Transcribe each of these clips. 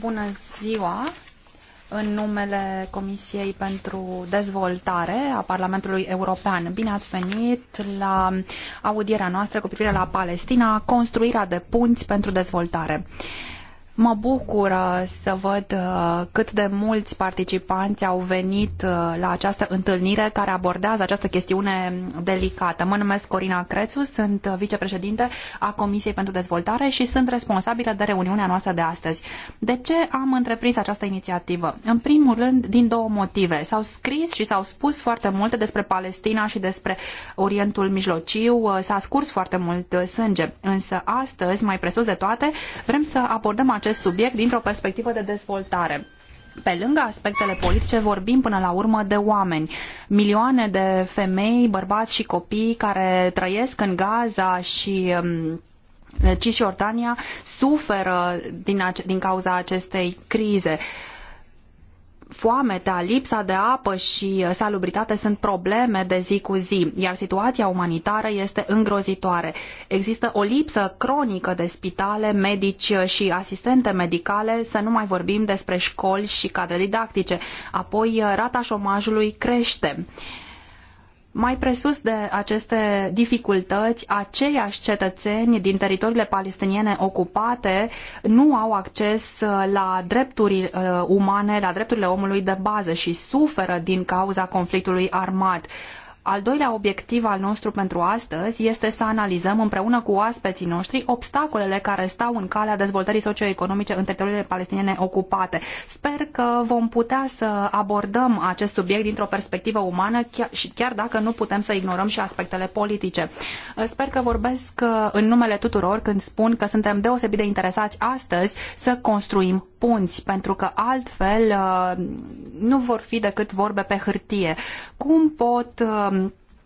Bună ziua! În numele Comisiei pentru Dezvoltare a Parlamentului European, bine ați venit la audierea noastră cu privire la Palestina, construirea de punți pentru dezvoltare. Uh, Mă bucur uh, să văd uh, cât de mulți participanți au venit uh, la această întâlnire care abordează această chestiune delicată. Mă numesc Corina Crețu, sunt vicepreședinte a Comisiei pentru Dezvoltare și sunt responsabilă de reuniunea noastră de astăzi. De ce am întreprins această inițiativă? În primul rând, din două motive. S-au scris și s-au spus foarte multe despre Palestina și despre Orientul Mijlociu, s-a scurs foarte mult sânge. Însă astăzi, mai presus de toate, vrem să abordăm acest acest subiect dintr-o perspectivă de dezvoltare. Pe lângă aspectele politice, vorbim până la urmă de oameni. Milioane de femei, bărbați și copii care trăiesc în Gaza și um, Cisjordania suferă din, din cauza acestei crize. Uh, foamea, lipsa de apă și uh, salubritate sunt probleme de zi cu zi, iar situația umanitară este îngrozitoare. Există o lipsă cronică de spitale, medici uh, și asistente medicale, să nu mai vorbim despre școli și cadre didactice. Apoi, uh, rata șomajului crește. Mai presus de aceste dificultăți, aceiași cetățeni din teritoriile palestiniene ocupate nu au acces uh, la drepturi uh, umane, la drepturile omului de bază și suferă din cauza conflictului armat. Al doilea obiectiv al nostru pentru astăzi este să analizăm împreună cu oaspeții noștri obstacolele care stau în calea dezvoltării socioeconomice în teritoriile palestiniene ocupate. Sper că vom putea să abordăm acest subiect dintr-o perspectivă umană chiar, și chiar dacă nu putem să ignorăm și aspectele politice. Sper că vorbesc uh, în numele tuturor când spun că suntem deosebit de interesați astăzi să construim punți, pentru că altfel uh, nu vor fi decât vorbe pe hârtie. Cum pot uh,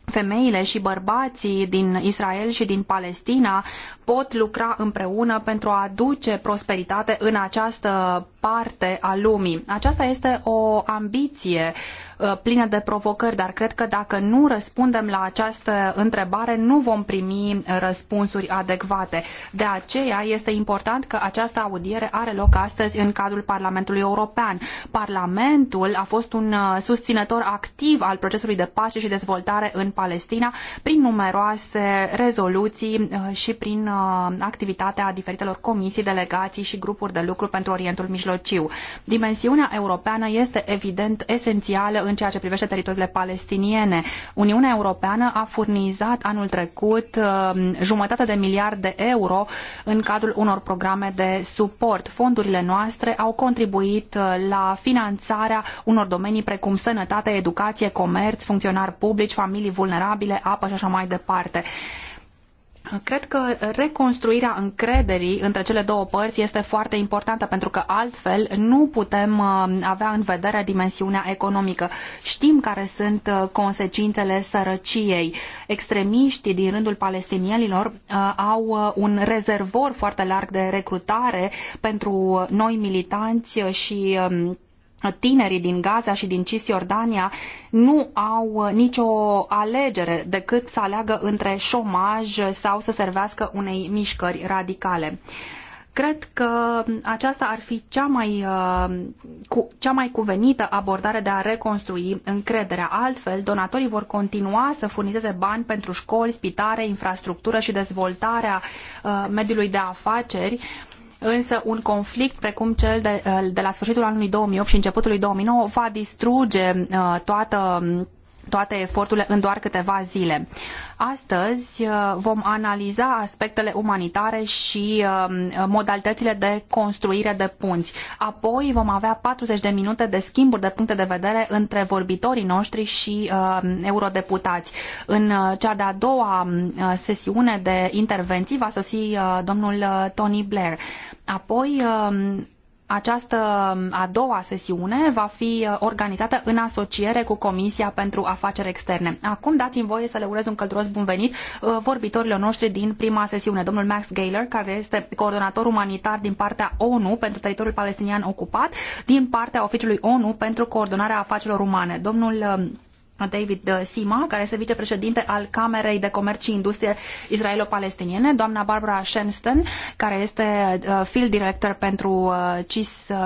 femeile și bărbații din Israel și din Palestina pot lucra împreună pentru a aduce prosperitate în această parte a lumii. Aceasta este o ambiție uh, plină de provocări, dar cred că dacă nu răspundem la această întrebare, nu vom primi răspunsuri adecvate. De aceea este important că această audiere are loc astăzi în cadrul Parlamentului European. Parlamentul a fost un uh, susținător activ al procesului de pace și dezvoltare în Palestina prin numeroase rezoluții uh, și prin activitatea diferitelor comisii, delegații și grupuri de lucru pentru Orientul Mijlociu mijlociu. Dimensiunea europeană este evident esențială în ceea ce privește teritoriile palestiniene. Uniunea Europeană a furnizat anul trecut um, jumătate de miliard de euro în cadrul unor programe de suport. Fondurile noastre au contribuit uh, la finanțarea unor domenii precum sănătate, educație, comerț, funcționari publici, familii vulnerabile, apă și așa mai departe. Cred că reconstruirea încrederii între cele două părți este foarte importantă pentru că altfel nu putem uh, avea în vedere dimensiunea economică. Știm care sunt uh, consecințele sărăciei. Extremiștii din rândul palestinienilor uh, au un rezervor foarte larg de recrutare pentru noi militanți și um, tinerii din Gaza și din Cisjordania nu au uh, nicio alegere decât să aleagă între șomaj sau să servească unei mișcări radicale. Cred că aceasta ar fi cea mai, uh, cu, cea mai cuvenită abordare de a reconstrui încrederea. Altfel, donatorii vor continua să furnizeze bani pentru școli, spitare, infrastructură și dezvoltarea uh, mediului de afaceri însă un conflict precum cel de, de la sfârșitul anului 2008 și începutul lui 2009 va distruge uh, toată toate eforturile în doar câteva zile. Astăzi uh, vom analiza aspectele umanitare și uh, modalitățile de construire de punți. Apoi vom avea 40 de minute de schimburi de puncte de vedere între vorbitorii noștri și uh, eurodeputați. În cea de-a doua sesiune de intervenții va sosi domnul Tony Blair. Apoi um, această um, a doua sesiune va fi uh, organizată în asociere cu Comisia pentru Afaceri Externe. Acum dați-mi voie să le urez un călduros bun venit uh, vorbitorilor noștri din prima sesiune, domnul Max Gaylor, care este coordonator umanitar din partea ONU pentru teritoriul palestinian ocupat, din partea Oficiului ONU pentru coordonarea afacerilor umane. Domnul um, David uh, Sima, care este vicepreședinte al Camerei de Comerț și Industrie Israelo-Palestiniene, doamna Barbara Shenston, care este uh, field director pentru uh,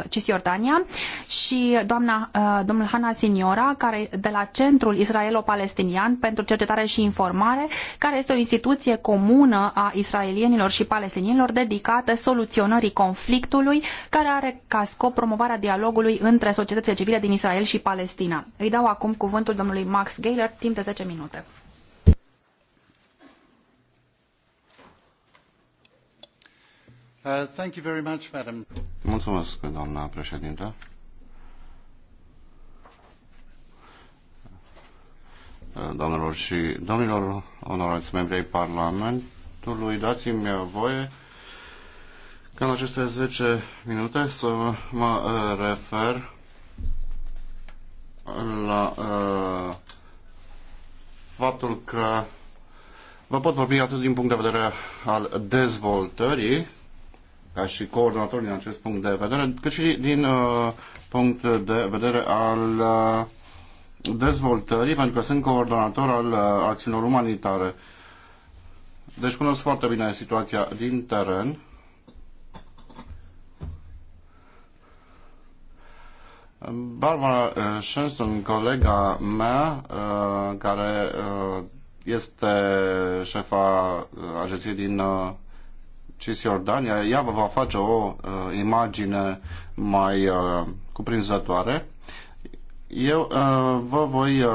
Cisjordania și doamna, domnul Hanna Siniora, care de la Centrul Israelo-Palestinian pentru Cercetare și Informare, care este o instituție comună a israelienilor și palestinienilor dedicată soluționării conflictului, care are ca scop promovarea dialogului între societățile civile din Israel și Palestina. Îi dau acum cuvântul domnului Max Gaylor timp de 10 minute. Uh, thank you very much, madam. Mulțumesc, doamna președintă. Uh, doamnelor și domnilor, onorați membri ai Parlamentului, dați-mi voie ca în aceste 10 minute să mă uh, refer la uh, faptul că vă pot vorbi atât din punct de vedere al dezvoltării, ca și coordonator din acest punct de vedere, cât și din uh, punct de vedere al uh, dezvoltării, pentru că sunt coordonator al uh, acțiunilor umanitare. Deci cunosc foarte bine situația din teren Barbara Shenstone, colega mea, care este șefa agenției din Cisjordania, ea vă va face o imagine mai cuprinzătoare. Eu vă voi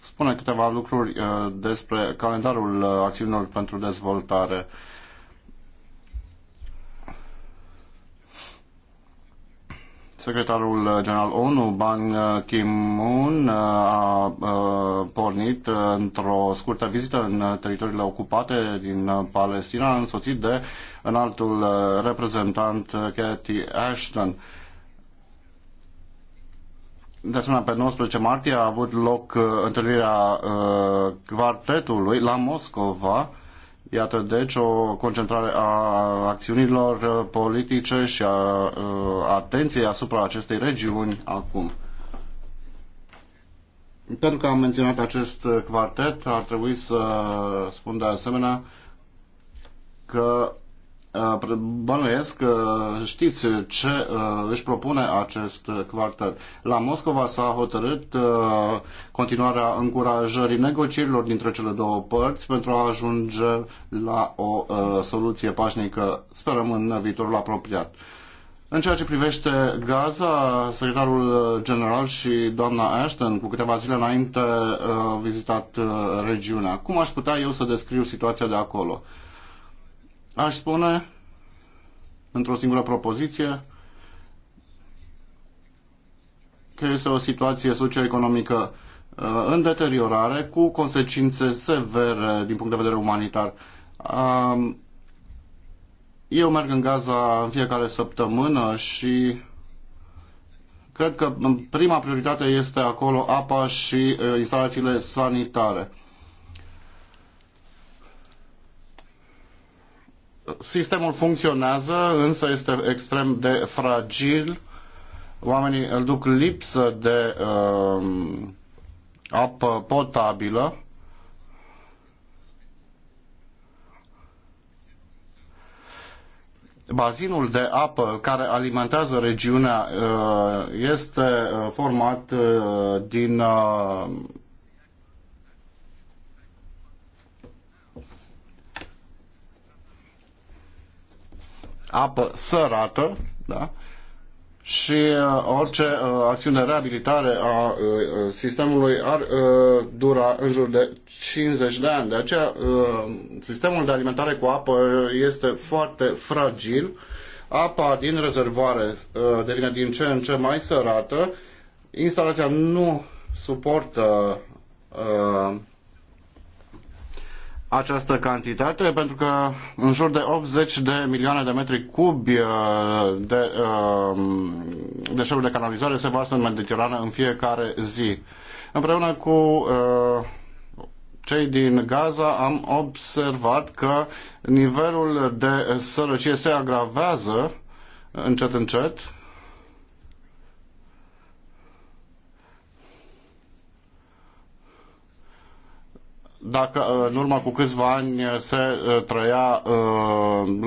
spune câteva lucruri despre calendarul acțiunilor pentru dezvoltare. Secretarul uh, General ONU, Ban uh, Ki-moon, uh, a pornit într-o scurtă vizită în teritoriile ocupate din Palestina, însoțit de înaltul reprezentant Cathy Ashton. De asemenea, pe 19 martie a avut loc întâlnirea quartetului la Moscova, Iată deci o concentrare a acțiunilor uh, politice și a, a uh, atenției asupra acestei regiuni acum. Pentru că am menționat acest quartet, ar trebui să spun de asemenea că Uh, bănuiesc că știți ce uh, își propune acest quartet. La Moscova s-a hotărât uh, continuarea încurajării negocierilor dintre cele două părți pentru a ajunge la o soluție pașnică, sperăm, în viitorul apropiat. În ceea ce privește Gaza, secretarul general și doamna Ashton, cu câteva zile înainte, au vizitat regiunea. Cum aș putea eu să descriu situația de acolo? Aș spune, într-o singură propoziție, că este o situație socioeconomică uh, în deteriorare, cu consecințe severe din punct de vedere umanitar. Um, eu merg în Gaza în fiecare săptămână și cred că prima prioritate este acolo apa și uh, instalațiile sanitare. Sistemul funcționează, însă este extrem de fragil. Oamenii îl duc lipsă de uh, apă potabilă. Bazinul de apă care alimentează regiunea uh, este uh, format uh, din apă sărată, da? și uh, orice uh, acțiune de reabilitare a uh, sistemului ar dura în jur de 50 de ani. De aceea, sistemul de alimentare cu apă este foarte fragil. Apa din rezervoare devine din ce în ce mai sărată. Instalația nu suportă această cantitate pentru că în jur de 80 de milioane de metri cubi uh, de uh, deșeuri de canalizare se varsă în Mediterană în fiecare zi. Împreună cu uh, cei din Gaza am observat că nivelul de sărăcie se agravează încet încet dacă uh, în urmă cu câțiva ani uh, se uh, trăia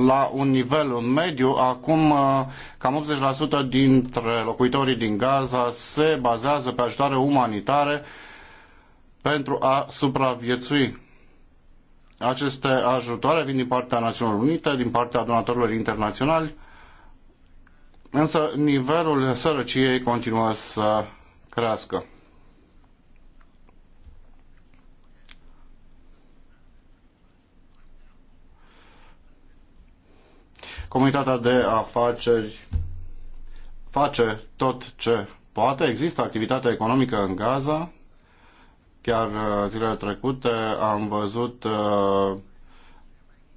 la un nivel mediu, acum cam 80% dintre locuitorii din Gaza se bazează pe ajutoare umanitare pentru a supraviețui. Aceste ajutoare vin din partea Națiunilor Unite, din partea donatorilor internaționali, însă nivelul sărăciei continuă să crească. Comunitatea de afaceri face tot ce poate. Există activitate economică în Gaza. Chiar uh, zilele trecute am văzut uh,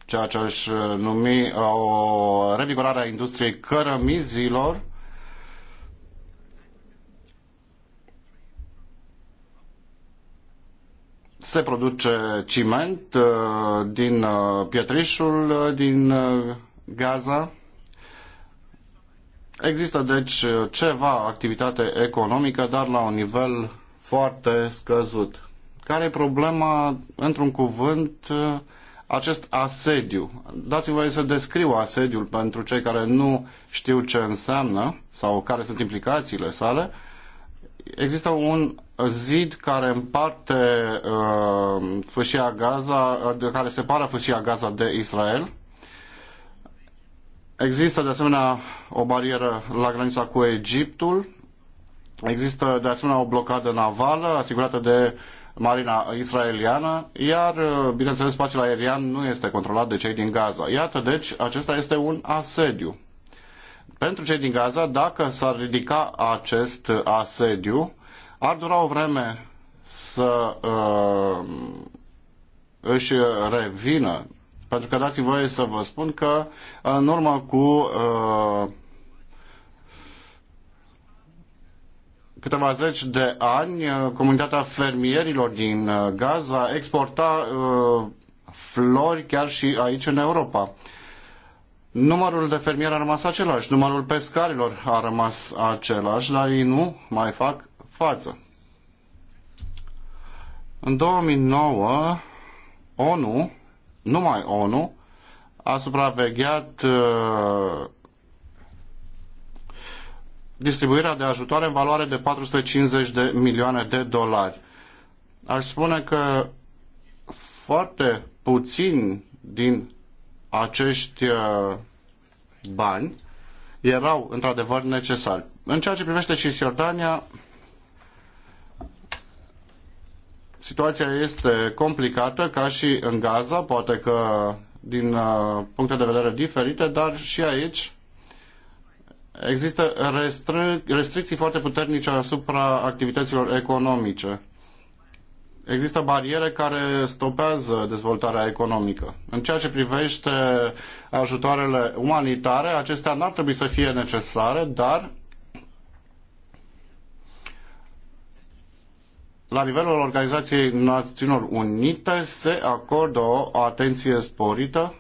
ceea ce aș uh, numi o revigorare a industriei cărămizilor. Se produce ciment din pietrișul din Gaza. Există deci ceva activitate economică, dar la un nivel foarte scăzut. Care e problema, într-un cuvânt, acest asediu? Dați-mi voie să descriu asediul pentru cei care nu știu ce înseamnă sau care sunt implicațiile sale. Există un zid care împarte uh, fâșia Gaza, care separă fâșia Gaza de Israel, Există de asemenea o barieră la granița cu Egiptul. Există de asemenea o blocadă navală asigurată de marina israeliană, iar, uh, bineînțeles, spațiul aerian nu este controlat de cei din Gaza. Iată, deci, acesta este un asediu. Pentru cei din Gaza, dacă s-ar ridica acest asediu, ar dura o vreme să uh, își revină pentru că dați voie să vă spun că în urmă cu uh, câteva zeci de ani, uh, comunitatea fermierilor din uh, Gaza exporta flori chiar și aici în Europa. Numărul de fermieri a rămas același, numărul pescarilor a rămas același, dar ei nu mai fac față. În 2009, ONU numai ONU a supravegheat uh, distribuirea de ajutoare în valoare de 450 de milioane de dolari. Aș spune că foarte puțin din acești uh, bani erau într-adevăr necesari. În ceea ce privește și Siordania, Situația este complicată, ca și în Gaza, poate că din uh, puncte de vedere diferite, dar și aici există restric- restricții foarte puternice asupra activităților economice. Există bariere care stopează dezvoltarea economică. În ceea ce privește ajutoarele umanitare, acestea n-ar trebui să fie necesare, dar la nivelul Organizației Națiunilor Unite se acordă o atenție sporită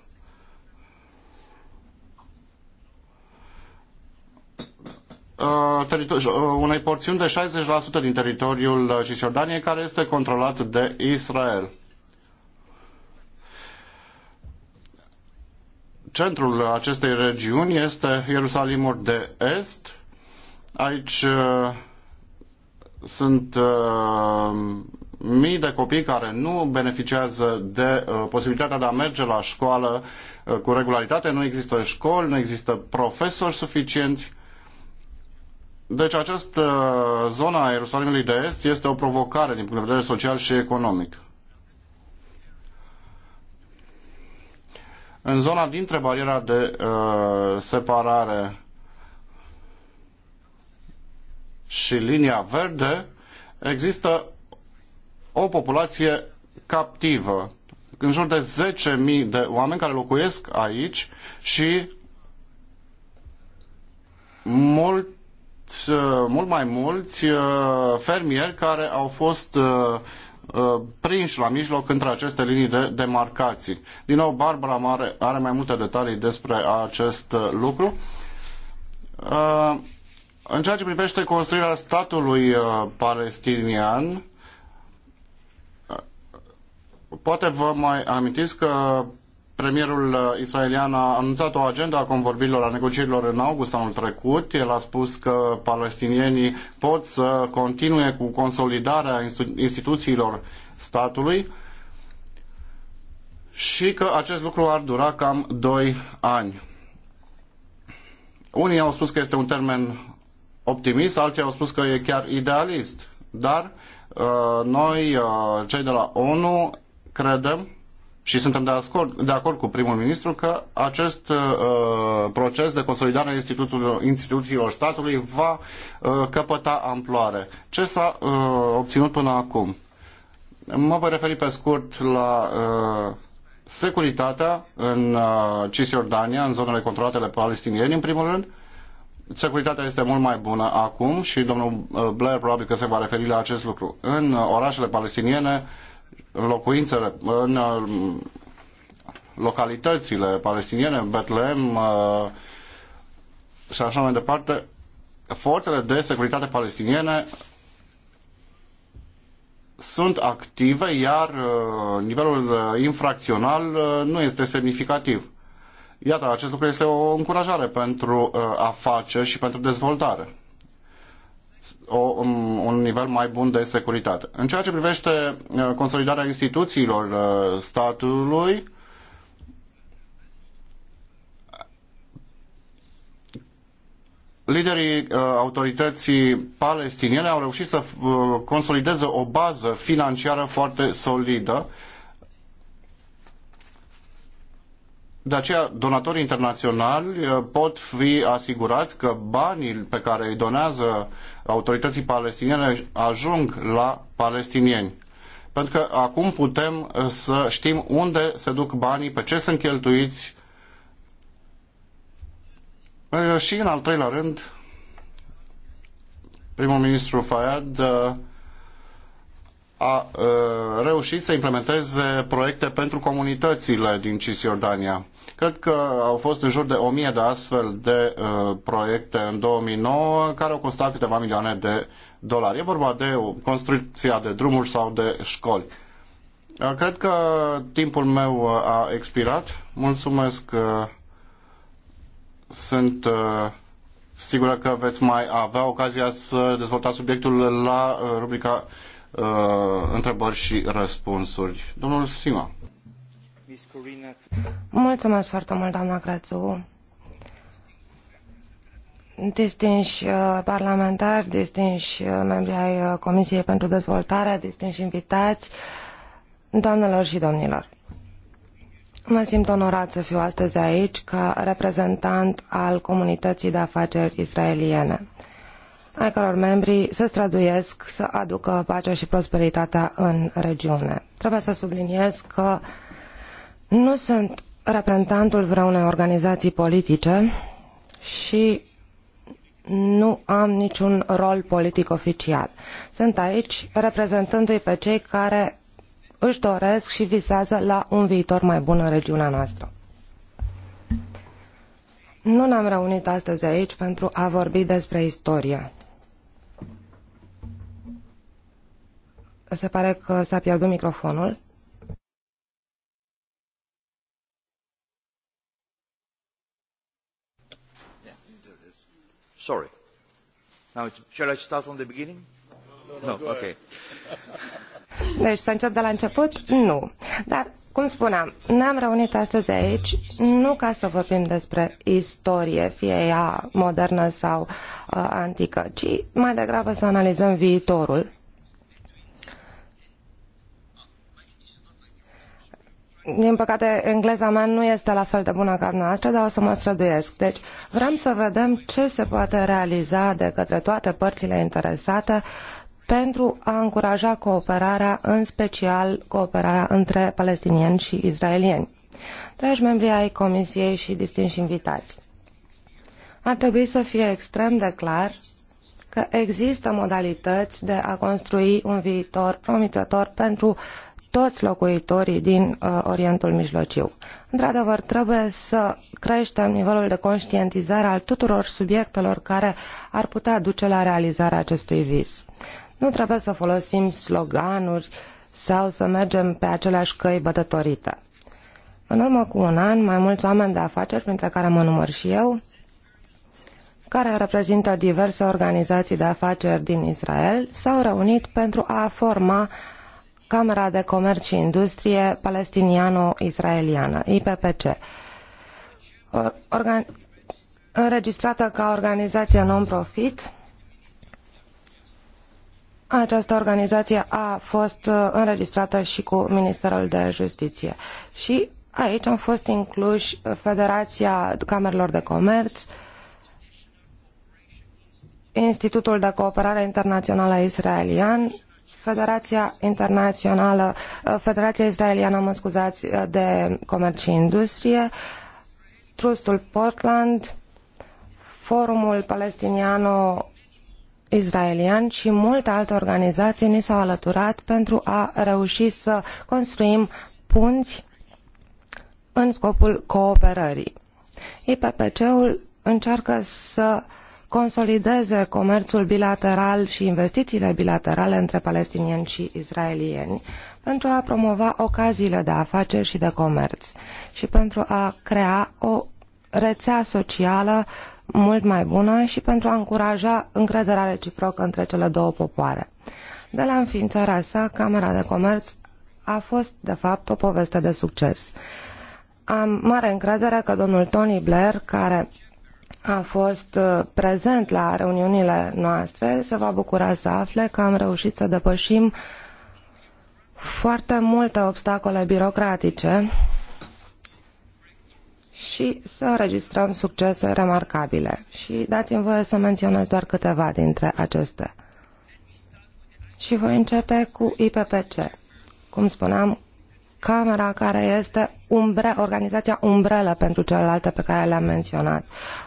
uh, uh, unei porțiuni de 60% din teritoriul Cisjordaniei care este controlat de Israel. Centrul acestei regiuni este Ierusalimul de Est. Aici uh, sunt uh, mii de copii care nu beneficiază de uh, posibilitatea de a merge la școală uh, cu regularitate, nu există școli, nu există profesori suficienți. Deci această zona a Ierusalimului de Est este o provocare din punct de vedere social și economic. În zona dintre bariera de uh, separare și linia verde, există o populație captivă, în jur de 10.000 de oameni care locuiesc aici și mult, uh, mult mai mulți uh, fermieri care au fost uh, prinși la mijloc între aceste linii de demarcații. Din nou, Barbara are, are mai multe detalii despre acest lucru. În ceea ce privește construirea statului uh, palestinian, uh, poate vă mai amintiți că premierul uh, israelian a anunțat o agendă a convorbirilor, a negocierilor în august anul trecut. El a spus că palestinienii pot să continue cu consolidarea instituțiilor statului și că acest lucru ar dura cam 2 ani. Unii au spus că este un termen optimist, alții au spus că e chiar idealist. Dar uh, noi, uh, cei de la ONU, credem și suntem de acord, de acord cu primul ministru că acest uh, proces de consolidare a instituțiilor, instituțiilor statului va uh, căpăta amploare. Ce s-a uh, obținut până acum? Mă voi referi pe scurt la uh, securitatea în uh, Cisjordania, în zonele controlate de palestinieni, în primul rând, uh, securitatea este mult mai bună acum și domnul uh, Blair probabil că se va referi la acest lucru. În uh, orașele palestiniene, în locuințele, în uh, localitățile palestiniene, Bethlehem, și așa mai departe, forțele de securitate palestiniene sunt active, iar nivelul infracțional nu este semnificativ. Iată, acest lucru este o încurajare pentru uh, afaceri și pentru dezvoltare. O, um, un nivel mai bun de securitate. În ceea ce privește uh, consolidarea instituțiilor uh, statului, liderii uh, autorității palestiniene au reușit să uh, consolideze o bază financiară foarte solidă uh, De aceea, donatorii internaționali uh, pot fi asigurați că banii pe care îi donează autorității palestiniene ajung la palestinieni. Pentru că acum putem uh, să știm unde se duc banii, pe ce sunt cheltuiți. Uh, și, în al treilea rând, primul ministru Fayad a reușit să implementeze proiecte pentru comunitățile din Cisjordania. Cred că au fost în jur de o mie de astfel de proiecte în 2009 care au costat câteva milioane de dolari. E vorba de construcția de drumuri sau de școli. Cred că timpul meu a expirat. Mulțumesc. Sunt sigură că veți mai avea ocazia să dezvoltați subiectul la rubrica uh, întrebări și răspunsuri. Domnul Sima. Mulțumesc foarte mult, doamna Grațu. Distinși uh, parlamentari, distinși uh, membri ai uh, Comisiei pentru Dezvoltare, distinși invitați, doamnelor și domnilor. Mă simt onorat să fiu astăzi aici ca reprezentant al comunității de afaceri israeliene ai căror membri se străduiesc să aducă pacea și prosperitatea în regiune. Trebuie să subliniez că nu sunt reprezentantul vreunei organizații politice și nu am niciun rol politic oficial. Sunt aici reprezentându-i pe cei care își doresc și visează la un viitor mai bun în regiunea noastră. Nu ne-am reunit astăzi aici pentru a vorbi despre istorie. Se pare că s-a pierdut microfonul. Sorry. Now, shall I start from the beginning? No, no okay. Deci să încep de la început? Nu. Dar, cum spuneam, ne-am reunit astăzi aici nu ca să vorbim despre istorie, fie ea modernă sau uh, antică, ci mai degrabă să analizăm viitorul din păcate, engleza mea nu este la fel de bună ca noastră, dar o să mă străduiesc. Deci, vrem să vedem ce se poate realiza de către toate părțile interesate pentru a încuraja cooperarea, în special cooperarea între palestinieni și israelieni. Dragi membri ai Comisiei și distinși invitați, ar trebui să fie extrem de clar că există modalități de a construi un viitor promițător pentru toți locuitorii din uh, Orientul Mijlociu. Într-adevăr, trebuie să creștem nivelul de conștientizare al tuturor subiectelor care ar putea duce la realizarea acestui vis. Nu trebuie să folosim sloganuri sau să mergem pe aceleași căi bătătorite. În urmă cu un an, mai mulți oameni de afaceri, printre care mă număr și eu, care reprezintă diverse organizații de afaceri din Israel, s-au reunit pentru a forma Camera de Comerț și Industrie Palestiniano-Israeliană, IPPC, organ... înregistrată ca organizație non-profit. Această organizație a fost uh, înregistrată și cu Ministerul de Justiție. Și aici am fost incluși Federația Camerelor de Comerț, Institutul de Cooperare Internațională Israelian, Federația Internațională, uh, Federația Israeliană, mă scuzați, uh, de Comerț și Industrie, Trustul Portland, Forumul Palestiniano Israelian și multe alte organizații ni s-au alăturat pentru a reuși să construim punți în scopul cooperării. IPPC-ul încearcă să uh, consolideze comerțul bilateral și investițiile bilaterale între palestinieni și israelieni pentru a promova ocaziile de afaceri și de comerț și pentru a crea o rețea socială mult mai bună și pentru a încuraja încrederea reciprocă între cele două popoare. De la înființarea sa, Camera de Comerț a fost, de fapt, o poveste de succes. Am mare încredere că domnul Tony Blair, care a fost uh, prezent la reuniunile noastre se va bucura să afle că am reușit să depășim foarte multe obstacole birocratice și să înregistrăm succese remarcabile. Și dați-mi voie să menționez doar câteva dintre acestea. Și voi începe cu IPPC. Cum spuneam, Camera, care este umbre, organizația umbrelă pentru celelalte pe care le-am menționat.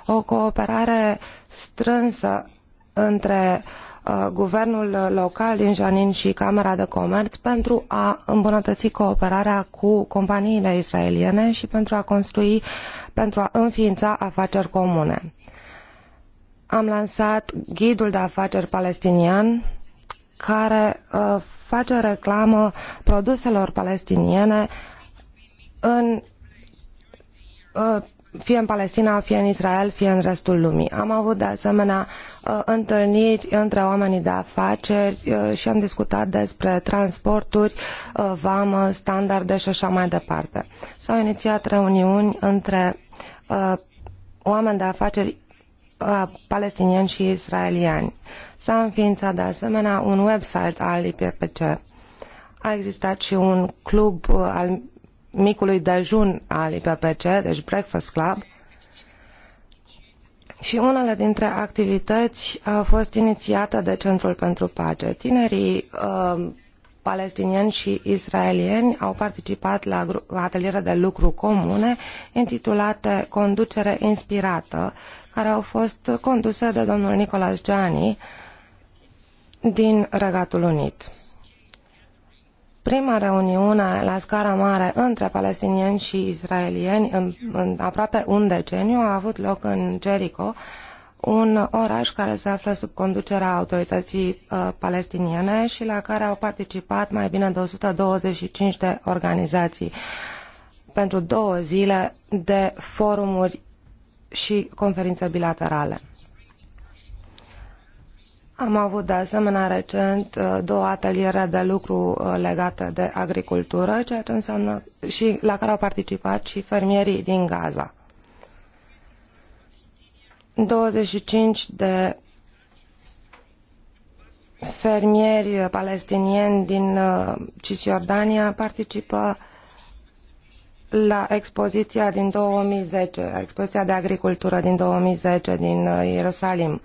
O cooperare strânsă între uh, guvernul local din Janin și Camera de Comerț pentru a îmbunătăți cooperarea cu companiile israeliene și pentru a construi, pentru a înființa afaceri comune. Am lansat ghidul de afaceri palestinian care uh, face reclamă produselor palestiniene în, ă, fie în Palestina, fie în Israel, fie în restul lumii. Am avut de asemenea ă, întâlniri între oamenii de afaceri ă, și am discutat despre transporturi, vamă, standarde și așa mai departe. S-au inițiat reuniuni între oameni de afaceri palestinieni și israelieni. S-a înființat de asemenea un website al IPPC. A existat și un club uh, al micului dejun al IPPC, deci Breakfast Club, și unele dintre activități au fost inițiate de Centrul pentru Pace. Tinerii uh, palestinieni și israelieni au participat la ateliere de lucru comune intitulate Conducere inspirată, care au fost conduse de domnul Nicolas Gianni, din Regatul Unit. Prima reuniune la scară mare între palestinieni și israelieni în, în aproape un deceniu a avut loc în Jericho, un oraș care se află sub conducerea autorității uh, palestiniene și la care au participat mai bine de 125 de organizații pentru două zile de forumuri și conferințe bilaterale. Am avut de asemenea recent uh, două ateliere de lucru uh, legate de agricultură, ceea ce înseamnă și la care au participat și fermierii din Gaza. 25 de fermieri palestinieni din uh, Cisjordania participă la expoziția din 2010, expoziția de agricultură din 2010 din Ierusalim. Uh,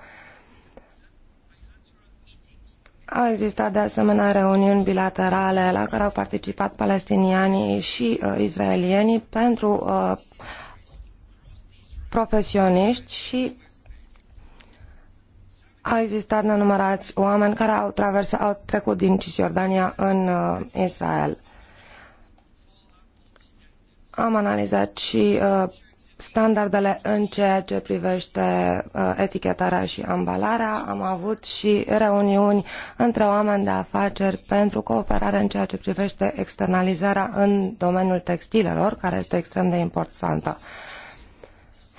au existat de asemenea reuniuni bilaterale la care au participat palestinianii și uh, israelienii pentru uh, profesioniști și au existat nenumărați oameni care au, traversat, au trecut din Cisjordania în uh, Israel. Am analizat și uh, standardele în ceea ce privește uh, etichetarea și ambalarea. Am avut și reuniuni între oameni de afaceri pentru cooperare în ceea ce privește externalizarea în domeniul textilelor, care este extrem de importantă. Uh,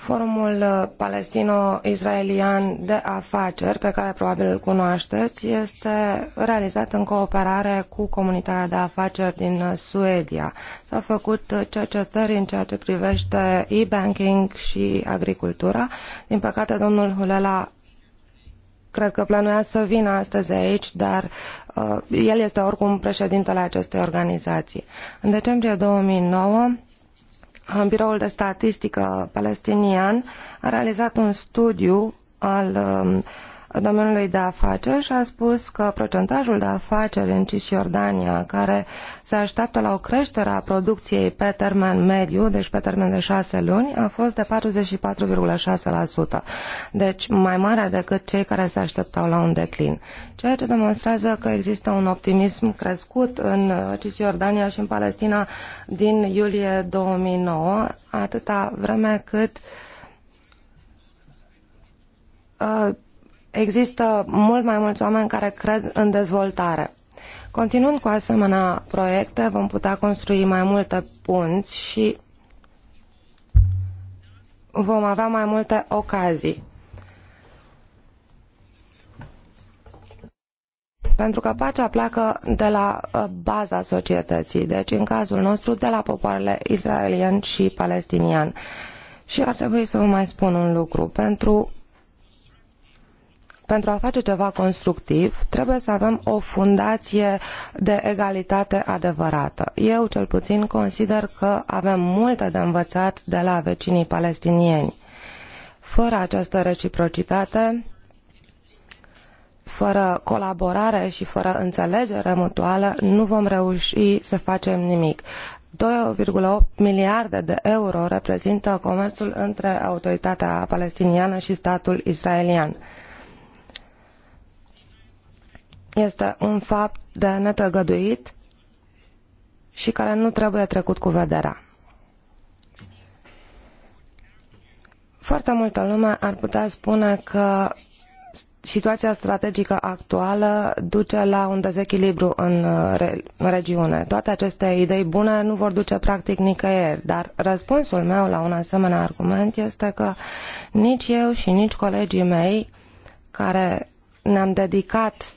Forumul uh, palestino-israelian de afaceri, pe care probabil îl cunoașteți, este realizat în cooperare cu comunitatea de afaceri din uh, Suedia. S-au făcut uh, cercetări în ceea ce privește e-banking și agricultura. Din păcate, domnul Hulela cred că plănuia să vină astăzi aici, dar uh, el este oricum președintele acestei organizații. În decembrie 2009, Biroul de Statistică palestinian a realizat un studiu al um, domeniului de afaceri și a spus că procentajul de afaceri în Cisjordania care se așteaptă la o creștere a producției pe termen mediu, deci pe termen de șase luni, a fost de 44,6%, deci mai mare decât cei care se așteptau la un declin, ceea ce demonstrează că există un optimism crescut în Cisjordania și în Palestina din iulie 2009, atâta vreme cât uh, există mult mai mulți oameni care cred în dezvoltare. Continuând cu asemenea proiecte, vom putea construi mai multe punți și vom avea mai multe ocazii. Pentru că pacea pleacă de la uh, baza societății, deci în cazul nostru de la popoarele israelian și palestinian. Și ar trebui să vă mai spun un lucru. Pentru pentru a face ceva constructiv, trebuie să avem o fundație de egalitate adevărată. Eu, cel puțin, consider că avem multe de învățat de la vecinii palestinieni. Fără această reciprocitate, fără colaborare și fără înțelegere mutuală, nu vom reuși să facem nimic. 2,8 miliarde de euro reprezintă comerțul între autoritatea palestiniană și statul israelian este un fapt de netăgăduit și care nu trebuie trecut cu vederea. Foarte multă lume ar putea spune că situația strategică actuală duce la un dezechilibru uh, în, regiune. Toate aceste idei bune nu vor duce practic nicăieri, dar răspunsul meu la un asemenea argument este că nici eu și nici colegii mei care ne-am dedicat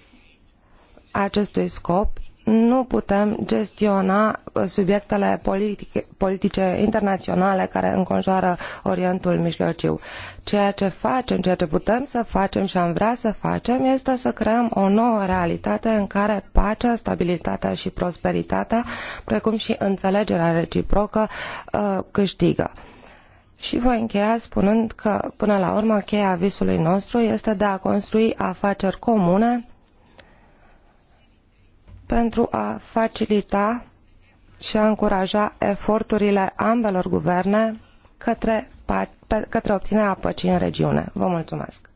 acestui scop nu putem gestiona uh, subiectele politice, politice internaționale care înconjoară Orientul Mijlociu. Ceea ce facem, ceea ce putem să facem și am vrea să facem este să creăm o nouă realitate în care pacea, stabilitatea și prosperitatea, precum și înțelegerea reciprocă, uh, câștigă. Și voi încheia spunând că, până la urmă, cheia visului nostru este de a construi afaceri comune pentru a facilita și a încuraja eforturile ambelor guverne către, către obținerea păcii în regiune. Vă mulțumesc!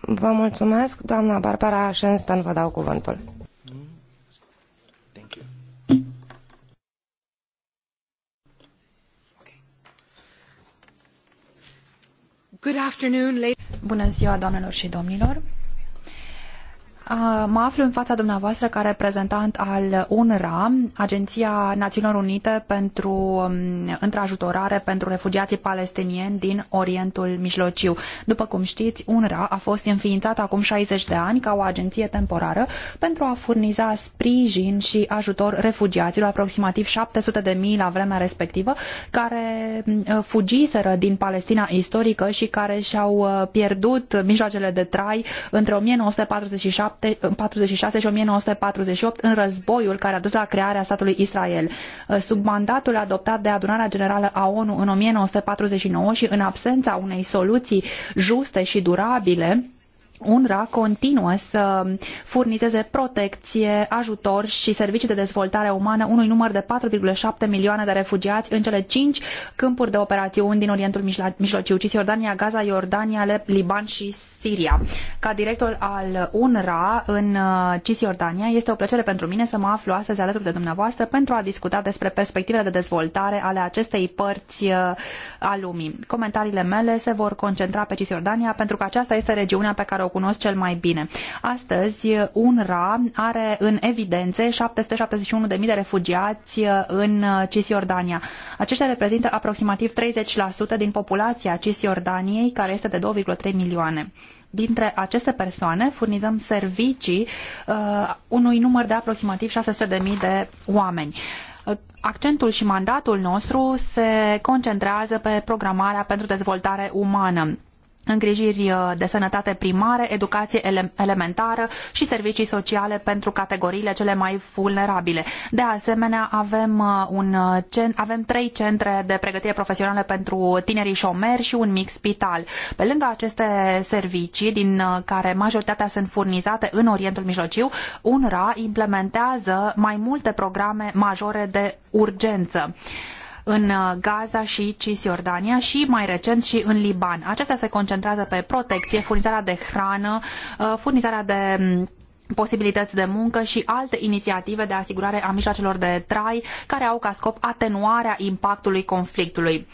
Vă mulțumesc, doamna Barbara Shenston, vă dau cuvântul. Good afternoon, Bună ziua, doamnelor și domnilor! Mă aflu în fața dumneavoastră ca reprezentant al UNRWA, Agenția Națiunilor Unite pentru um, Întrajutorare pentru Refugiații Palestinieni din Orientul Mijlociu. După cum știți, UNRWA a fost înființată acum 60 de ani ca o agenție temporară pentru a furniza sprijin și ajutor refugiaților, aproximativ 700 de mii la vremea respectivă, care um, fugiseră din Palestina istorică și care și-au uh, pierdut mijloacele de trai între 1947 1946 și 1948 în războiul care a dus la crearea statului Israel. Uh, sub mandatul adoptat de adunarea generală a ONU în 1949 și în absența unei soluții juste și durabile, UNRWA continuă să furnizeze protecție, ajutor și servicii de dezvoltare umană unui număr de 4,7 milioane de refugiați în cele cinci câmpuri de operațiuni din Orientul Mijlociu, Cisjordania, Gaza, Iordania, Liban și Siria. Ca director al UNRWA în uh, Cisjordania, este o plăcere pentru mine să mă aflu astăzi alături de dumneavoastră pentru a discuta despre perspectivele de dezvoltare ale acestei părți uh, a lumii. Comentariile mele se vor concentra pe Cisjordania pentru că aceasta este regiunea pe care o cunosc cel mai bine. Astăzi, UNRWA are în evidențe 771.000 de refugiați uh, în Cisjordania. Aceștia reprezintă aproximativ 30% din populația Cisjordaniei, care este de 2,3 milioane dintre aceste persoane furnizăm servicii uh, unui număr de aproximativ 600.000 de oameni. Uh, accentul și mandatul nostru se concentrează pe programarea pentru dezvoltare umană îngrijiri uh, de sănătate primare, educație ele elementară și servicii sociale pentru categoriile cele mai vulnerabile. De asemenea, avem, uh, un, uh, avem trei centre de pregătire profesională pentru tinerii șomeri și un mic spital. Pe lângă aceste servicii, din care majoritatea sunt furnizate în Orientul Mijlociu, UNRWA implementează mai multe programe majore de urgență în uh, Gaza și Cisjordania și mai recent și în Liban. Acestea se concentrează pe protecție, furnizarea de hrană, uh, furnizarea de mm, posibilități de muncă și alte inițiative de asigurare a mijloacelor de trai care au ca scop atenuarea impactului conflictului.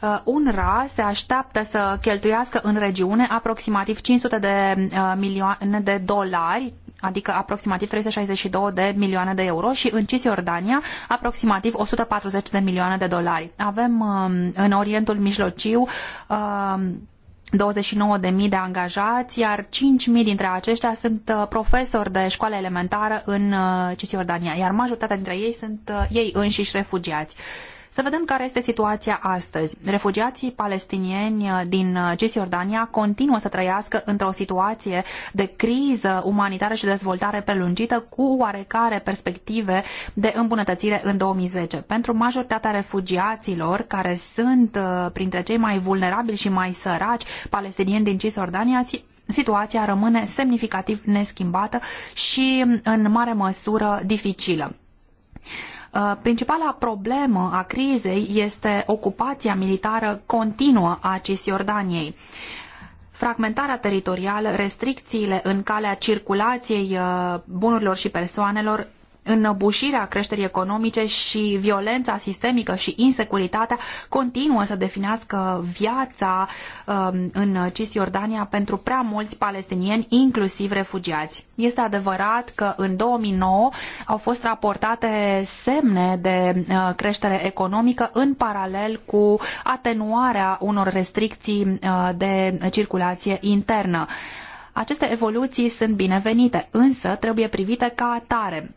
Uh, UNRWA se așteaptă să cheltuiască în regiune aproximativ 500 de milioane de dolari adică aproximativ 362 de milioane de euro și în Cisjordania aproximativ 140 de milioane de dolari. Avem um, în Orientul Mijlociu 29.000 um, de angajați, iar 5.000 dintre aceștia sunt uh, profesori de școală elementară în uh, Cisjordania, iar majoritatea dintre ei sunt uh, ei înșiși refugiați. Să vedem care este situația astăzi. Refugiații palestinieni uh, din uh, Cisjordania continuă să trăiască într-o situație de criză umanitară și dezvoltare prelungită cu oarecare perspective de îmbunătățire în 2010. Pentru majoritatea refugiaților care sunt uh, printre cei mai vulnerabili și mai săraci palestinieni din Cisjordania, situația rămâne semnificativ neschimbată și mm, în mare măsură dificilă. Uh, principala problemă a crizei este ocupația militară continuă a Cisjordaniei. Fragmentarea teritorială, restricțiile în calea circulației uh, bunurilor și persoanelor înăbușirea creșterii economice și violența sistemică și insecuritatea continuă să definească viața um, în Cisjordania pentru prea mulți palestinieni, inclusiv refugiați. Este adevărat că în 2009 au fost raportate semne de uh, creștere economică în paralel cu atenuarea unor restricții uh, de circulație internă. Aceste evoluții sunt binevenite, însă trebuie privite ca atare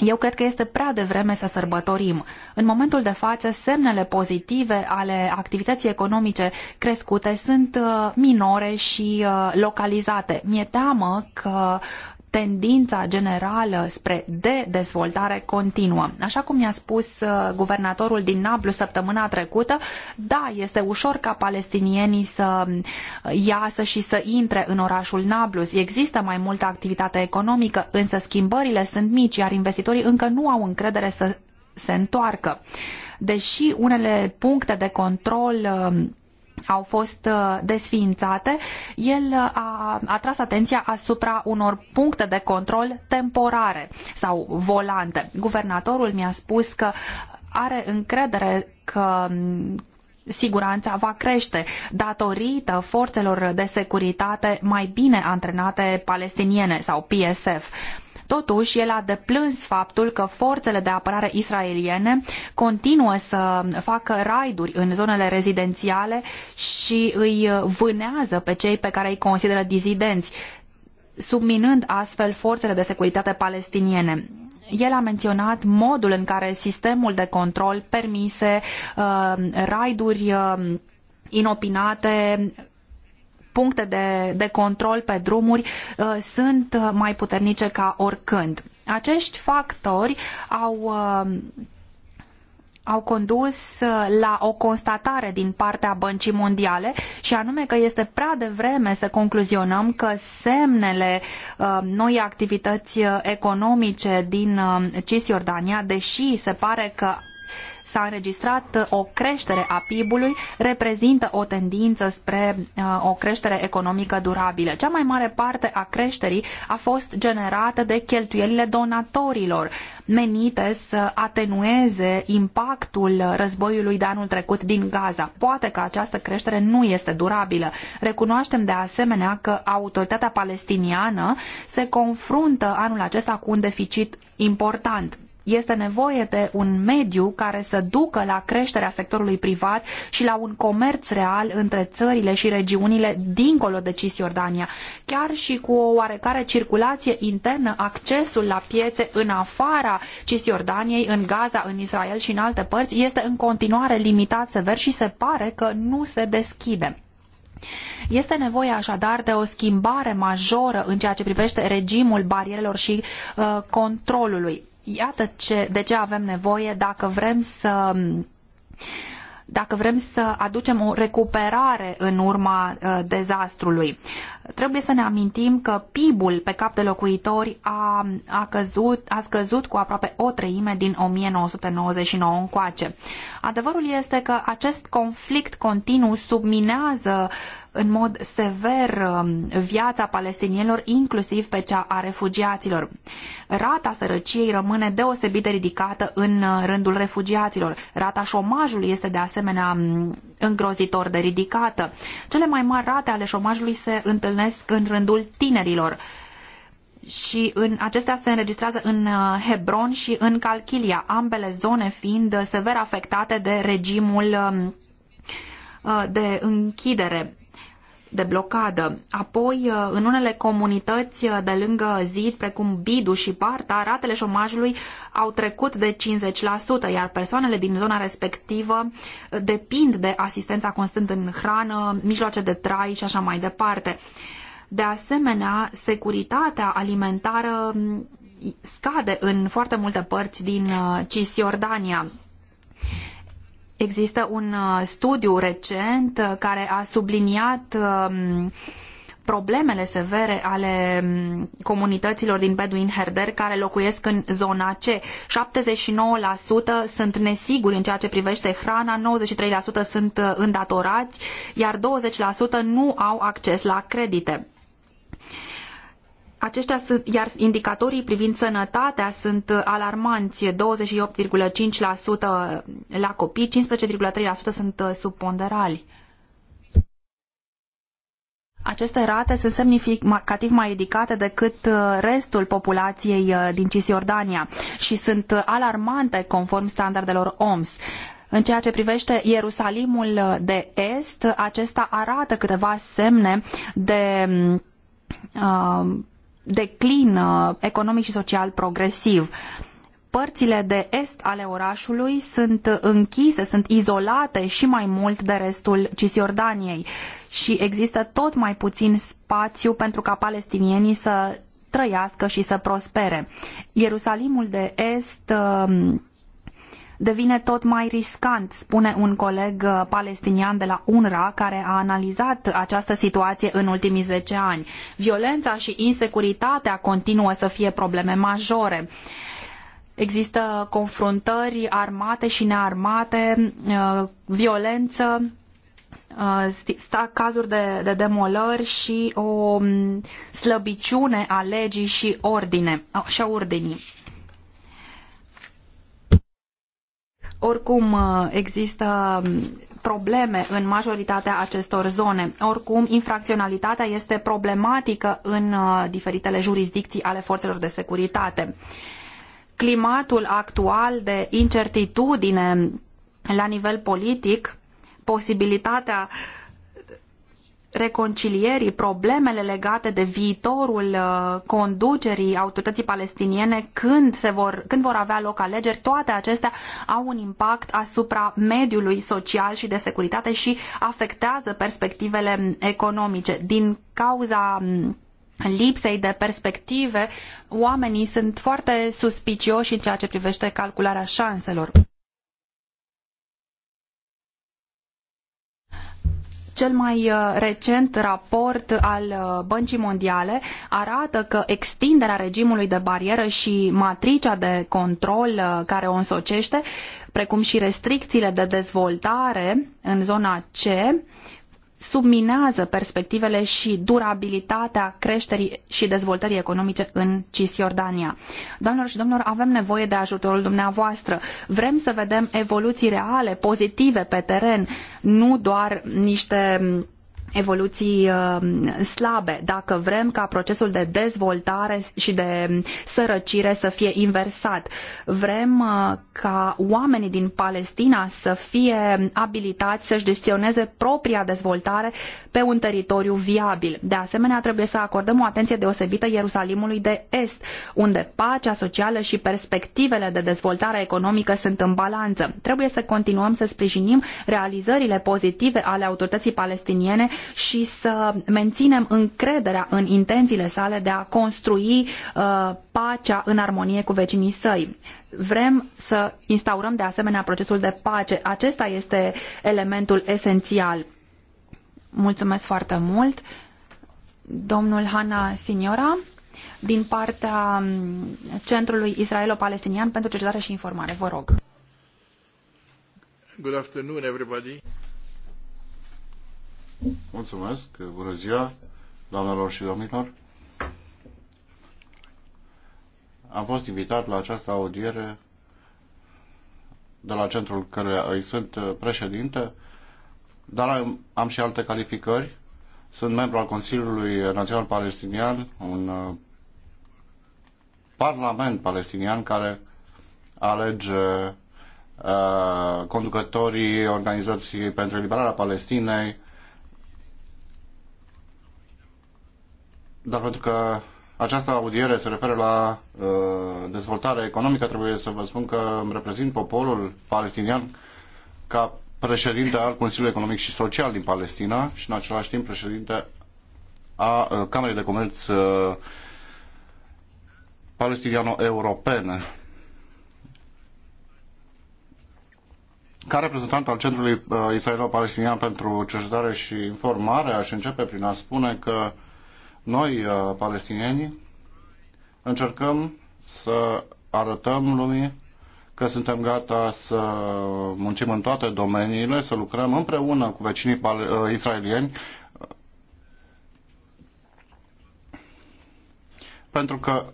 eu cred că este prea devreme să sărbătorim. În momentul de față, semnele pozitive ale activității economice crescute sunt uh, minore și uh, localizate. Mi-e teamă că tendința generală spre de-dezvoltare continuă. Așa cum mi-a spus uh, guvernatorul din Nablus săptămâna trecută, da, este ușor ca palestinienii să uh, iasă și să intre în orașul Nablus. Există mai multă activitate economică, însă schimbările sunt mici, iar investitorii încă nu au încredere să se întoarcă. Deși unele puncte de control uh, au fost uh, desființate, el uh, a atras atenția asupra unor puncte de control temporare sau volante. Guvernatorul mi-a spus că are încredere că mm, siguranța va crește datorită forțelor de securitate mai bine antrenate palestiniene sau PSF. Totuși, el a deplâns faptul că forțele de apărare israeliene continuă să facă raiduri în zonele rezidențiale și îi vânează pe cei pe care îi consideră dizidenți, subminând astfel forțele de securitate palestiniene el a menționat modul în care sistemul de control permise uh, raiduri uh, inopinate puncte de, de control pe drumuri uh, sunt mai puternice ca oricând. Acești factori au uh, au condus uh, la o constatare din partea Băncii Mondiale și anume că este prea devreme să concluzionăm că semnele noii activități economice din Cisjordania, deși se pare că s-a înregistrat uh, o creștere a PIB-ului, reprezintă o tendință spre uh, o creștere economică durabilă. Cea mai mare parte a creșterii a fost generată de cheltuielile donatorilor, menite să atenueze impactul războiului de anul trecut din Gaza. Poate că această creștere nu este durabilă. Recunoaștem de asemenea că autoritatea palestiniană se confruntă anul acesta cu un deficit important este nevoie de un mediu care să ducă la creșterea sectorului privat și la un comerț real între țările și regiunile dincolo de Cisjordania. Chiar și cu o oarecare circulație internă, accesul la piețe în afara Cisjordaniei, în Gaza, în Israel și în alte părți este în continuare limitat sever și se pare că nu se deschide. Este nevoie așadar de o schimbare majoră în ceea ce privește regimul barierelor și uh, controlului. Iată ce, de ce avem nevoie dacă vrem să dacă vrem să aducem o recuperare în urma uh, dezastrului. Trebuie să ne amintim că PIB-ul pe cap de locuitori a, a, căzut, a scăzut cu aproape o treime din 1999 încoace. Adevărul este că acest conflict continuu subminează uh, în mod sever um, viața palestinienilor, inclusiv pe cea a refugiaților. Rata sărăciei rămâne deosebit de ridicată în uh, rândul refugiaților. Rata șomajului este de asemenea um, îngrozitor de ridicată. Cele mai mari rate ale șomajului se întâlnesc în rândul tinerilor și în, acestea se înregistrează în uh, Hebron și în Calchilia, ambele zone fiind sever afectate de regimul um, uh, de închidere de blocadă. Apoi, uh, în unele comunități uh, de lângă zid, precum Bidu și Parta, ratele șomajului au trecut de 50%, iar persoanele din zona respectivă uh, depind de asistența constant în hrană, mijloace de trai și așa mai departe. De asemenea, securitatea alimentară mm, scade în foarte multe părți din Cisjordania. Există un uh, studiu recent uh, care a subliniat um, problemele severe ale um, comunităților din Beduin Herder care locuiesc în zona C. 79% sunt nesiguri în ceea ce privește hrana, 93% sunt uh, îndatorați, iar 20% nu au acces la credite aceștia sunt, iar indicatorii privind sănătatea sunt uh, alarmanți, 28,5% uh, la copii, 15,3% sunt uh, subponderali. Aceste rate sunt semnificativ mai ridicate decât restul populației din Cisjordania și sunt alarmante conform standardelor OMS. În ceea ce privește Ierusalimul de Est, acesta arată câteva semne de mm, uh, declin uh, economic și social progresiv. Părțile de est ale orașului sunt închise, sunt izolate și mai mult de restul Cisjordaniei și există tot mai puțin spațiu pentru ca palestinienii să trăiască și să prospere. Ierusalimul de Est um, devine tot mai riscant, spune un coleg uh, palestinian de la UNRWA care a analizat această situație în ultimii zece ani. Violența și insecuritatea continuă să fie probleme majore. Există confruntări armate și nearmate, uh, violență, uh, cazuri de, de demolări și o mm, slăbiciune a legii și ordine și a ordinii. Oricum uh, există um, probleme în majoritatea acestor zone. Oricum, infracționalitatea este problematică în uh, diferitele jurisdicții ale forțelor de securitate. Climatul actual de incertitudine la nivel politic, posibilitatea uh, reconcilierii, problemele legate de viitorul uh, conducerii autorității palestiniene când, se vor, când vor avea loc alegeri, toate acestea au un impact asupra mediului social și de securitate și afectează perspectivele mm, economice. Din cauza mm, lipsei de perspective, oamenii sunt foarte suspicioși în ceea ce privește calcularea șanselor. Cel mai uh, recent raport al uh, Băncii Mondiale arată că extinderea regimului de barieră și matricea de control uh, care o însocește, precum și restricțiile de dezvoltare în zona C, subminează perspectivele și durabilitatea creșterii și dezvoltării economice în Cisjordania. Doamnelor și domnilor, avem nevoie de ajutorul dumneavoastră. Vrem să vedem evoluții reale, pozitive pe teren, nu doar niște evoluții um, slabe, dacă vrem ca procesul de dezvoltare și de sărăcire să fie inversat. Vrem uh, ca oamenii din Palestina să fie abilitați să-și gestioneze propria dezvoltare pe un teritoriu viabil. De asemenea, trebuie să acordăm o atenție deosebită Ierusalimului de Est, unde pacea socială și perspectivele de dezvoltare economică sunt în balanță. Trebuie să continuăm să sprijinim realizările pozitive ale autorității palestiniene și să menținem încrederea în intențiile sale de a construi uh, pacea în armonie cu vecinii săi. Vrem să instaurăm de asemenea procesul de pace. Acesta este elementul esențial. Mulțumesc foarte mult. Domnul Hanna Signora din partea um, Centrului Israelo-Palestinian pentru Cercetare și Informare. Vă rog. Good afternoon, everybody. Mulțumesc. Bună ziua, doamnelor și domnilor. Am fost invitat la această audiere de la centrul care îi sunt uh, președinte, dar am, am și alte calificări. Sunt membru al Consiliului Național Palestinian, un uh, parlament palestinian care alege uh, conducătorii Organizației pentru Eliberarea Palestinei, dar pentru că această audiere se referă la uh, dezvoltarea economică, trebuie să vă spun că îmi reprezint poporul palestinian ca președinte al Consiliului Economic și Social din Palestina și în același timp președinte a uh, Camerei de Comerț uh, palestiniano-europene. Ca reprezentant al Centrului uh, Israelo-Palestinian pentru Cercetare și Informare, aș începe prin a spune că uh, noi, uh, palestinienii, încercăm să arătăm lumii că suntem gata să muncim în toate domeniile, să lucrăm împreună cu vecinii uh, israelieni pentru că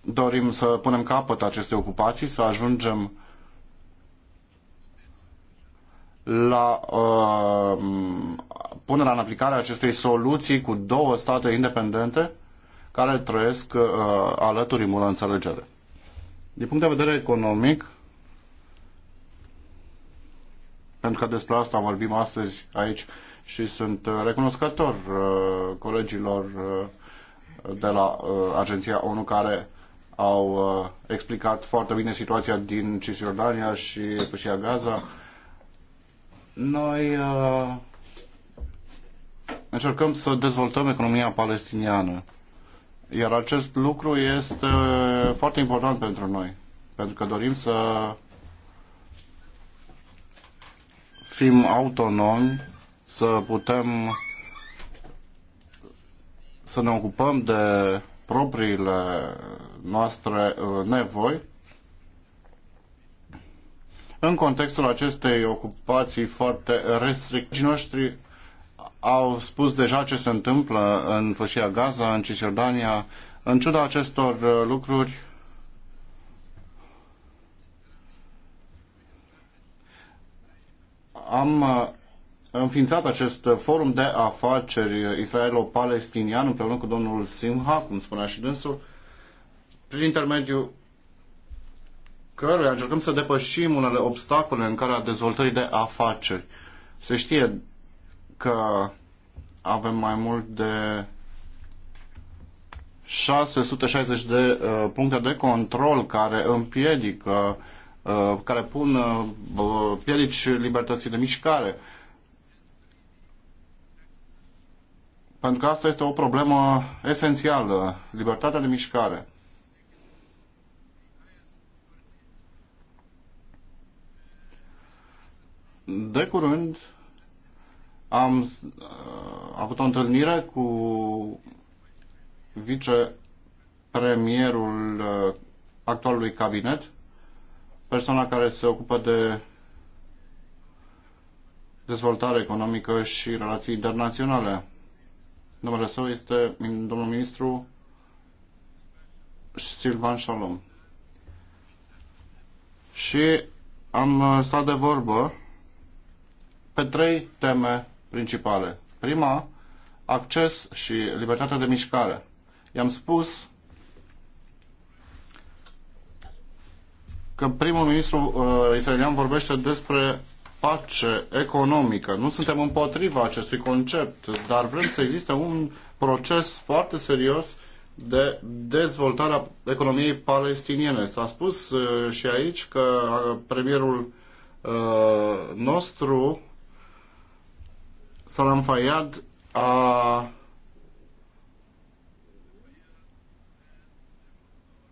dorim să punem capăt acestei ocupații, să ajungem la uh, punerea în aplicare a acestei soluții cu două state independente care trăiesc uh, alături în înțelegere. Din punct de vedere economic, pentru că despre asta vorbim astăzi aici și sunt uh, recunoscător uh, colegilor uh, de la uh, Agenția ONU care au uh, explicat foarte bine situația din Cisjordania și Pâșia Gaza. Uh, noi uh, încercăm să dezvoltăm economia palestiniană. Iar acest lucru este foarte important pentru noi, pentru că dorim să fim autonomi, să putem să ne ocupăm de propriile noastre uh, nevoi în contextul acestei ocupații foarte restricte, noștri au spus deja ce se întâmplă în Fâșia Gaza, în Cisjordania. În ciuda acestor uh, lucruri, am uh, înființat acest forum de afaceri israelo-palestinian împreună cu domnul Simha, cum spunea și dânsul, prin intermediul căruia încercăm să depășim unele obstacole în calea dezvoltării de afaceri. Se știe că avem mai mult de 660 de uh, puncte de control care împiedică, uh, care pun uh, uh, piedici libertății de mișcare. Pentru că asta este o problemă esențială, libertatea de mișcare. de curând am uh, avut o întâlnire cu vicepremierul uh, actualului cabinet, persoana care se ocupă de dezvoltare economică și relații internaționale. Numele său este domnul ministru Silvan Shalom. Și am uh, stat de vorbă pe trei teme principale. Prima, acces și libertatea de mișcare. I-am spus că primul ministru uh, israelian vorbește despre pace economică. Nu suntem împotriva acestui concept, dar vrem să existe un proces foarte serios de dezvoltare a economiei palestiniene. S-a spus uh, și aici că uh, premierul uh, nostru Salam Fayyad a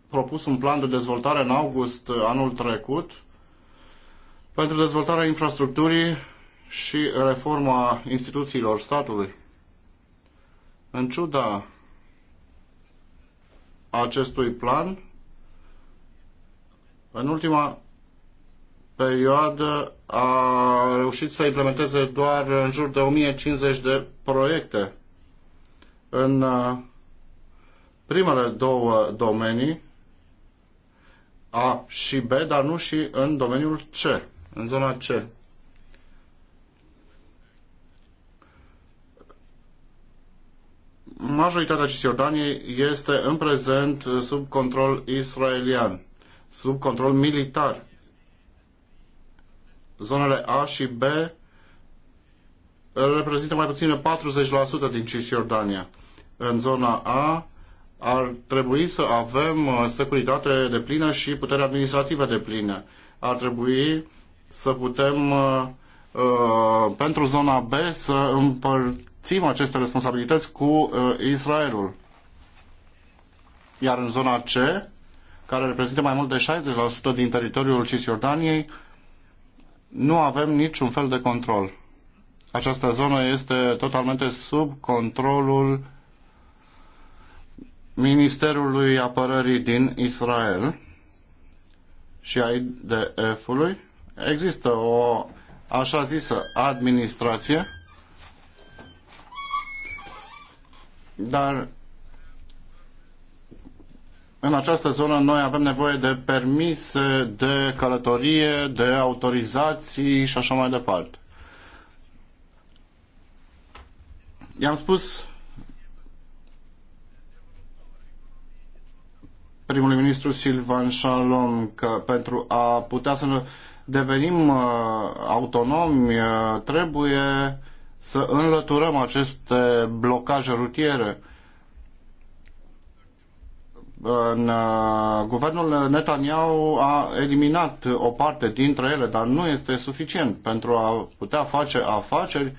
propus un plan de dezvoltare în august uh, anul trecut pentru dezvoltarea infrastructurii și reforma instituțiilor statului. În ciuda acestui plan, în ultima perioadă a reușit să implementeze doar în jur de 1050 de proiecte. În uh, primele două domenii, A și B, dar nu și în domeniul C, în zona C. Majoritatea Cisjordaniei este în prezent sub control israelian, sub control militar zonele A și B reprezintă mai puțin 40% din Cisjordania. În zona A ar trebui să avem uh, securitate de plină și putere administrativă de plină. Ar trebui să putem uh, uh, pentru zona B să împărțim aceste responsabilități cu Israelul. Iar în zona C, care reprezintă mai mult de 60% din teritoriul Cisjordaniei, nu avem niciun fel de control. Această zonă este totalmente sub controlul Ministerului Apărării din Israel și a IDF-ului. Există o așa zisă administrație, dar în această zonă noi avem nevoie de permise, de călătorie, de autorizații și așa mai departe. I-am spus primului ministru Silvan Shalom că pentru a putea să devenim uh, autonomi uh, trebuie să înlăturăm aceste blocaje rutiere uh, în uh, guvernul Netanyahu a eliminat o parte dintre ele, dar nu este suficient pentru a putea face afaceri.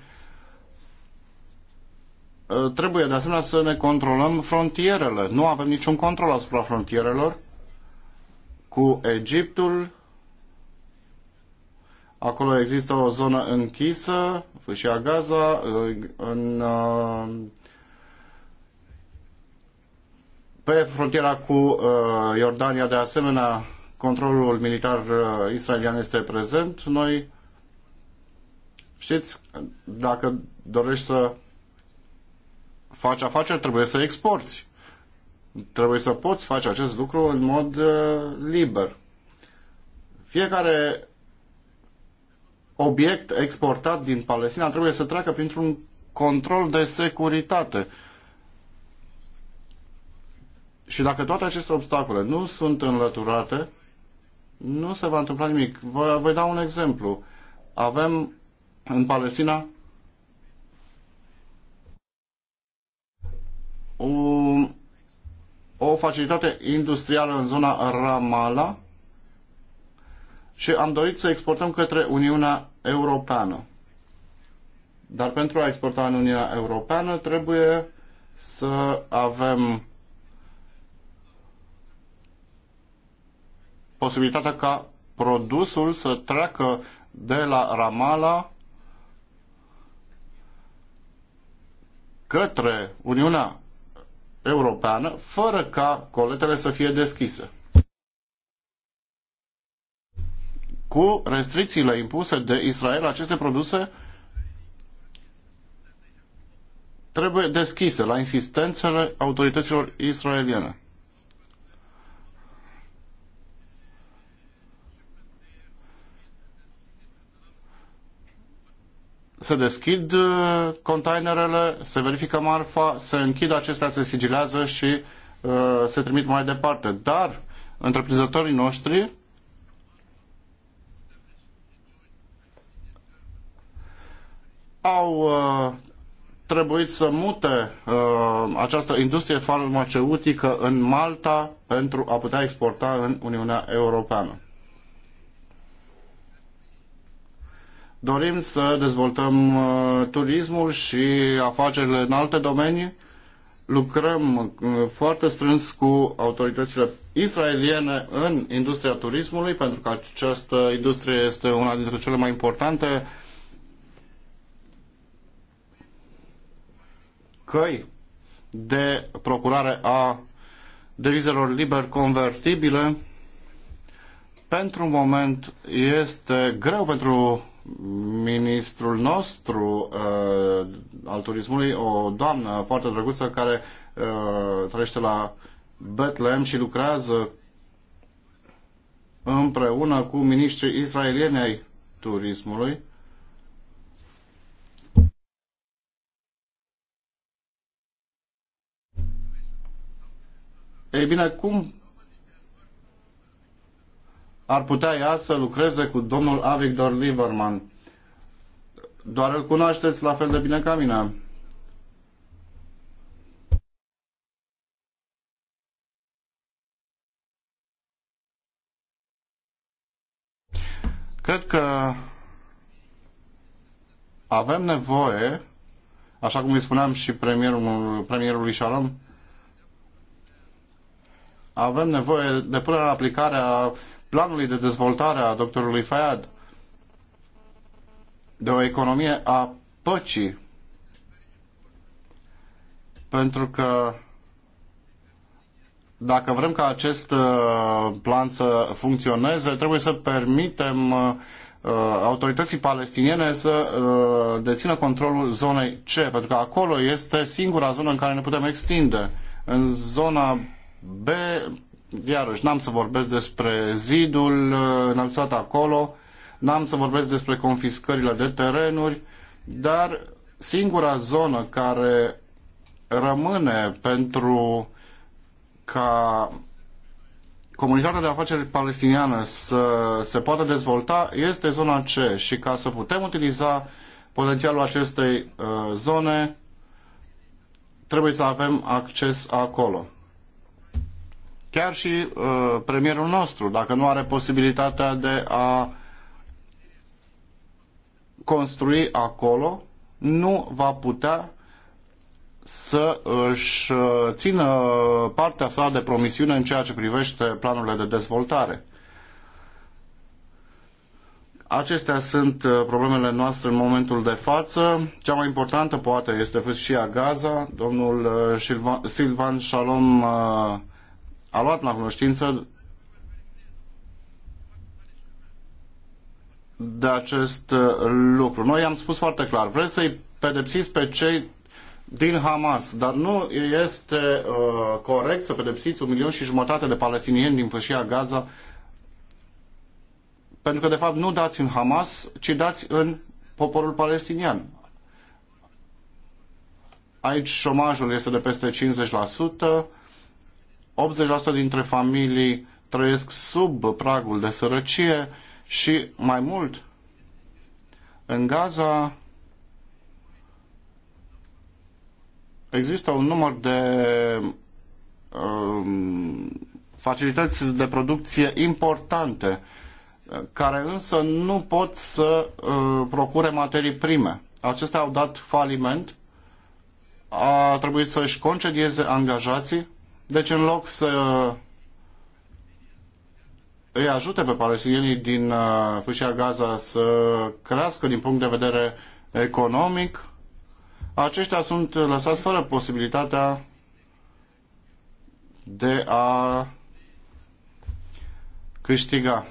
Uh, trebuie de asemenea să ne controlăm frontierele. Nu avem niciun control asupra frontierelor cu Egiptul. Acolo există o zonă închisă, Fâșia Gaza, uh, în pe frontiera cu uh, Iordania, de asemenea, controlul militar uh, israelian este prezent. Noi, știți, dacă dorești să faci afaceri, trebuie să exporți. Trebuie să poți face acest lucru în mod uh, liber. Fiecare obiect exportat din Palestina trebuie să treacă printr-un control de securitate. Și dacă toate aceste obstacole nu sunt înlăturate, nu se va întâmpla nimic. Voi, voi da un exemplu. Avem în Palestina o, o facilitate industrială în zona Ramala și am dorit să exportăm către Uniunea Europeană. Dar pentru a exporta în Uniunea Europeană trebuie să avem posibilitatea ca produsul să treacă de la Ramala către Uniunea Europeană fără ca coletele să fie deschise. Cu restricțiile impuse de Israel, aceste produse trebuie deschise la insistențele autorităților israeliene. se deschid uh, containerele, se verifică marfa, se închid acestea, se sigilează și uh, se trimit mai departe. Dar întreprinzătorii noștri au uh, trebuit să mute uh, această industrie farmaceutică în Malta pentru a putea exporta în Uniunea Europeană. Dorim să dezvoltăm uh, turismul și afacerile în alte domenii. Lucrăm uh, foarte strâns cu autoritățile israeliene în industria turismului, pentru că această industrie este una dintre cele mai importante căi de procurare a devizelor liber convertibile. Pentru moment este greu pentru ministrul nostru uh, al turismului, o doamnă foarte drăguță care uh, trăiește la Bethlehem și lucrează împreună cu ministrii israelieni ai turismului. Ei bine, cum ar putea ea să lucreze cu domnul Avigdor Lieberman. Doar îl cunoașteți la fel de bine ca mine. Cred că avem nevoie, așa cum îi spuneam și premierul, premierului Shalom, avem nevoie de punerea în aplicare a planului de dezvoltare a doctorului Fayad, de o economie a păcii, pentru că dacă vrem ca acest uh, plan să funcționeze, trebuie să permitem uh, autorității palestiniene să uh, dețină controlul zonei C, pentru că acolo este singura zonă în care ne putem extinde. În zona B iarăși, n-am să vorbesc despre zidul uh, înălțat acolo, n-am să vorbesc despre confiscările de terenuri, dar singura zonă care rămâne pentru ca comunitatea de afaceri palestiniană să se poată dezvolta este zona C și ca să putem utiliza potențialul acestei uh, zone trebuie să avem acces acolo. Chiar și uh, premierul nostru, dacă nu are posibilitatea de a construi acolo, nu va putea să își uh, țină partea sa de promisiune în ceea ce privește planurile de dezvoltare. Acestea sunt uh, problemele noastre în momentul de față. Cea mai importantă, poate, este și a Gaza. Domnul uh, Silvan Shalom a luat la cunoștință de acest uh, lucru. Noi am spus foarte clar, vreți să-i pedepsiți pe cei din Hamas, dar nu este uh, corect să pedepsiți un milion și jumătate de palestinieni din fășia Gaza, pentru că de fapt nu dați în Hamas, ci dați în poporul palestinian. Aici șomajul este de peste 50%, 80% dintre familii trăiesc sub pragul de sărăcie și mai mult în Gaza există un număr de um, facilități de producție importante care însă nu pot să uh, procure materii prime. Acestea au dat faliment, a trebuit să își concedieze angajații deci în loc să îi ajute pe palestinienii din uh, fâșia Gaza să crească din punct de vedere economic, aceștia sunt lăsați fără posibilitatea de a câștiga.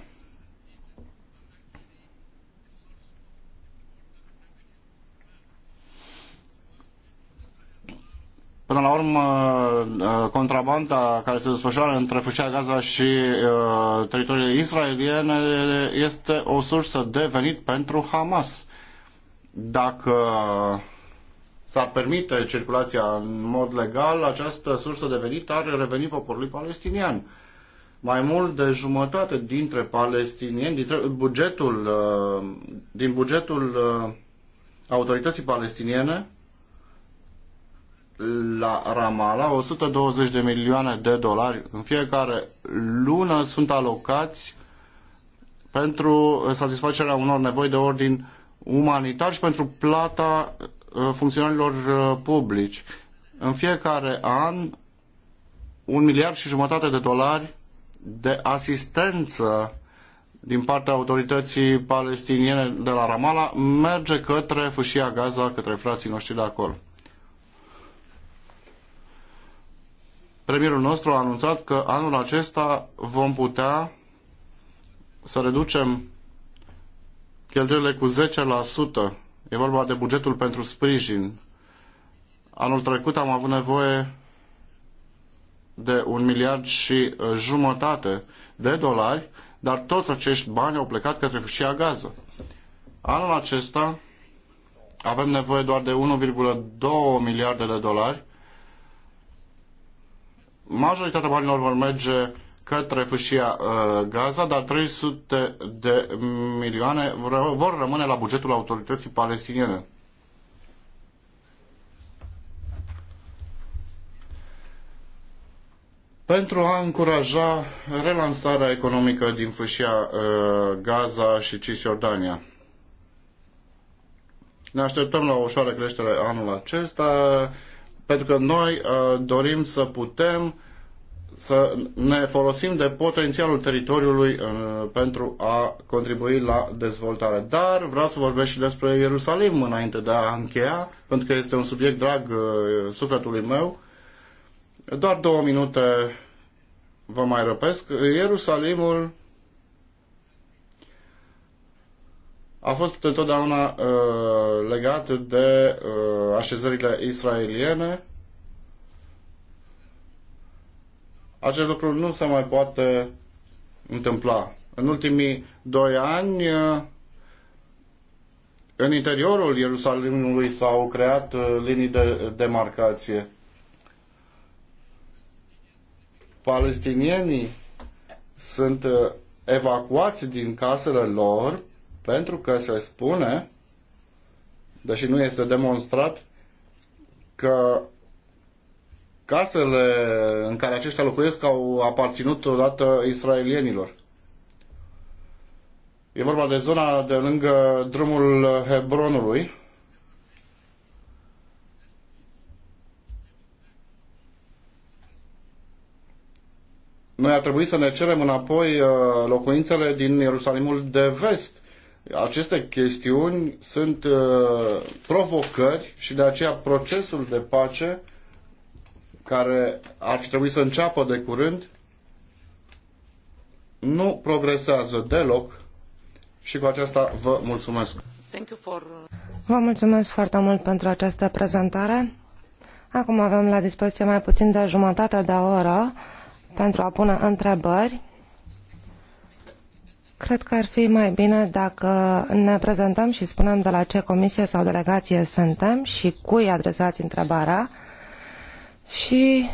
Până la urmă, uh, contrabanda care se desfășoară între Fâșia Gaza și uh, teritoriile israeliene este o sursă de venit pentru Hamas. Dacă s-ar permite circulația în mod legal, această sursă de venit ar reveni poporului palestinian. Mai mult de jumătate dintre palestinieni, dintre bugetul, uh, din bugetul autorității palestiniene, la Ramala, 120 de milioane de dolari în fiecare lună sunt alocați pentru uh, satisfacerea unor nevoi de ordin umanitar și pentru plata uh, funcționarilor uh, publici. În fiecare an, un miliard și jumătate de dolari de asistență din partea autorității palestiniene de la Ramala merge către fâșia Gaza, către frații noștri de acolo. Premierul nostru a anunțat că anul acesta vom putea să reducem cheltuielile cu 10%. E vorba de bugetul pentru sprijin. Anul trecut am avut nevoie de un miliard și uh, jumătate de dolari, dar toți acești bani au plecat către fâșia gază. Anul acesta avem nevoie doar de 1,2 miliarde de dolari majoritatea banilor vor merge către fâșia uh, Gaza, dar 300 de milioane vor rămâne la bugetul autorității palestiniene. pentru a încuraja relansarea economică din fâșia uh, Gaza și Cisjordania. Ne așteptăm la o ușoară creștere anul acesta pentru că noi uh, dorim să putem să ne folosim de potențialul teritoriului uh, pentru a contribui la dezvoltare. Dar vreau să vorbesc și despre Ierusalim înainte de a încheia, pentru că este un subiect drag uh, sufletului meu. Doar două minute vă mai răpesc. Ierusalimul a fost întotdeauna uh, legat de uh, așezările israeliene. Acest lucru nu se mai poate întâmpla. În ultimii doi ani, uh, în interiorul Ierusalimului s-au creat uh, linii de demarcație. Palestinienii sunt uh, evacuați din casele lor pentru că se spune, deși nu este demonstrat, că casele în care aceștia locuiesc au aparținut odată israelienilor. E vorba de zona de lângă drumul Hebronului. Noi ar trebui să ne cerem înapoi uh, locuințele din Ierusalimul de vest, aceste chestiuni sunt uh, provocări și de aceea procesul de pace care ar fi trebuit să înceapă de curând nu progresează deloc și cu aceasta vă mulțumesc. Vă mulțumesc foarte mult pentru această prezentare. Acum avem la dispoziție mai puțin de jumătate de oră pentru a pune întrebări. Cred că ar fi mai bine dacă ne prezentăm și spunem de la ce comisie sau delegație suntem și cui adresați întrebarea și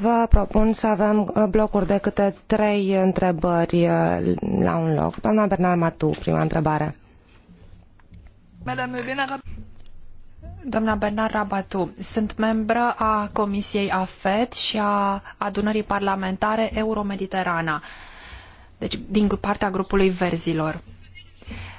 vă propun să avem uh, blocuri de câte trei întrebări uh, la un loc. Doamna Bernal Matu, prima întrebare. Doamna Bernard Rabatu, sunt membră a Comisiei AFET și a Adunării Parlamentare Euromediterana. mediterana deci din partea grupului verzilor.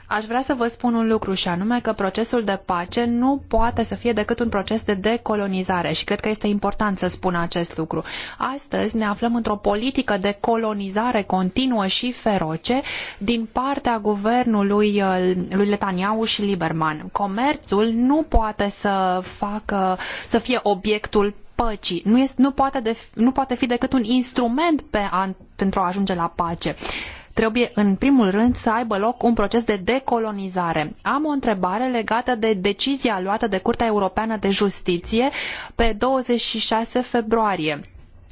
Aș vrea să vă spun un lucru și anume că procesul de pace nu poate să fie decât un proces de decolonizare și cred că este important să spun acest lucru. Astăzi ne aflăm într-o politică de colonizare continuă și feroce din partea guvernului uh, lui Netanyahu și Liberman. Comerțul nu poate să facă să fie obiectul păcii. Nu, este, nu, poate, de, nu poate fi decât un instrument pe a, pentru a ajunge la pace. Trebuie, în primul rând, să aibă loc un proces de decolonizare. Am o întrebare legată de decizia luată de Curtea Europeană de Justiție pe 26 februarie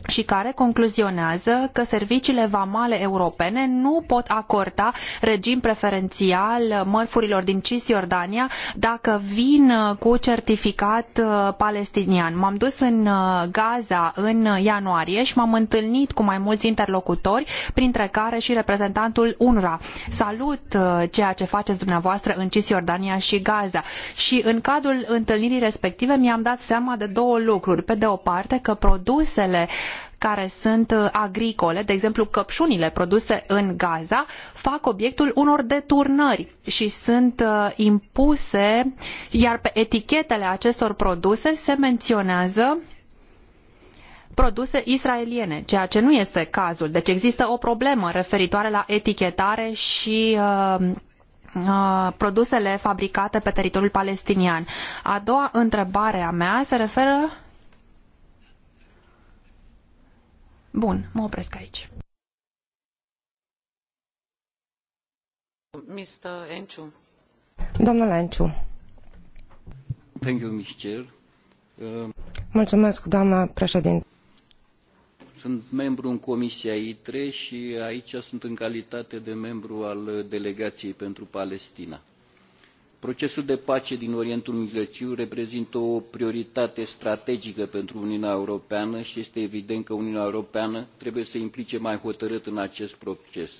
și care concluzionează că serviciile vamale europene nu pot acorda regim preferențial mărfurilor din Cisjordania dacă vin cu certificat uh, palestinian. M-am dus în uh, Gaza în ianuarie și m-am întâlnit cu mai mulți interlocutori, printre care și reprezentantul UNRWA. Salut uh, ceea ce faceți dumneavoastră în Cisjordania și Gaza. Și în cadrul întâlnirii respective mi-am dat seama de două lucruri. Pe de o parte că produsele care sunt uh, agricole, de exemplu căpșunile produse în Gaza, fac obiectul unor deturnări și sunt uh, impuse, iar pe etichetele acestor produse se menționează produse israeliene, ceea ce nu este cazul. Deci există o problemă referitoare la etichetare și uh, produsele fabricate pe teritoriul palestinian. A doua întrebare a mea se referă Bun, mă opresc aici. Mr. Enciu. Domnul Enciu. Thank you, Mr. Chair. Uh, Mulțumesc, doamnă președinte. Sunt membru în Comisia ITRE și aici sunt în calitate de membru al Delegației pentru Palestina Procesul de pace din Orientul Mijlociu reprezintă o prioritate strategică pentru Uniunea Europeană și este evident că Uniunea Europeană trebuie să se implice mai hotărât în acest proces.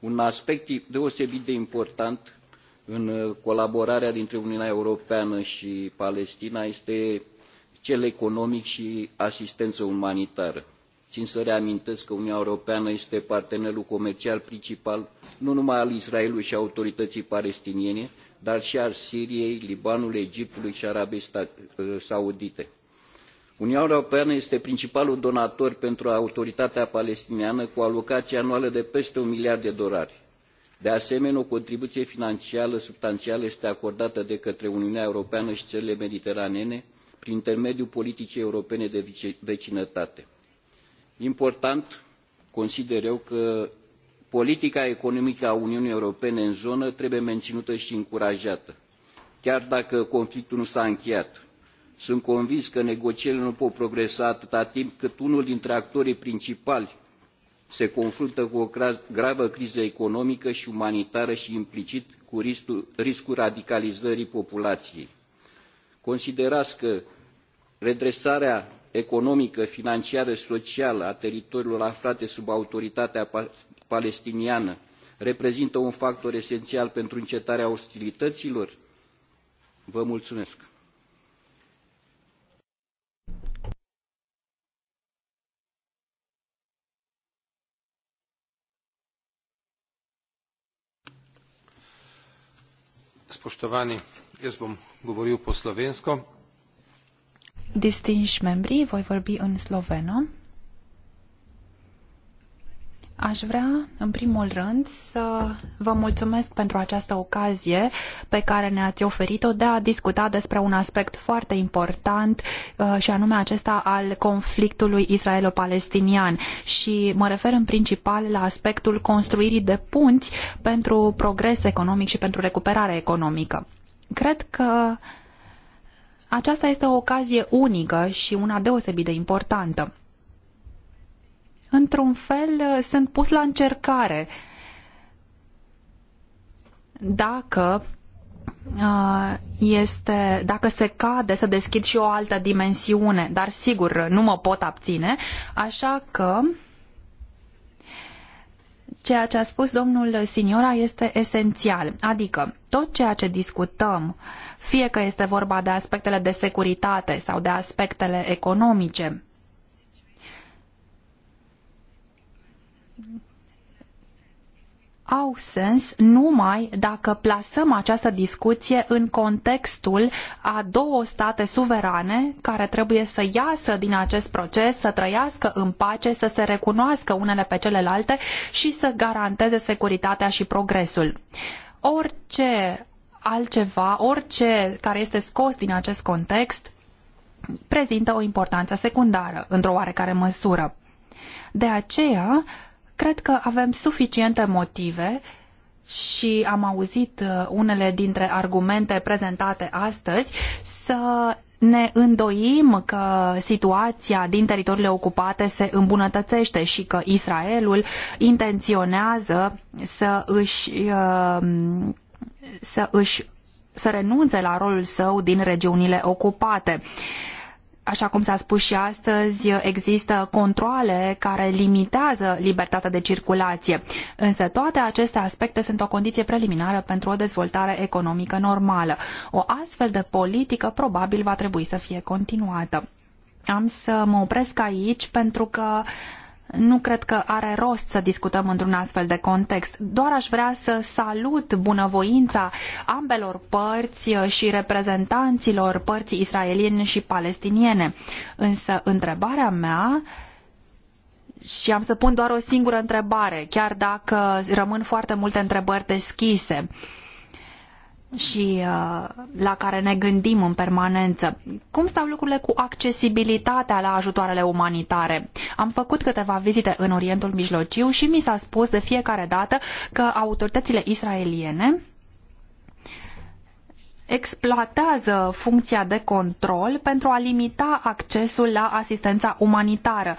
Un aspect deosebit de important în colaborarea dintre Uniunea Europeană și Palestina este cel economic și asistență umanitară. Țin să reamintesc că Uniunea Europeană este partenerul comercial principal nu numai al Israelului și autorității palestiniene, dar și al Siriei, Libanului, Egiptului și Arabiei uh, Saudite. Uniunea Europeană este principalul donator pentru autoritatea palestiniană cu alocație anuală de peste un miliard de dolari. De asemenea, o contribuție financiară substanțială este acordată de către Uniunea Europeană și țările mediteranene prin intermediul politicii europene de vecinătate. Important, consider eu că politica economică a uniunii europene în zonă trebuie meninută i încurajată chiar dacă conflictul nu s a încheiat. sunt convins că negocierile nu pot progresa atâta timp cât unul dintre actorii principali se confruntă cu o gravă criză economică i umanitară i implicit cu riscul, riscul radicalizării populaiei. considerai că redresarea economică financiară socială a teritoriilor aflate sub autoritatea palestiniană reprezintă un factor esențial pentru încetarea ostilităților? Vă mulțumesc! Spoštovani, jaz bom govoril po slovensko. Distinși membri, voi vorbi în slovenă. Aș vrea, în primul rând, să vă mulțumesc pentru această ocazie pe care ne-ați oferit-o de a discuta despre un aspect foarte important uh, și anume acesta al conflictului israelo-palestinian și mă refer în principal la aspectul construirii de punți pentru progres economic și pentru recuperare economică. Cred că aceasta este o ocazie unică și una deosebit de importantă într-un fel, uh, sunt pus la încercare. Dacă uh, este dacă se cade să deschid și o altă dimensiune, dar sigur nu mă pot abține, așa că ceea ce a spus domnul Siniora este esențial, adică tot ceea ce discutăm, fie că este vorba de aspectele de securitate sau de aspectele economice, au sens numai dacă plasăm această discuție în contextul a două state suverane care trebuie să iasă din acest proces, să trăiască în pace, să se recunoască unele pe celelalte și să garanteze securitatea și progresul. Orice altceva, orice care este scos din acest context, prezintă o importanță secundară, într-o oarecare măsură. De aceea, Cred că avem suficiente motive și am auzit uh, unele dintre argumente prezentate astăzi să ne îndoim că situația din teritoriile ocupate se îmbunătățește și că Israelul intenționează să își uh, să își să renunțe la rolul său din regiunile ocupate. Uh, așa cum s-a spus și astăzi, există controle care limitează libertatea de circulație. Însă toate aceste aspecte sunt o condiție preliminară pentru o dezvoltare economică normală. O astfel de politică probabil va trebui să fie continuată. Am să mă opresc aici pentru că nu cred că are rost să discutăm într-un astfel de context. Doar aș vrea să salut bunăvoința ambelor părți și reprezentanților părții israeliene și palestiniene. Însă întrebarea mea și am să pun doar o singură întrebare, chiar dacă rămân foarte multe întrebări deschise. Uh, și uh, la care ne gândim în permanență. Cum stau lucrurile cu accesibilitatea la ajutoarele umanitare? Am făcut câteva vizite în Orientul Mijlociu și mi s-a spus de fiecare dată că autoritățile israeliene exploatează funcția de control pentru a limita accesul la asistența umanitară,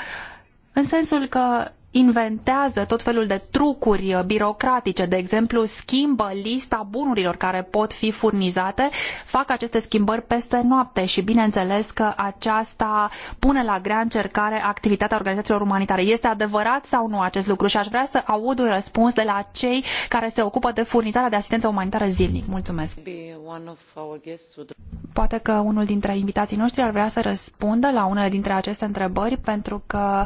în sensul că inventează tot felul de trucuri uh, birocratice, de exemplu, schimbă lista bunurilor care pot fi furnizate, fac aceste schimbări peste noapte și bineînțeles că aceasta pune la grea încercare activitatea organizațiilor umanitare. Este adevărat sau nu acest lucru și aș vrea să aud un răspuns de la cei care se ocupă de furnizarea de asistență umanitară zilnic. Mulțumesc. Poate că unul dintre invitații noștri ar vrea să răspundă la unele dintre aceste întrebări pentru că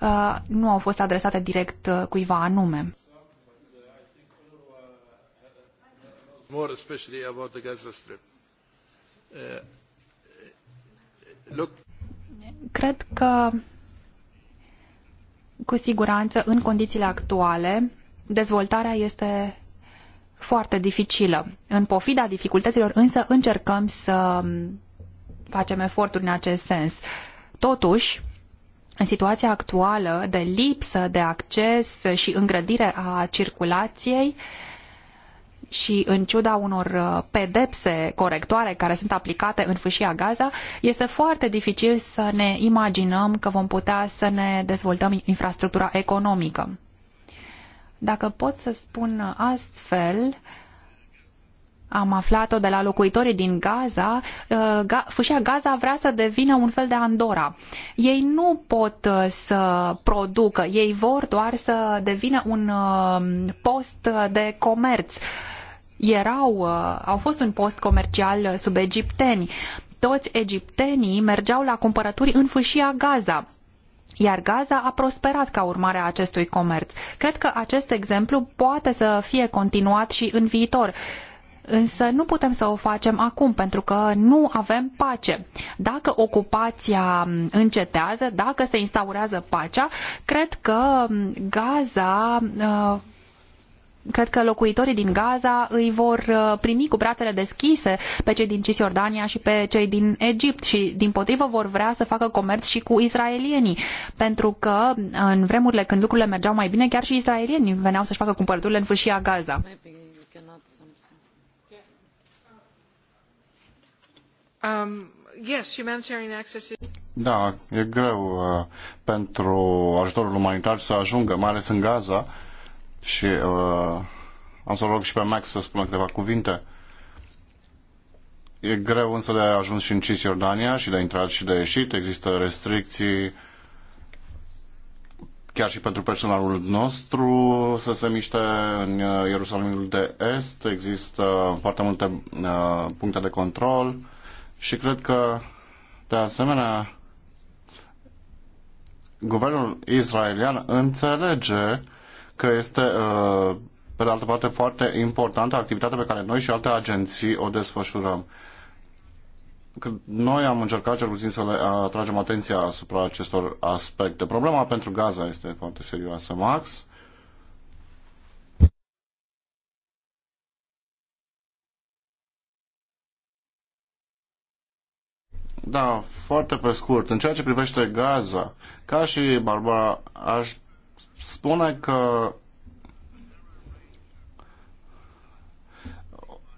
uh, nu au fost adresate direct uh, cuiva anume. more especially about the Gaza Strip. Uh, look. Cred că cu siguranță în condițiile actuale dezvoltarea este foarte dificilă. În pofida dificultăților însă încercăm să um, facem eforturi în acest sens. Totuși, în situația actuală de lipsă de acces și îngrădire a circulației și în ciuda unor uh, pedepse corectoare care sunt aplicate în fâșia Gaza, este foarte dificil să ne imaginăm că vom putea să ne dezvoltăm infrastructura economică. Dacă pot să spun astfel, uh, am aflat-o de la locuitorii din Gaza, uh, fâșia Gaza vrea să devină un fel de Andorra. Ei nu pot uh, să producă, ei vor doar să devină un uh, post de comerț. Erau, au fost un post comercial sub egipteni. Toți egiptenii mergeau la cumpărături în fâșia Gaza iar Gaza a prosperat ca urmare a acestui comerț. Cred că acest exemplu poate să fie continuat și în viitor Însă nu putem să o facem acum pentru că nu avem pace. Dacă ocupația încetează, dacă se instaurează pacea, cred că Gaza uh, cred că locuitorii din Gaza îi vor uh, primi cu brațele deschise pe cei din Cisjordania și pe cei din Egipt și din potrivă vor vrea să facă comerț și cu israelienii, pentru că uh, în vremurile când lucrurile mergeau mai bine, chiar și israelienii veneau să-și facă cumpărăturile în fâșia Gaza. Um, yes, humanitarian access is... Da, e greu uh, pentru ajutorul umanitar să ajungă, mai ales în Gaza. Și uh, am să rog și pe Max să spună câteva cuvinte. E greu însă de ajuns și în Cisjordania și de intrat și de ieșit. Există restricții chiar și pentru personalul nostru să se miște în uh, Ierusalimul de Est. Există foarte multe uh, puncte de control. Uh, și cred că, de asemenea, guvernul israelian înțelege că este, uh, pe de altă parte, foarte importantă activitatea pe care noi și alte agenții o desfășurăm. Noi am încercat cel puțin să le atragem atenția asupra acestor aspecte. Problema pentru Gaza este foarte serioasă, Max. Da, foarte pe scurt. În ceea ce privește Gaza, ca și Barbara, aș spune că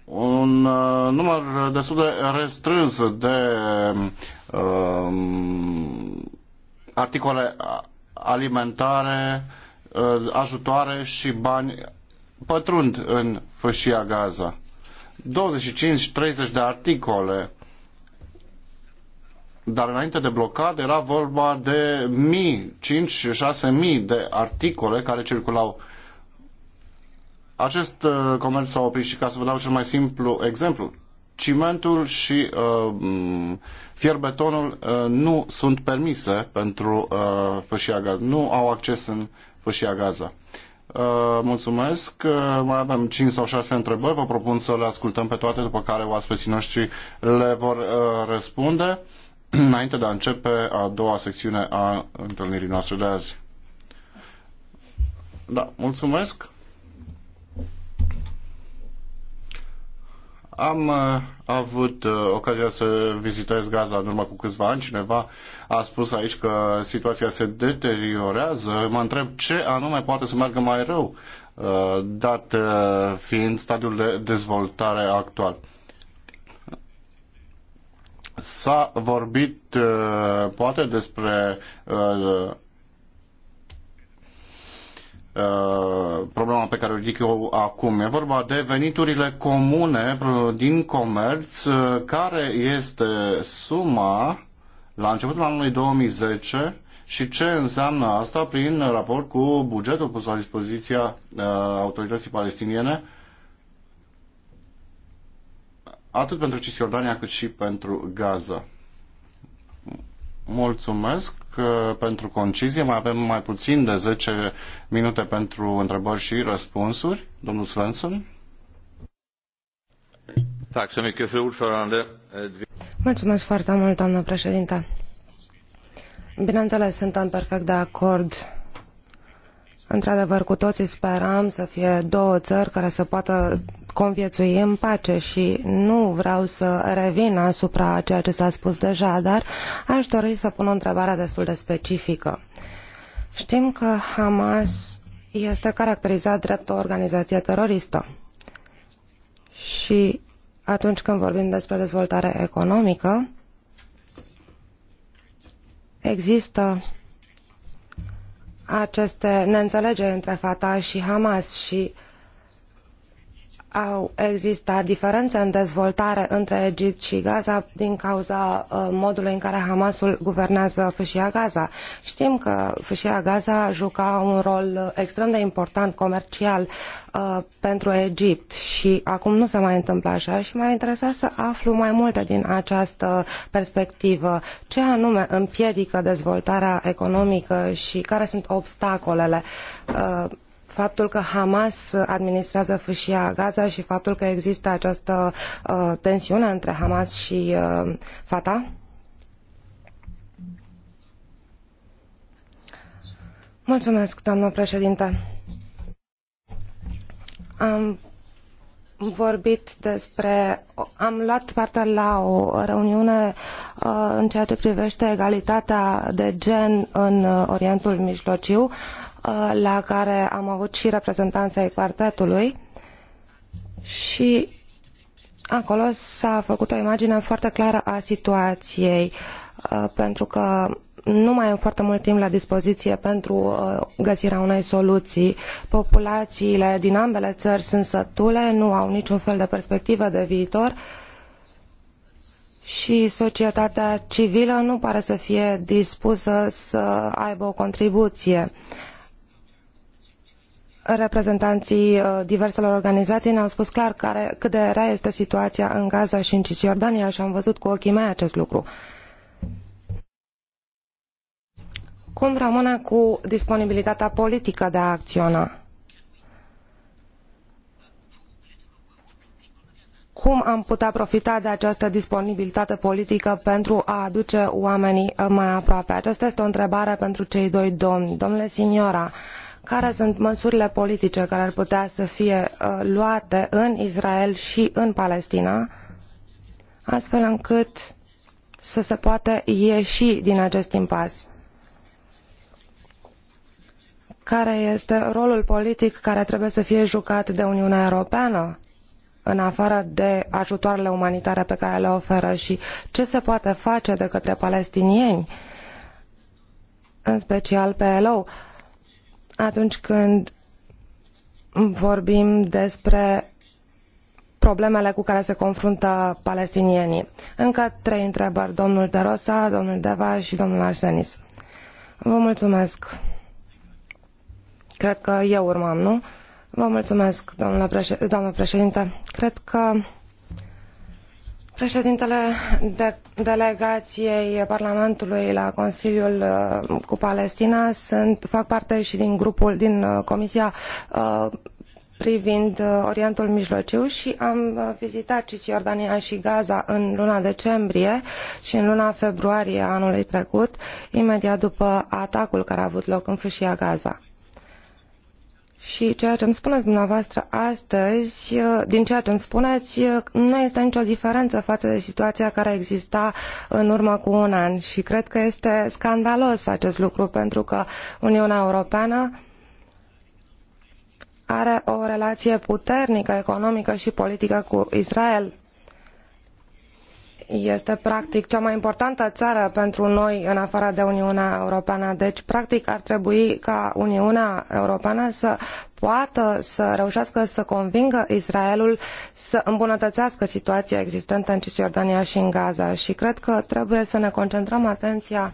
un uh, număr destul de restrâns de uh, articole alimentare, uh, ajutoare și bani pătrund în fâșia Gaza. 25-30 de articole dar înainte de blocad era vorba de mii, 5-6 mii de articole care circulau. Acest uh, comerț s-a oprit și ca să vă dau cel mai simplu exemplu, cimentul și uh, fierbetonul uh, nu sunt permise pentru uh, fâșia Gaza. Nu au acces în fâșia Gaza. Uh, mulțumesc. Uh, mai avem 5 sau 6 întrebări. Vă propun să le ascultăm pe toate, după care oaspeții noștri le vor uh, răspunde. înainte de a începe a doua secțiune a întâlnirii noastre de azi. Da, mulțumesc. Am uh, avut uh, ocazia să vizitez Gaza în urmă cu câțiva ani. Cineva a spus aici că situația se deteriorează. Mă întreb ce anume poate să meargă mai rău, uh, dat fiind stadiul de dezvoltare actual. S-a vorbit uh, poate despre uh, uh, problema pe care o ridic eu acum. E vorba de veniturile comune din comerț, care este suma la începutul anului 2010 și ce înseamnă asta prin raport cu bugetul pus la dispoziția autorității palestiniene atât pentru Cisjordania cât și pentru Gaza. Mulțumesc uh, pentru concizie. Mai avem mai puțin de 10 minute pentru întrebări și răspunsuri. Domnul Svensson. Mulțumesc foarte mult, doamnă președinte. Bineînțeles, suntem perfect de acord Într-adevăr, cu toții speram să fie două țări care să poată conviețui în pace și nu vreau să revin asupra ceea ce s-a spus deja, dar aș dori să pun o întrebare destul de specifică. Știm că Hamas este caracterizat drept o organizație teroristă și atunci când vorbim despre dezvoltare economică, există aceste neînelegeri între Fatah și Hamas și au existat diferențe în dezvoltare între Egipt și Gaza din cauza uh, modului în care Hamasul guvernează fâșia Gaza. Știm că fâșia Gaza juca un rol uh, extrem de important comercial uh, pentru Egipt și acum nu se mai întâmplă așa și m-ar interesa să aflu mai multe din această perspectivă. Ce anume împiedică dezvoltarea economică și care sunt obstacolele uh, faptul că Hamas administrează fâșia Gaza și faptul că există această uh, tensiune între Hamas și uh, Fatah? Mulțumesc, doamnă președinte. Am vorbit despre. Am luat parte la o reuniune uh, în ceea ce privește egalitatea de gen în uh, Orientul Mijlociu. Uh, Uh, la care am avut și reprezentanța ai quartetului și acolo s-a făcut o imagine foarte clară a situației uh, pentru că nu mai am foarte mult timp la dispoziție pentru uh, găsirea unei soluții. Populațiile din ambele țări sunt sătule, nu au niciun fel de perspectivă de viitor și societatea civilă nu pare să fie dispusă să aibă o contribuție. Uh, reprezentanții uh, diverselor organizații ne-au spus clar care, cât de rea este situația în Gaza și în Cisjordania și am văzut cu ochii mei acest lucru. Cum rămâne cu disponibilitatea politică de a acționa? cum am putea profita de această disponibilitate politică pentru a aduce oamenii mai aproape? Aceasta este o întrebare pentru cei doi domni. Domnule Signora, uh, care sunt măsurile politice care ar putea să fie uh, luate în Israel și în Palestina, astfel încât să se poată ieși din acest impas care este rolul politic care trebuie să fie jucat de Uniunea Europeană în afară de ajutoarele umanitare pe care le oferă și ce se poate face de către palestinieni, în special pe ELO, atunci când vorbim despre problemele cu care se confruntă palestinienii. Încă trei întrebări, domnul De Rosa, domnul Deva și domnul Arsenis. Vă mulțumesc. Cred că eu urmam, nu? Vă mulțumesc, domnule președinte. Cred că preedintele delegaiei delegației Parlamentului la Consiliul uh, cu Palestina sunt, fac parte și din grupul, din uh, Comisia uh, privind Orientul Mijlociu și am vizitat cisiordania și Gaza în luna decembrie și în luna februarie anului trecut, imediat după atacul care a avut loc în fâia Gaza și ceea ce îmi spuneți dumneavoastră astăzi, uh, din ceea ce îmi spuneți, uh, nu este nicio diferență față de situația care exista în urmă cu un an. Și cred că este scandalos acest lucru, pentru că Uniunea Europeană are o relație puternică economică și politică cu Israel este practic cea mai importantă țară pentru noi în afara de Uniunea Europeană. Deci, practic, ar trebui ca Uniunea Europeană să poată să reușească să convingă Israelul să îmbunătățească situația existentă în Cisjordania și în Gaza. Și cred că trebuie să ne concentrăm atenția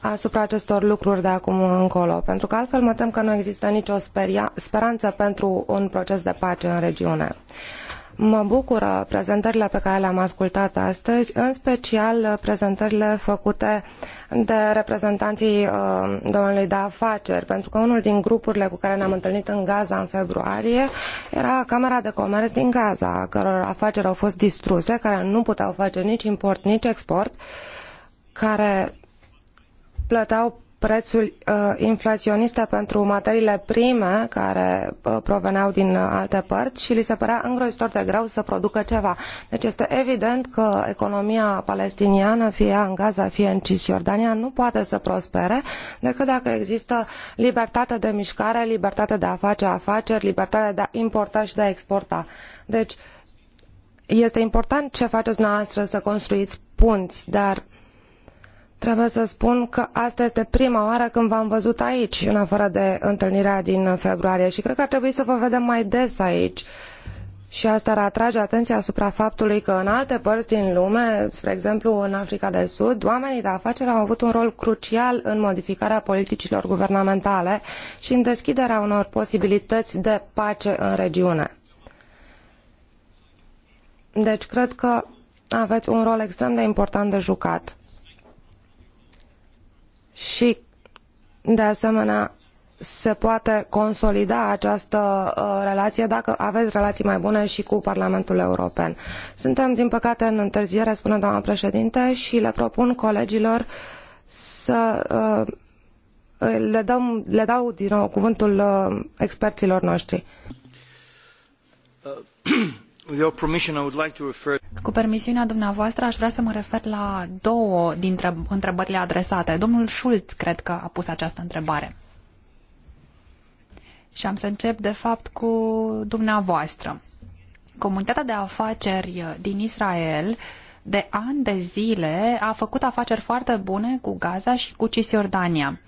asupra acestor lucruri de acum încolo, pentru că altfel mă tem că nu există nicio speranță pentru un proces de pace în regiune. Uh, Mă bucură uh, prezentările pe care le-am ascultat astăzi, în special uh, prezentările făcute de reprezentanții uh, domnului de afaceri, pentru că unul din grupurile cu care ne-am întâlnit în Gaza în februarie era Camera de Comerț din Gaza, a căror afaceri au fost distruse, care nu puteau face nici import, nici export, care plăteau prețul uh, inflaionist pentru materiile prime care uh, proveneau din uh, alte părți și li se părea îngrozitor de greu să producă ceva. Deci este evident că economia palestiniană, fie în Gaza, fie în Cisjordania, nu poate să prospere decât dacă există libertate de mișcare, libertate de a face afaceri, libertate de a importa și de a exporta. Deci este important ce faceți noastră să construiți punți, dar Trebuie să spun că asta este prima oară când v-am văzut aici, în afară de întâlnirea din februarie și cred că ar trebui să vă vedem mai des aici. Și asta ar atrage atenția asupra faptului că în alte părți din lume, spre exemplu în Africa de Sud, oamenii de afaceri au avut un rol crucial în modificarea politicilor guvernamentale și în deschiderea unor posibilități de pace în regiune. Deci cred că aveți un rol extrem de important de jucat și, de asemenea, se poate consolida această uh, relație dacă aveți relații mai bune și cu Parlamentul European. Suntem, din păcate, în întârziere, spune doamna președinte, și le propun colegilor să uh, le, dăm, le dau din nou cuvântul uh, experților noștri. Cu permisiunea dumneavoastră, aș vrea să mă refer la două dintre întrebările adresate. Domnul Schulz, cred că a pus această întrebare. Și am să încep, de fapt, cu dumneavoastră. Comunitatea de afaceri din Israel de ani de zile a făcut afaceri foarte bune cu Gaza și cu Cisjordania.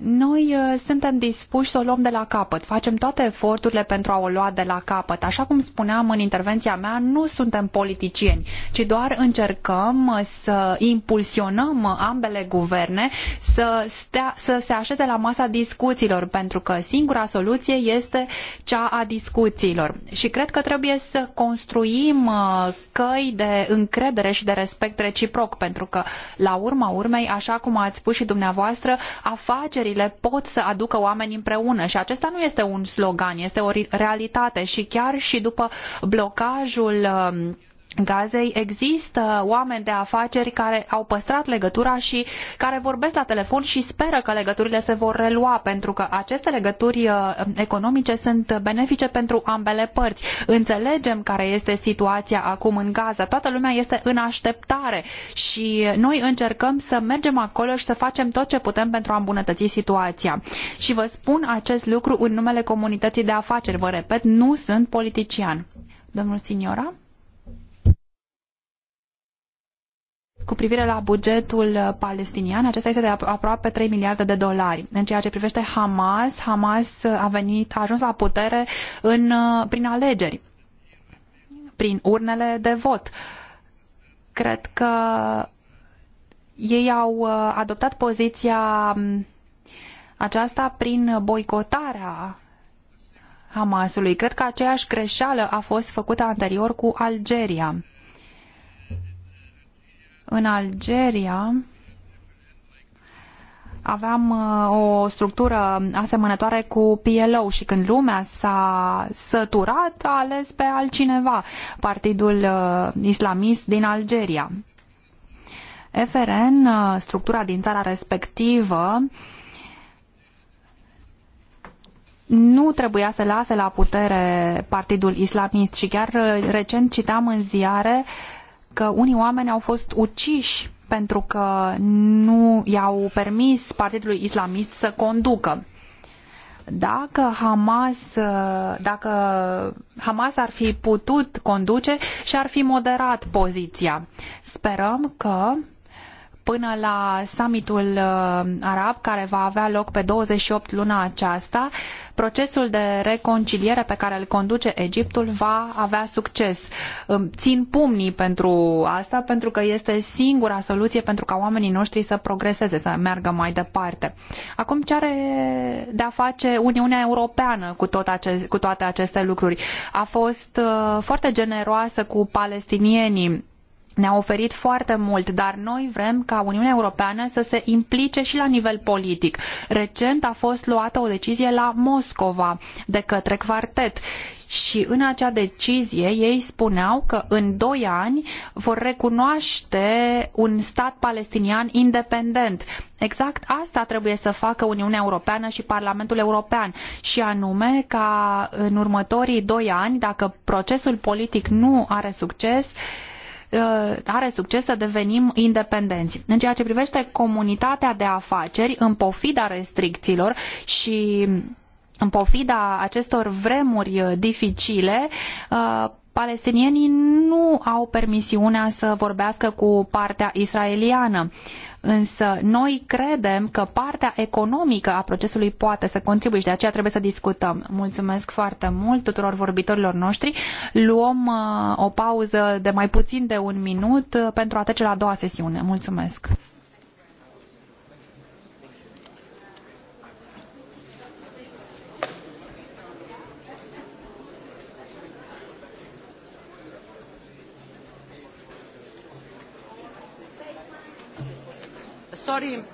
Noi uh, suntem dispuși să o luăm de la capăt, facem toate eforturile pentru a o lua de la capăt. Așa cum spuneam în intervenția mea, nu suntem politicieni, ci doar încercăm uh, să impulsionăm ambele guverne să, stea, să se așeze la masa discuțiilor, pentru că singura soluție este cea a discuțiilor. Și cred că trebuie să construim uh, căi de încredere și de respect reciproc, pentru că, la urma urmei, așa cum ați spus și dumneavoastră, afacerile afacerile pot să aducă oameni împreună și acesta nu este un slogan, este o realitate și chiar și după blocajul um, Gazei există oameni de afaceri care au păstrat legătura și care vorbesc la telefon și speră că legăturile se vor relua pentru că aceste legături uh, economice sunt benefice pentru ambele părți. Înțelegem care este situația acum în Gaza. Toată lumea este în așteptare și noi încercăm să mergem acolo și să facem tot ce putem pentru a îmbunătăți situația. Și vă spun acest lucru în numele comunității de afaceri. Vă repet, nu sunt politician. Domnul Signora? cu privire la bugetul uh, palestinian, acesta este de aproape 3 miliarde de dolari. În ceea ce privește Hamas, Hamas uh, a venit, a ajuns la putere în, uh, prin alegeri, prin urnele de vot. Cred că ei au adoptat poziția um, aceasta prin boicotarea Hamasului. Cred că aceeași greșeală a fost făcută anterior cu Algeria în Algeria aveam uh, o structură asemănătoare cu PLO și când lumea s-a săturat, a ales pe altcineva, Partidul uh, Islamist din Algeria. FRN, uh, structura din țara respectivă, nu trebuia să lase la putere Partidul Islamist și chiar recent citam în ziare uh, că unii oameni au fost uciși pentru că nu i-au permis Partidului Islamist să conducă. Dacă Hamas, dacă Hamas ar fi putut conduce și ar fi moderat poziția. Sperăm că până la summitul uh, arab care va avea loc pe 28 luna aceasta, uh, procesul de reconciliere pe care îl conduce Egiptul va avea succes. Țin pumnii pentru asta, pentru că este singura soluție pentru ca oamenii noștri să progreseze, să meargă mai departe. Acum ce are de a face Uniunea Europeană cu, tot acest, cu toate aceste lucruri? A fost uh, foarte generoasă cu palestinienii ne-a oferit foarte mult, dar noi vrem ca Uniunea Europeană să se implice și la nivel politic. Recent a fost luată o decizie la Moscova de către Quartet și în acea decizie ei spuneau că în doi ani vor recunoaște un stat palestinian independent. Exact asta trebuie să facă Uniunea Europeană și Parlamentul European și anume ca în următorii doi ani, dacă procesul politic nu are succes, Uh, are succes să devenim independenți. În ceea ce privește comunitatea de afaceri, în pofida restricțiilor și în pofida acestor vremuri uh, dificile, uh, palestinienii nu au permisiunea să vorbească cu partea israeliană. Însă noi credem că partea economică a procesului poate să contribuie și de aceea trebuie să discutăm. Mulțumesc foarte mult tuturor vorbitorilor noștri. Luăm uh, o pauză de mai puțin de un minut uh, pentru a trece la a doua sesiune. Mulțumesc! Sorry,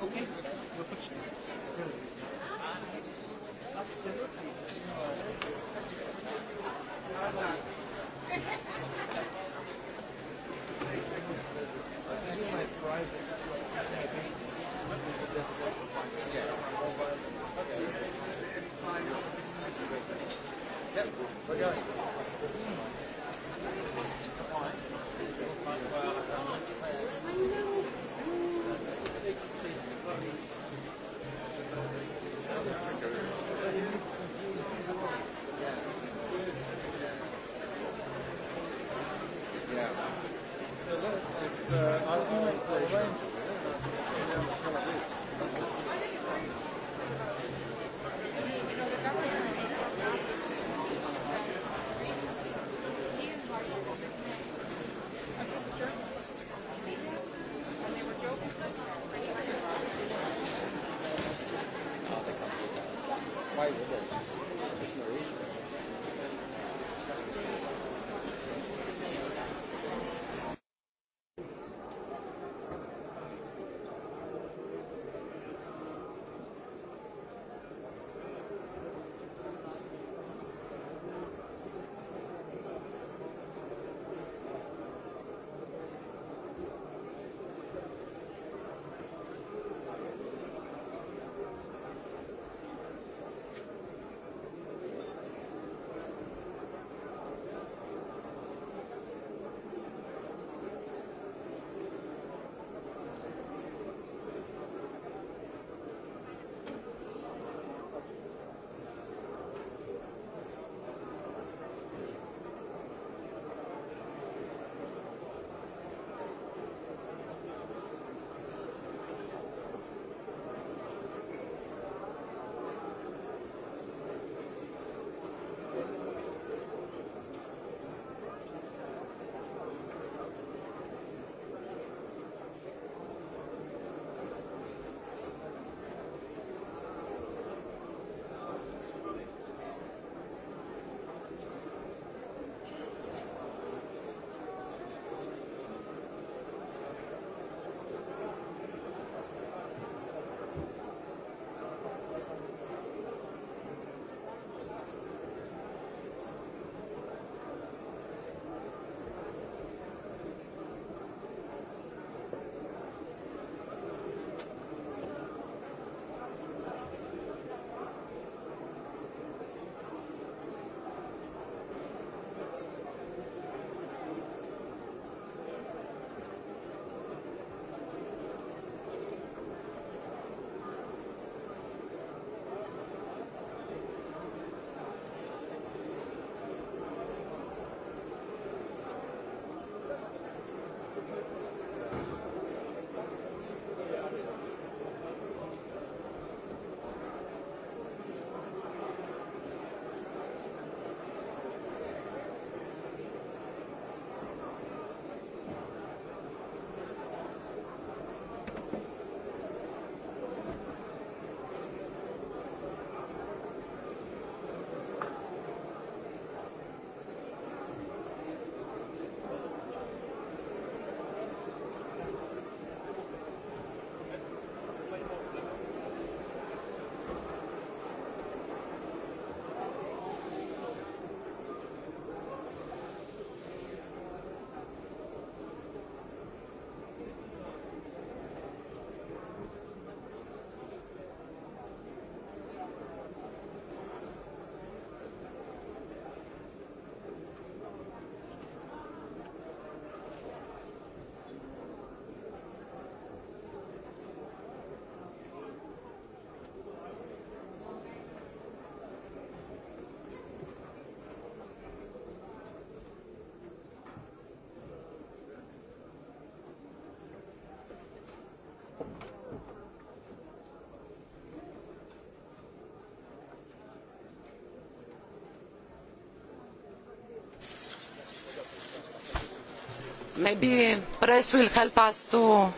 Maybe press will help us to,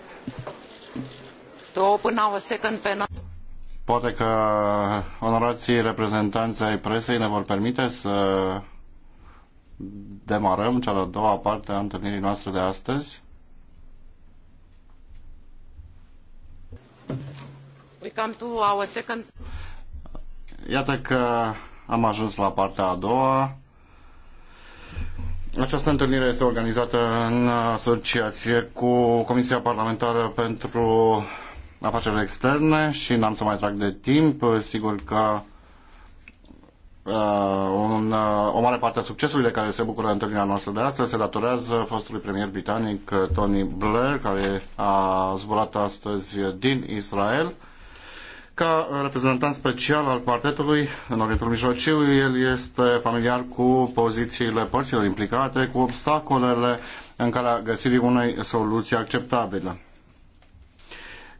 to open our second panel. Poate că onorații reprezentanți ai presei ne vor permite să demarăm cea de-a doua parte a întâlnirii noastre de astăzi. We come to our second... Iată că am ajuns la partea a doua această întâlnire este organizată în asociație cu Comisia Parlamentară pentru Afacerile Externe și n-am să mai trag de timp. Sigur că uh, un, uh, o mare parte a succesului de care se bucură întâlnirea noastră de astăzi se datorează fostului premier britanic uh, Tony Blair, care a zburat astăzi din Israel ca reprezentant special al quartetului în Orientul Mijlociu, el este familiar cu pozițiile părților implicate, cu obstacolele în calea găsirii unei soluții acceptabile.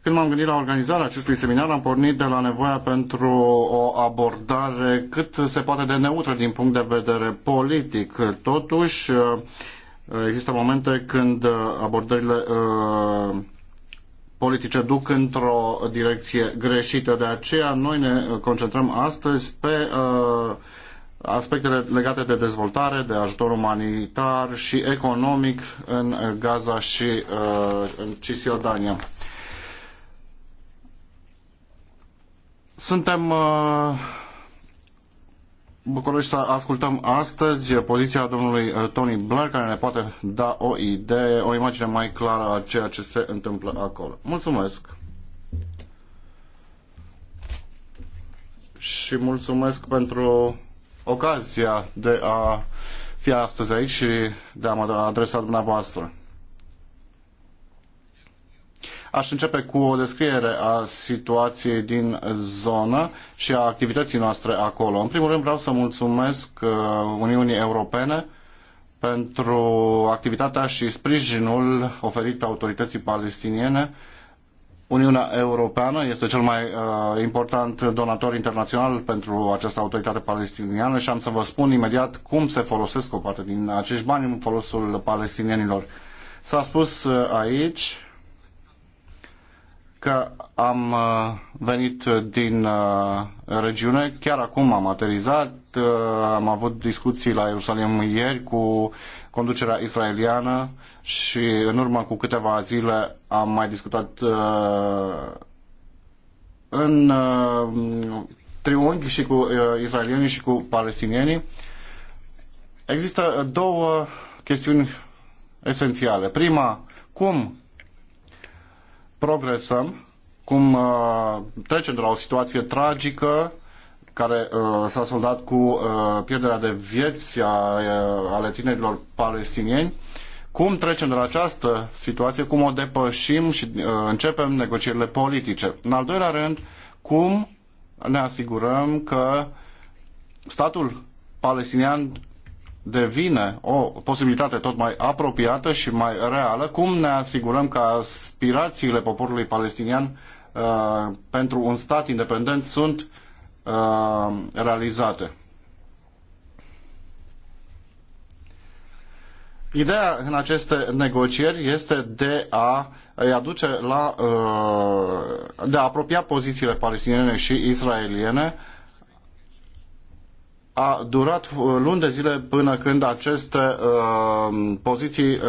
Când m-am gândit la organizarea acestui seminar, am pornit de la nevoia pentru o abordare cât se poate de neutră din punct de vedere politic. Totuși, există momente când abordările uh, politice duc într-o direcție greșită. De aceea noi ne concentrăm astăzi pe uh, aspectele legate de dezvoltare, de ajutor umanitar și economic în Gaza și uh, în Cisjordania. Suntem uh, bucuroși să ascultăm astăzi poziția domnului uh, Tony Blair, care ne poate da o idee, o imagine mai clară a ceea ce se întâmplă acolo. Mulțumesc! Și mulțumesc pentru ocazia de a fi astăzi aici și de a mă adresa dumneavoastră. Aș începe cu o descriere a situației din zonă și a activității noastre acolo. În primul rând vreau să mulțumesc uh, Uniunii Europene pentru activitatea și sprijinul oferit autorității palestiniene Uniunea Europeană este cel mai uh, important donator internațional pentru această autoritate palestiniană și am să vă spun imediat cum se folosesc o parte din acești bani în folosul palestinienilor. S-a spus uh, aici că am uh, venit din uh, regiune, chiar acum am aterizat, uh, am avut discuții la Ierusalim ieri cu conducerea israeliană și în urmă cu câteva zile am mai discutat în triunghi și cu israelienii și cu palestinienii. Există două chestiuni esențiale. Prima, cum progresăm, cum uh, trecem de la o situație tragică care uh, s-a soldat cu uh, pierderea de vieți ale tinerilor palestinieni, cum trecem de la această situație, cum o depășim și începem negocierile politice. În al doilea rând, cum ne asigurăm că statul palestinian devine o posibilitate tot mai apropiată și mai reală, cum ne asigurăm că aspirațiile poporului palestinian uh, pentru un stat independent sunt uh, realizate. Ideea în aceste negocieri este de a îi aduce la, uh, de a apropia pozițiile palestiniene și israeliene a durat uh, luni de zile până când aceste uh, poziții uh,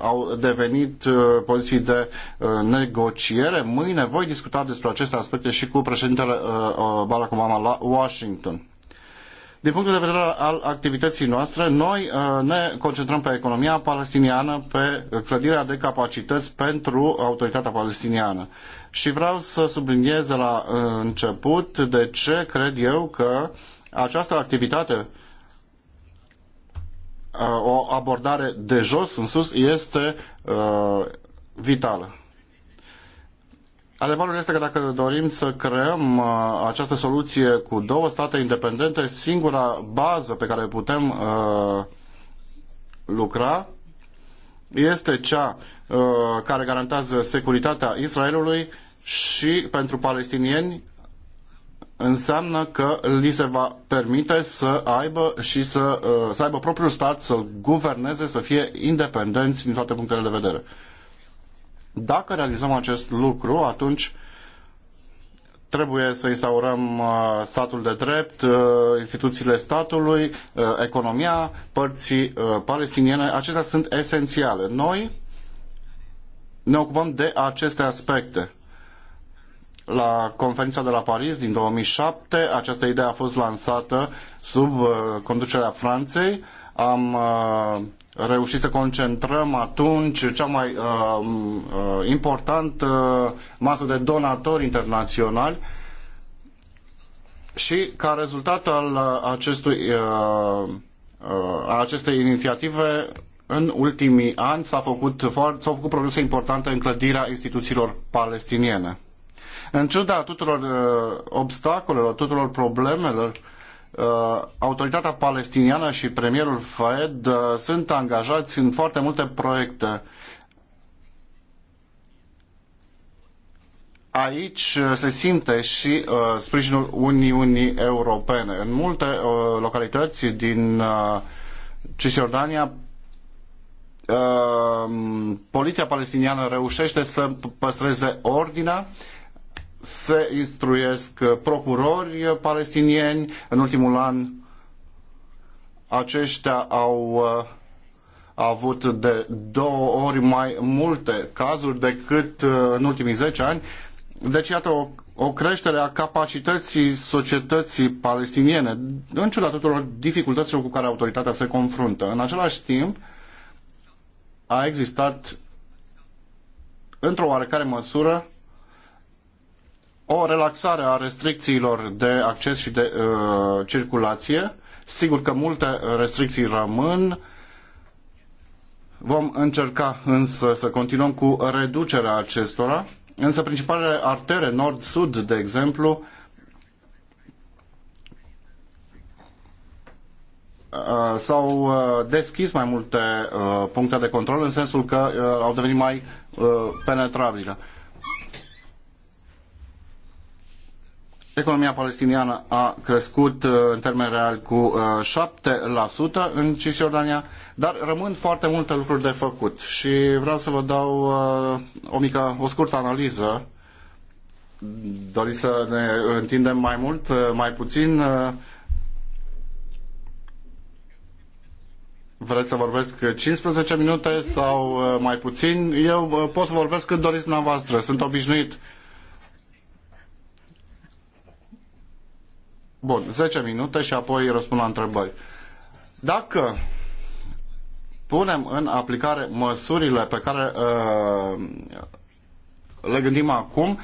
au devenit uh, poziții de uh, negociere. Mâine voi discuta despre aceste aspecte și cu președintele uh, uh Barack Obama la Washington. Din punctul de vedere al activității noastre, noi uh, ne concentrăm pe economia palestiniană, pe clădirea de capacități pentru autoritatea palestiniană. Și vreau să subliniez de la început de ce cred eu că această activitate, uh, o abordare de jos în sus, este uh, vitală. Adevărul este că dacă dorim să creăm uh, această soluție cu două state independente, singura bază pe care putem uh, lucra este cea uh, care garantează securitatea Israelului și pentru palestinieni înseamnă că li se va permite să aibă și să, uh, să aibă propriul stat, să-l guverneze, să fie independenți din toate punctele de vedere. Dacă realizăm acest lucru, atunci trebuie să instaurăm uh, statul de drept, uh, instituțiile statului, economia părții palestiniene. Acestea sunt esențiale. Noi ne ocupăm de aceste aspecte. La conferința de la Paris din 2007, această idee a fost lansată sub uh, conducerea Franței. Am uh, reușit să concentrăm atunci cea mai uh, importantă masă de donatori internaționali și ca rezultat al acestui, uh, acestei inițiative în ultimii ani s-au făcut, s a făcut progrese importante în clădirea instituțiilor palestiniene. În ciuda tuturor uh, obstacolelor, tuturor problemelor, uh, autoritatea palestiniană și premierul Faed uh, sunt angajați în foarte multe proiecte. Aici se simte și uh, sprijinul Uniunii Europene. În multe uh, localități din uh, Cisjordania, uh, poliția palestiniană reușește să păstreze ordinea uh, se instruiesc procurori palestinieni. În ultimul an aceștia au uh, avut de două ori mai multe cazuri decât uh, în ultimii zece ani. Deci, iată o, o creștere a capacității societății palestiniene, în ciuda tuturor dificultăților cu care autoritatea se confruntă. În același timp, a existat, într-o oarecare măsură, o relaxare a restricțiilor de acces și de uh, circulație. Sigur că multe restricții rămân. Vom încerca însă să continuăm cu reducerea acestora. Însă principalele artere nord-sud, de exemplu, uh, s-au uh, deschis mai multe uh, puncte de control în sensul că au devenit mai penetrabile. Economia palestiniană a crescut uh, în termen real cu 7% uh, în Cisjordania, dar rămân foarte multe lucruri de făcut și vreau să vă dau uh, o mică, o scurtă analiză. Doriți să ne întindem mai mult, mai puțin? Vreți să vorbesc 15 minute sau mai puțin? Eu pot să vorbesc cât doriți dumneavoastră. Sunt obișnuit Bun, 10 minute și apoi răspund la întrebări. Dacă punem în aplicare măsurile pe care uh, le gândim acum,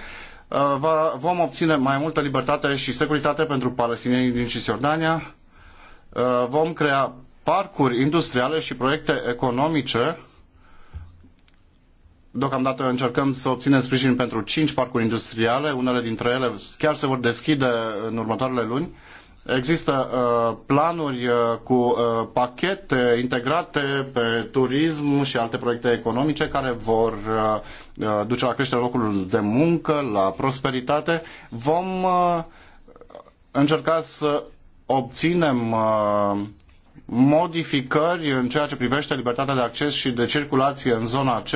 uh, vom obține mai multă libertate și securitate pentru palestinienii din Cisjordania, uh, vom crea parcuri industriale și proiecte economice Deocamdată încercăm să obținem sprijin pentru cinci parcuri industriale, unele dintre ele chiar se vor deschide în următoarele luni. Există uh, planuri uh, cu uh, pachete integrate pe turism și alte proiecte economice care vor duce la creșterea locurilor de muncă, la prosperitate. Vom încerca să obținem modificări în ceea ce privește libertatea de acces și de circulație în zona C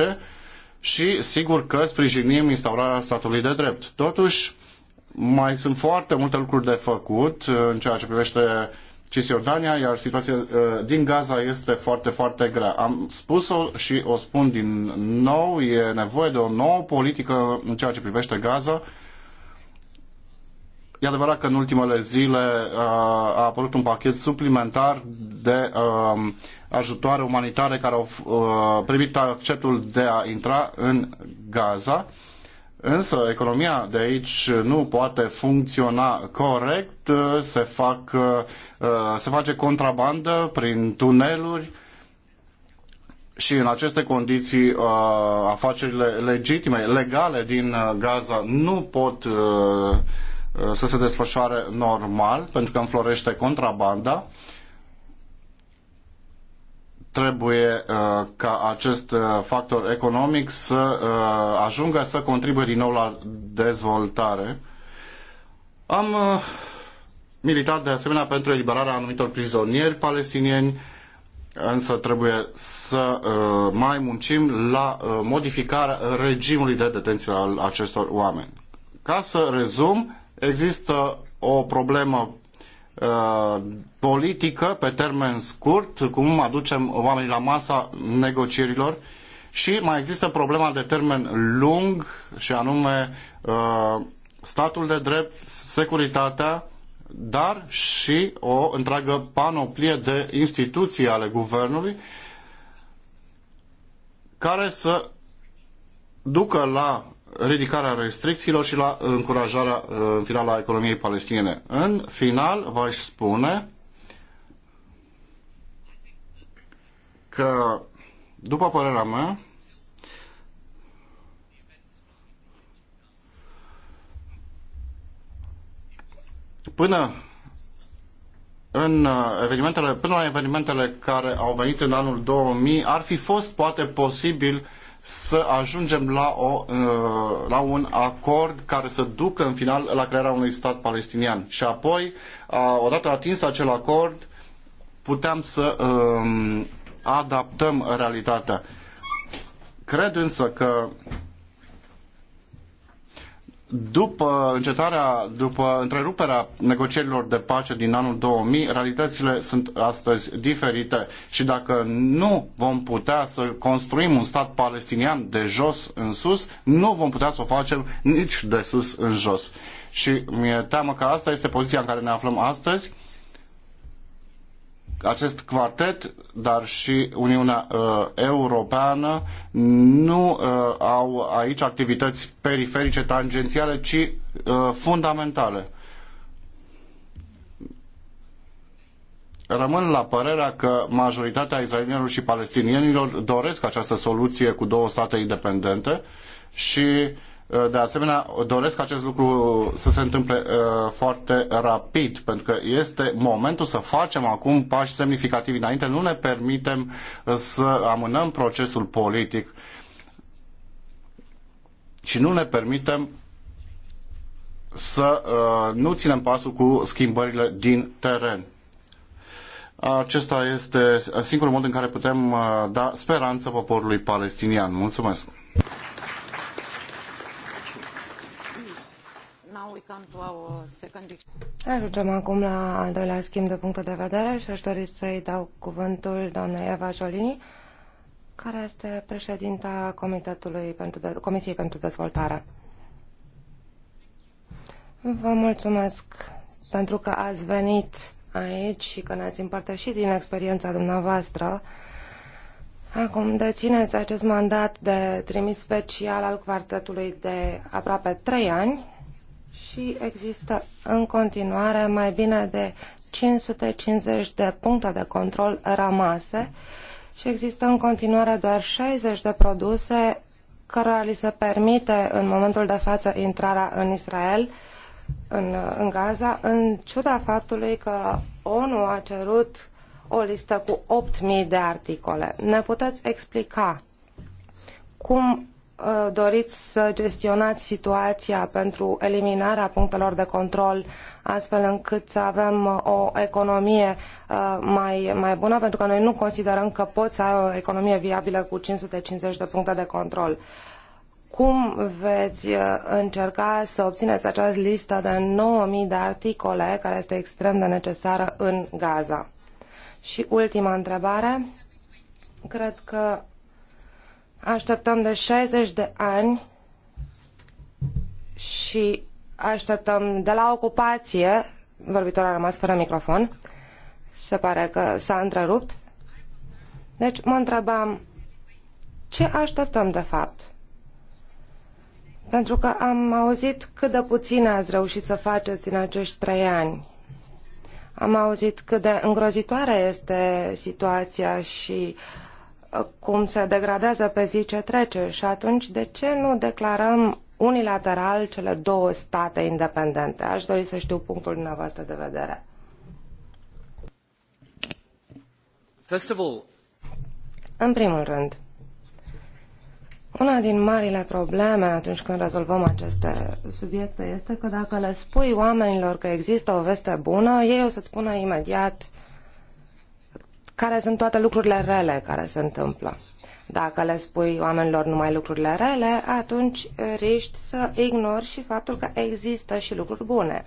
și sigur că sprijinim instaurarea statului de drept. Totuși, mai sunt foarte multe lucruri de făcut uh, în ceea ce privește Cisjordania, iar situația uh, din Gaza este foarte, foarte grea. Am spus-o și o spun din nou, e nevoie de o nouă politică în ceea ce privește Gaza, E adevărat că în ultimele zile uh, a apărut un pachet suplimentar de um, ajutoare umanitare care au uh, primit acceptul de a intra în Gaza. Însă economia de aici nu poate funcționa corect, uh, se, fac, se face contrabandă prin tuneluri și în aceste condiții afacerile legitime, legale din Gaza nu pot Uh, să se desfășoare normal, pentru că înflorește contrabanda. Trebuie uh, ca acest uh, factor economic să ajungă să contribuie din nou la dezvoltare. Am militat de asemenea pentru eliberarea anumitor prizonieri palestinieni, însă trebuie să mai muncim la modificarea regimului de detenție al acestor oameni. Ca să rezum, Există o problemă uh, politică pe termen scurt, cum aducem oamenii la masa negocierilor și mai există problema de termen lung și anume uh, statul de drept, securitatea, dar și o întreagă panoplie de instituții ale guvernului care să ducă la ridicarea restricțiilor și la încurajarea uh, în final a economiei palestiniene. În final, v-aș spune că, după părerea mea, până în uh, evenimentele, până la evenimentele care au venit în anul 2000, ar fi fost poate posibil să ajungem la, o, uh, la un acord care să ducă în final la crearea unui stat palestinian. Și apoi, odată atins acel acord, puteam să um, adaptăm realitatea. Cred însă că după încetarea, după întreruperea negocierilor de pace din anul 2000, realitățile sunt astăzi diferite și dacă nu vom putea să construim un stat palestinian de jos în sus, nu vom putea să o facem nici de sus în jos. Și mi-e teamă că asta este poziția în care ne aflăm astăzi acest quartet, dar și Uniunea uh, Europeană nu uh, au aici activități periferice, tangențiale, ci uh, fundamentale. Rămân la părerea că majoritatea israelienilor și palestinienilor doresc această soluție cu două state independente și uh, Uh, de asemenea, doresc acest lucru să se întâmple uh, foarte rapid, pentru că este momentul să facem acum pași semnificativi înainte. Nu ne permitem uh, să amânăm procesul politic și nu ne permitem să nu ținem pasul cu schimbările din teren. Acesta este singurul mod în care putem da speranță poporului palestinian. Mulțumesc! Uh, Ajungem acum la al doilea schimb de puncte de vedere și aș dori să-i dau cuvântul doamnei Eva Jolini, care este președinta Comitetului pentru de- Comisiei pentru Dezvoltare. Vă mulțumesc pentru că ați venit aici și că ne-ați împărtășit din experiența dumneavoastră. Acum dețineți acest mandat de trimis special al Quartetului de aproape trei ani și există în continuare mai bine de 550 de puncte de control rămase și există în continuare doar 60 de produse cărora li se permite în momentul de față intrarea în Israel, în, în Gaza, în ciuda faptului că ONU a cerut o listă cu 8.000 de articole. Ne puteți explica cum Uh, doriți să gestionați situația pentru eliminarea punctelor de control astfel încât să avem uh, o economie uh, mai, mai bună, pentru că noi nu considerăm că poți să ai o economie viabilă cu 550 de puncte de control. Cum veți încerca să obțineți această listă de 9000 de articole care este extrem de necesară în Gaza? Și ultima întrebare. Cred că Așteptăm de 60 de ani și așteptăm de la ocupație, vorbitorul a rămas fără microfon, se pare că s-a întrerupt. Deci mă întrebam, ce așteptăm de fapt? Pentru că am auzit cât de puține ați reușit să faceți în acești trei ani. Am auzit cât de îngrozitoare este situația și uh, cum se degradează pe zi ce trece și atunci de ce nu declarăm unilateral cele două state independente? Aș dori să știu punctul dumneavoastră de vedere. First of all... În primul rând, una din marile probleme atunci când rezolvăm aceste subiecte este că dacă le spui oamenilor că există o veste bună, ei o să-ți spună imediat uh, care sunt toate lucrurile rele care se întâmplă. Dacă le spui oamenilor numai lucrurile rele, atunci riști să ignori și faptul că există și lucruri bune.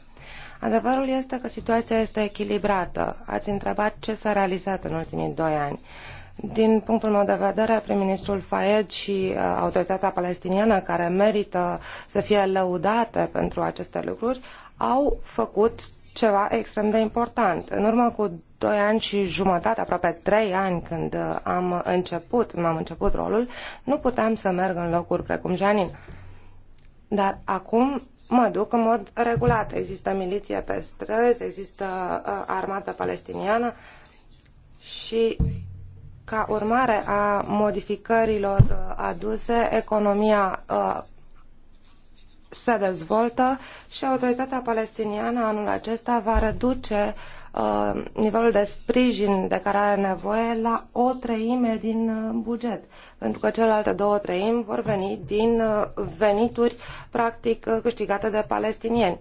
Adevărul este că situația este echilibrată. Ați întrebat ce s-a realizat în ultimii doi ani. Din punctul meu de vedere, prim-ministrul Fayed și uh, autoritatea palestiniană, care merită să fie lăudate pentru aceste lucruri, au făcut ceva extrem de important. În urmă cu doi ani și jumătate, aproape trei ani când am început, m am început rolul, nu puteam să merg în locuri precum Janin. Dar acum mă duc în mod regulat. Există miliție pe străzi, există uh, armată palestiniană și ca urmare a modificărilor uh, aduse, economia uh, se dezvoltă și autoritatea palestiniană anul acesta va reduce uh, nivelul de sprijin de care are nevoie la o treime din uh, buget, pentru că celelalte două treimi vor veni din uh, venituri practic uh, câștigate de palestinieni.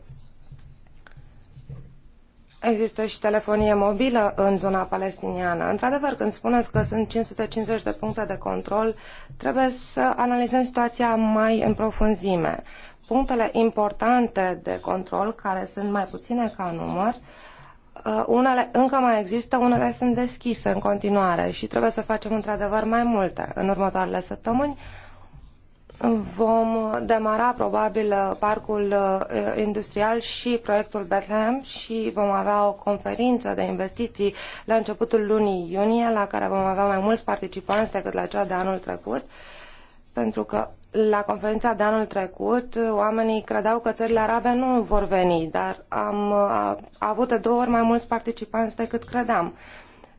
Există și telefonie mobilă în zona palestiniană. Într-adevăr, când spuneți că sunt 550 de puncte de control, trebuie să analizăm situația mai în profunzime punctele importante de control, care sunt mai puține ca număr, uh, unele încă mai există, unele sunt deschise în continuare și trebuie să facem într-adevăr mai multe în următoarele săptămâni. Vom demara probabil uh, parcul uh, industrial și proiectul Bethlehem și vom avea o conferință de investiții la începutul lunii iunie la care vom avea mai mulți participanți decât la cea de anul trecut pentru că la conferința de anul trecut, oamenii credeau că țările arabe nu vor veni, dar am a, a avut de două ori mai mulți participanți decât credeam.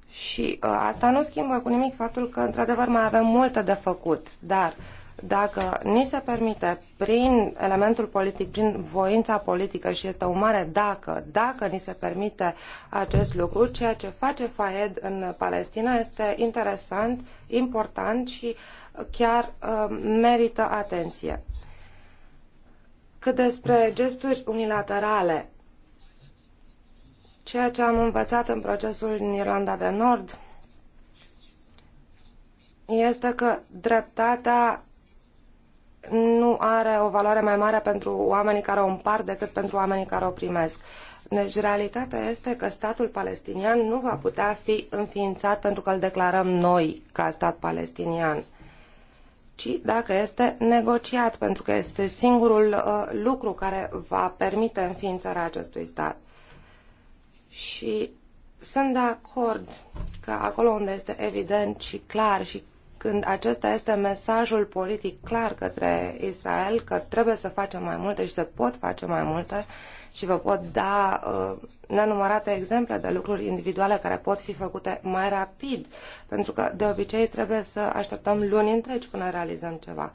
Și a, asta nu schimbă cu nimic faptul că, într-adevăr, mai avem multe de făcut, dar dacă ni se permite prin elementul politic, prin voința politică și este o mare dacă, dacă ni se permite acest lucru, ceea ce face Fahed în Palestina este interesant, important și uh, chiar uh, merită atenție. Cât despre gesturi unilaterale, ceea ce am învățat în procesul în Irlanda de Nord este că dreptatea nu are o valoare mai mare pentru oamenii care o împart decât pentru oamenii care o primesc. Deci realitatea este că statul palestinian nu va putea fi înființat pentru că îl declarăm noi ca stat palestinian, ci dacă este negociat, pentru că este singurul uh, lucru care va permite înființarea acestui stat. Și sunt de acord că acolo unde este evident și clar și când acesta este mesajul politic clar către Israel că trebuie să facem mai multe și să pot face mai multe și vă pot da uh, nenumărate exemple de lucruri individuale care pot fi făcute mai rapid, pentru că de obicei trebuie să așteptăm luni întregi până realizăm ceva.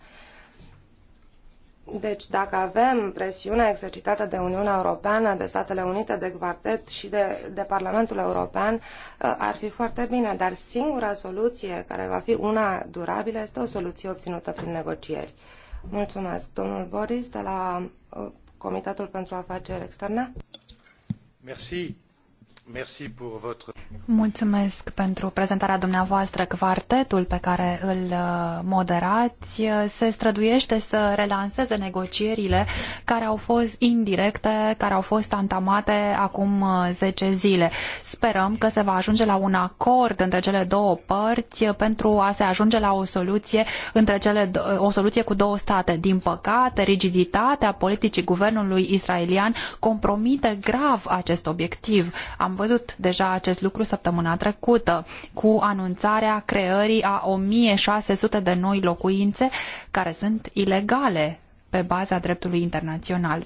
Deci dacă avem presiunea exercitată de Uniunea Europeană, de Statele Unite, de Quartet și de, de Parlamentul European, ă, ar fi foarte bine, dar singura soluție care va fi una durabilă este o soluție obținută prin negocieri. Mulțumesc. Domnul Boris de la ă, Comitetul pentru Afaceri Externe. Merci. Mulțumesc pentru prezentarea dumneavoastră. Quartetul pe care îl uh, moderați uh, se străduiește să relanseze negocierile care au fost indirecte, care au fost antamate acum uh, zece zile. Sperăm că se va ajunge la un acord între cele două părți pentru a se ajunge la o soluție, între cele, o soluție cu două state. Din păcate, rigiditatea politicii guvernului israelian compromite grav acest obiectiv. Am am văzut deja acest lucru săptămâna trecută cu anunțarea creării a 1600 de noi locuințe care sunt ilegale pe baza dreptului internațional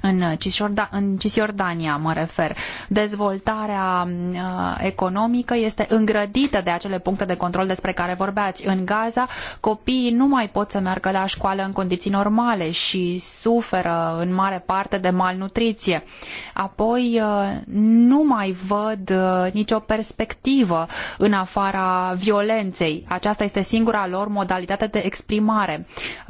în, Cisjorda, în Cisjordania, mă refer. Dezvoltarea uh, economică este îngrădită de acele puncte de control despre care vorbeați. În Gaza, copiii nu mai pot să meargă la școală în condiții normale și suferă în mare parte de malnutriție. Apoi, uh, nu mai văd uh, nicio perspectivă în afara violenței. Aceasta este singura lor modalitate de exprimare.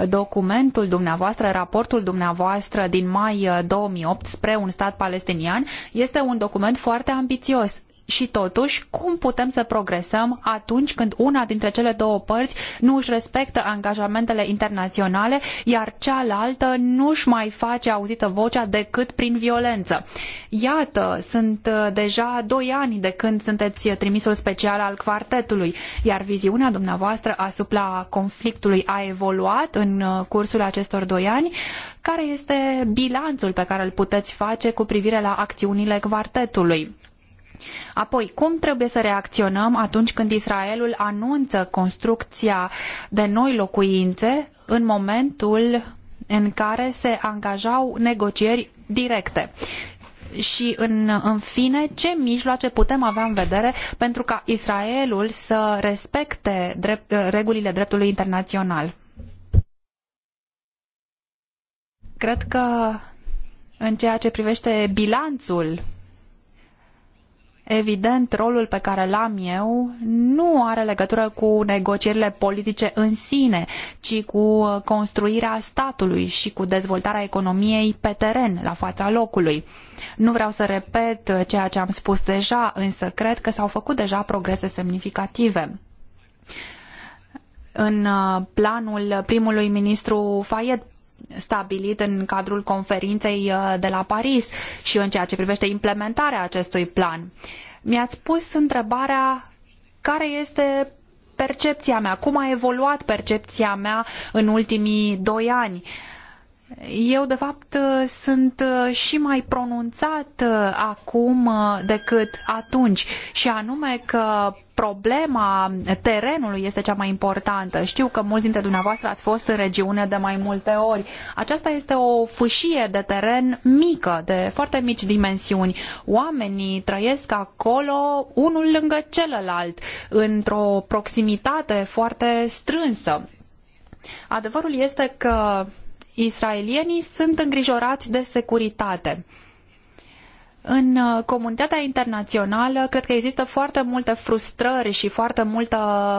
Documentul dumneavoastră, raportul dumneavoastră din mai 2008 spre un stat palestinian este un document foarte ambițios și totuși, cum putem să progresăm atunci când una dintre cele două părți nu își respectă angajamentele internaționale, iar cealaltă nu își mai face auzită vocea decât prin violență? Iată, sunt uh, deja doi ani de când sunteți trimisul special al quartetului, iar viziunea dumneavoastră asupra conflictului a evoluat în uh, cursul acestor doi ani. Care este bilanțul pe care îl puteți face cu privire la acțiunile quartetului? Apoi, cum trebuie să reacționăm atunci când Israelul anunță construcția de noi locuințe în momentul în care se angajau negocieri directe? și în, în fine ce mijloace putem avea în vedere pentru ca Israelul să respecte drept, regulile dreptului internațional. Cred că în ceea ce privește bilanțul Evident, rolul pe care l-am eu nu are legătură cu negocierile politice în sine, ci cu uh, construirea statului și cu dezvoltarea economiei pe teren, la fața locului. Nu vreau să repet uh, ceea ce am spus deja, însă cred că s-au făcut deja progrese semnificative în uh, planul primului ministru Fayed stabilit în cadrul conferinței uh, de la Paris și în ceea ce privește implementarea acestui plan. Mi-ați pus întrebarea care este percepția mea, cum a evoluat percepția mea în ultimii doi ani. Uh, eu, de fapt, sunt uh, și mai pronunțat uh, acum uh, decât atunci, și anume că problema terenului este cea mai importantă. Știu că mulți dintre dumneavoastră ați fost în regiune de mai multe ori. Aceasta este o fâșie de teren mică, de foarte mici dimensiuni. Oamenii trăiesc acolo unul lângă celălalt, într-o proximitate foarte strânsă. Adevărul este că Israelienii sunt îngrijorați de securitate. În uh, comunitatea internațională, cred că există foarte multe frustrări și foarte multă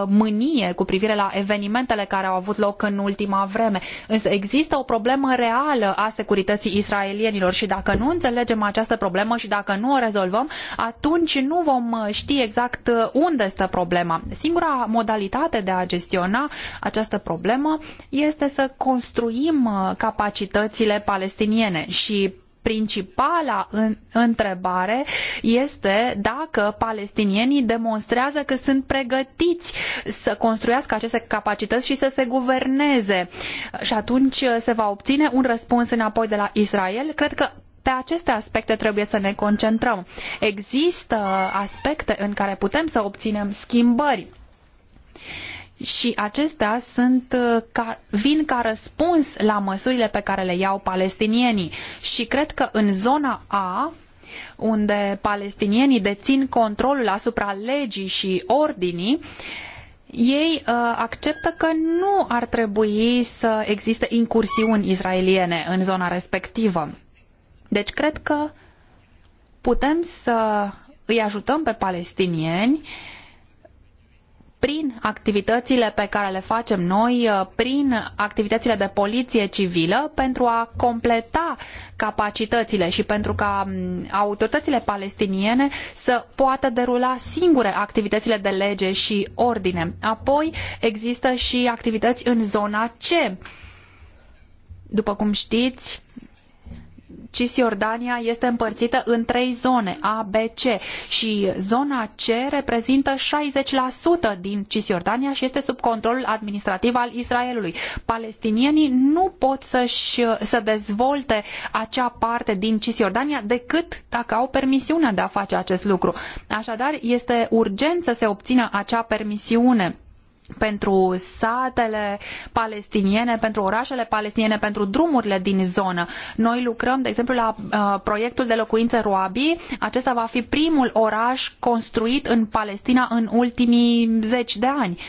mânie cu privire la evenimentele care au avut loc în ultima vreme. Însă există o problemă reală a securității israelienilor și dacă nu înțelegem această problemă și dacă nu o rezolvăm, atunci nu vom uh, ști exact uh, unde stă problema. Singura modalitate de a gestiona această problemă este să construim capacitățile palestiniene și principala întrebare este dacă palestinienii demonstrează că sunt pregătiți să construiască aceste capacități și să se guverneze. Și atunci se va obține un răspuns înapoi de la Israel. Cred că pe aceste aspecte trebuie să ne concentrăm. Există aspecte în care putem să obținem schimbări și acestea sunt, uh, ca, vin ca răspuns la măsurile pe care le iau palestinienii și cred că în zona A unde palestinienii dețin controlul asupra legii și ordinii, ei uh, acceptă că nu ar trebui să existe incursiuni israeliene în zona respectivă. Deci cred că putem să îi ajutăm pe palestinieni uh, prin activitățile pe care le facem noi, uh, prin activitățile de poliție civilă, pentru a completa capacitățile și pentru ca mm, autoritățile palestiniene să poată derula singure activitățile de lege și ordine. Apoi există și activități în zona C. După cum știți, Cisjordania este împărțită în trei zone, A, B, C și zona C reprezintă 60% din Cisjordania și este sub controlul administrativ al Israelului. Palestinienii nu pot să-și, să dezvolte acea parte din Cisjordania decât dacă au permisiunea de a face acest lucru. Așadar, este urgent să se obțină acea permisiune pentru satele palestiniene, pentru orașele palestiniene, pentru drumurile din zonă. Noi lucrăm, de exemplu, la uh, proiectul de locuințe Roabi. Acesta va fi primul oraș construit în Palestina în ultimii zeci de ani.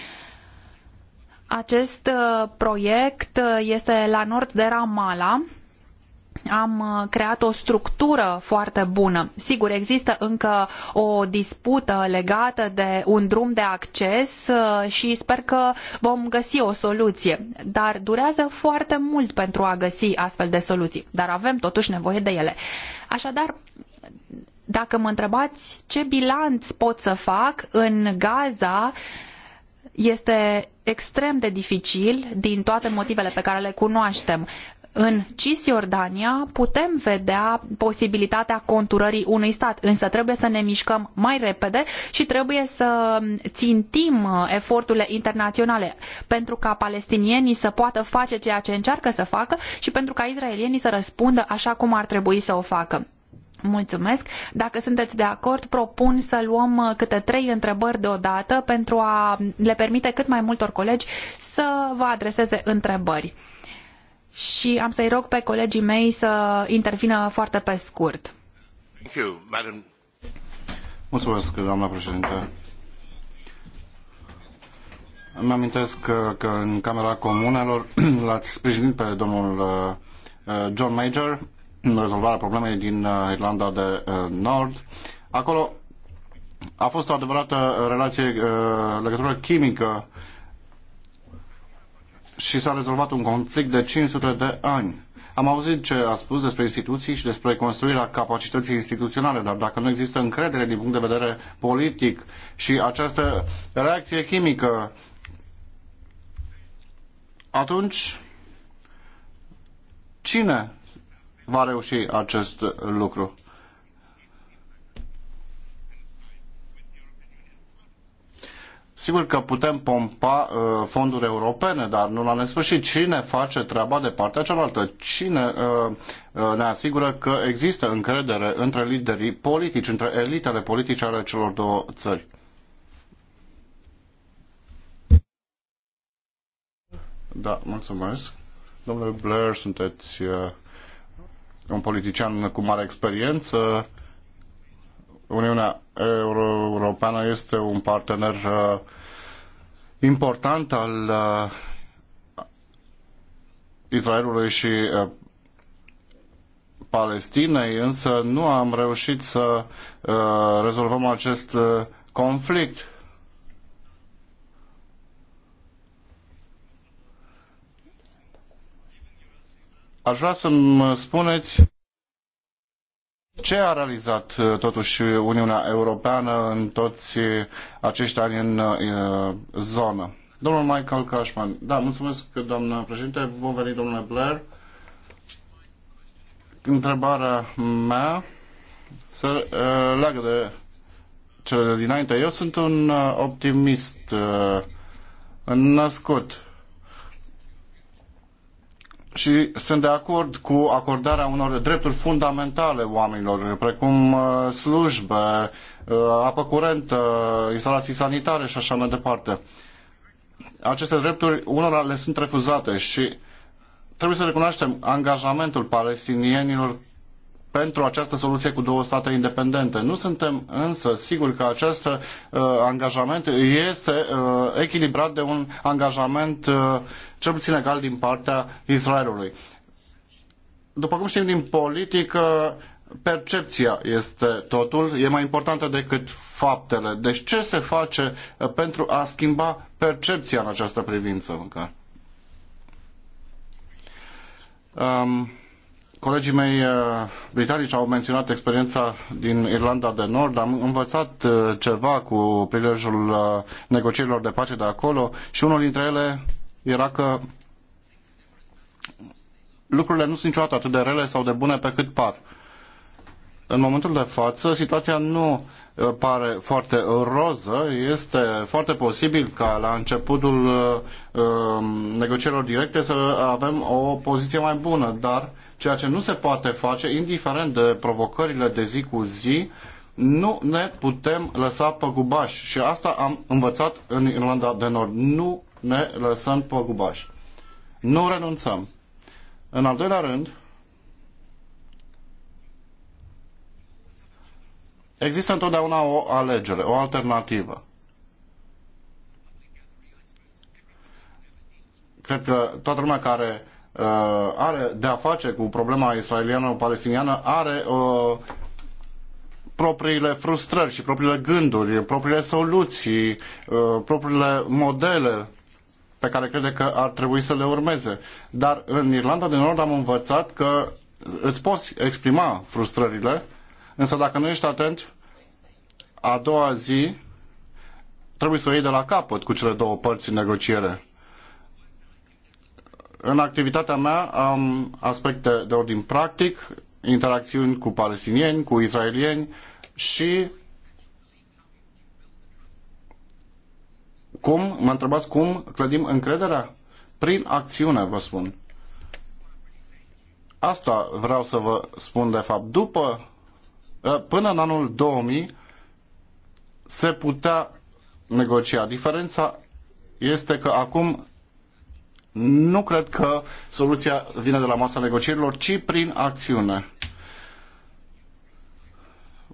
Acest uh, proiect uh, este la nord de Ramallah am uh, creat o structură foarte bună. Sigur, există încă o dispută legată de un drum de acces uh, și sper că vom găsi o soluție, dar durează foarte mult pentru a găsi astfel de soluții, dar avem totuși nevoie de ele. Așadar, dacă mă întrebați ce bilanț pot să fac în Gaza, este extrem de dificil din toate motivele pe care le cunoaștem. În Cisjordania putem vedea posibilitatea conturării unui stat, însă trebuie să ne mișcăm mai repede și trebuie să țintim uh, eforturile internaționale pentru ca palestinienii să poată face ceea ce încearcă să facă și pentru ca israelienii să răspundă așa cum ar trebui să o facă. Mulțumesc. Dacă sunteți de acord, propun să luăm uh, câte trei întrebări deodată pentru a le permite cât mai multor colegi să vă adreseze întrebări și am să-i rog pe colegii mei să intervină foarte pe scurt. Mulțumesc, doamna președinte. Îmi amintesc că, că în Camera Comunelor l-ați sprijinit pe domnul uh, uh, John Major în rezolvarea problemei din uh, Irlanda de Nord. Acolo a fost o adevărată relație, legătură chimică și s-a rezolvat un conflict de 500 de ani. Am auzit ce a spus despre instituții și despre construirea capacității instituționale, dar dacă nu există încredere din punct de vedere politic și această reacție chimică, atunci cine va reuși acest lucru? Sigur că putem pompa uh, fonduri europene, dar nu la nesfârșit. Cine face treaba de partea cealaltă? Cine uh, uh, ne asigură că există încredere între liderii politici, între elitele politice ale celor două țări? Da, mulțumesc. Domnule Blair, sunteți uh, un politician cu mare experiență. Uniunea Europeană este un partener uh, important al uh, Israelului și uh, Palestinei, însă nu am reușit să rezolvăm acest conflict. Aș vrea să-mi spuneți ce a realizat uh, totuși Uniunea Europeană în toți uh, acești ani în uh, zonă? Domnul Michael Cashman. Da, mulțumesc, doamna președinte. Bun venit, domnule Blair. Întrebarea mea se leagă de cele de dinainte. Eu sunt un optimist născut și sunt de acord cu acordarea unor drepturi fundamentale oamenilor, precum uh, slujbe, uh, apă curentă, instalații sanitare și așa mai departe. Aceste drepturi, unora le sunt refuzate și trebuie să recunoaștem angajamentul palestinienilor pentru această soluție cu două state independente. Nu suntem însă siguri că acest uh, angajament este uh, echilibrat de un angajament uh, cel puțin egal din partea Israelului. După cum știm din politică, percepția este totul, e mai importantă decât faptele. Deci ce se face uh, pentru a schimba percepția în această privință măcar? Um, Colegii mei uh, britanici au menționat experiența din Irlanda de Nord. Am învățat uh, ceva cu prilejul uh, negocierilor de pace de acolo și unul dintre ele era că lucrurile nu sunt niciodată atât de rele sau de bune pe cât par. În momentul de față, situația nu pare foarte roză. Este foarte posibil ca la începutul negocierilor directe să avem o poziție mai bună, dar ceea ce nu se poate face, indiferent de provocările de zi cu zi, nu ne putem lăsa păgubași. Și asta am învățat în Irlanda de Nord. Nu ne lăsăm păgubași. Nu renunțăm. În al doilea rând, există întotdeauna o alegere, o alternativă. Cred că toată lumea care Uh, are de a face cu problema israeliană palestiniană are uh, propriile frustrări și propriile gânduri, propriile soluții, uh, propriile modele pe care crede că ar trebui să le urmeze. Dar în Irlanda de Nord am învățat că îți poți exprima frustrările, însă dacă nu ești atent, a doua zi trebuie să o iei de la capăt cu cele două părți în negociere. În activitatea mea am aspecte de ordin practic, interacțiuni cu palestinieni, cu israelieni și cum, mă întrebați cum clădim încrederea? Prin acțiune, vă spun. Asta vreau să vă spun de fapt. După, eh, până în anul 2000 se putea negocia. Diferența este că acum nu cred că soluția vine de la masa negocierilor, ci prin acțiune.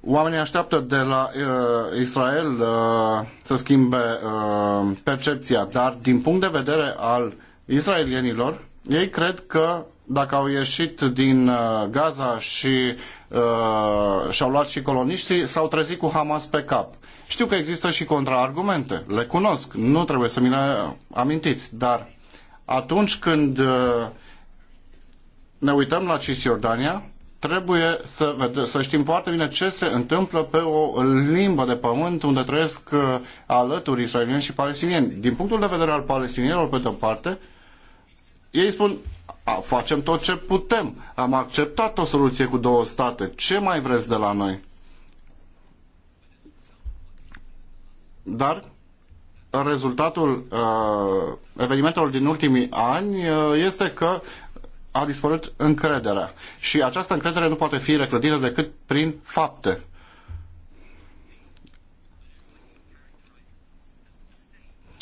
Oamenii așteaptă de la uh, Israel uh, să schimbe uh, percepția, dar din punct de vedere al israelienilor, ei cred că dacă au ieșit din uh, Gaza și uh, și-au luat și coloniștii, s-au trezit cu Hamas pe cap. Știu că există și contraargumente, le cunosc, nu trebuie să mi le amintiți, dar atunci când uh, ne uităm la Cisjordania, trebuie să, să știm foarte bine ce se întâmplă pe o limbă de pământ unde trăiesc uh, alături israelieni și palestinieni. Din punctul de vedere al palestinienilor, pe de-o parte, ei spun, a, facem tot ce putem, am acceptat o soluție cu două state, ce mai vreți de la noi? Dar rezultatul uh, evenimentelor din ultimii ani uh, este că a dispărut încrederea. Și această încredere nu poate fi reclădită decât prin fapte.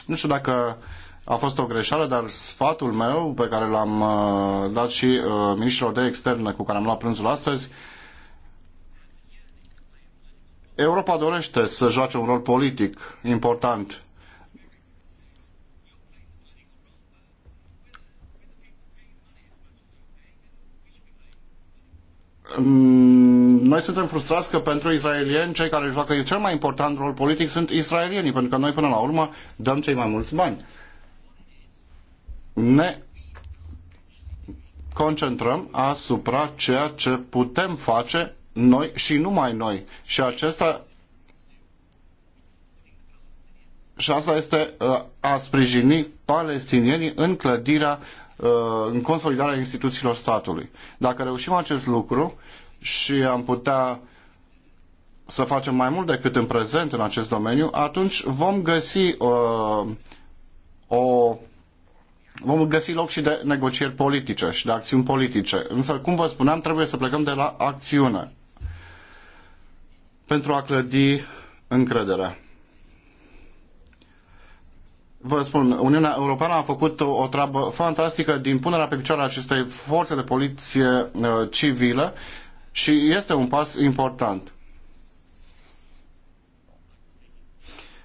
Nu știu dacă a fost o greșeală, dar sfatul meu pe care l-am uh, dat și uh, ministrilor de externe cu care am luat prânzul astăzi, Europa dorește să joace un rol politic important Mm, noi suntem frustrați că pentru israelieni cei care joacă cel mai important rol politic sunt israelienii, pentru că noi până la urmă dăm cei mai mulți bani. Ne concentrăm asupra ceea ce putem face noi și numai noi. Și acesta și asta este uh, a sprijini palestinienii în clădirea Uh, în consolidarea instituțiilor statului. Dacă reușim acest lucru și am putea să facem mai mult decât în prezent în acest domeniu, atunci vom găsi uh, o vom găsi loc și de negocieri politice și de acțiuni politice. Însă, cum vă spuneam, trebuie să plecăm de la acțiune pentru a clădi încrederea vă spun, Uniunea Europeană a făcut o, treabă fantastică din punerea pe picioare a acestei forțe de poliție uh, civilă civile și este un pas important.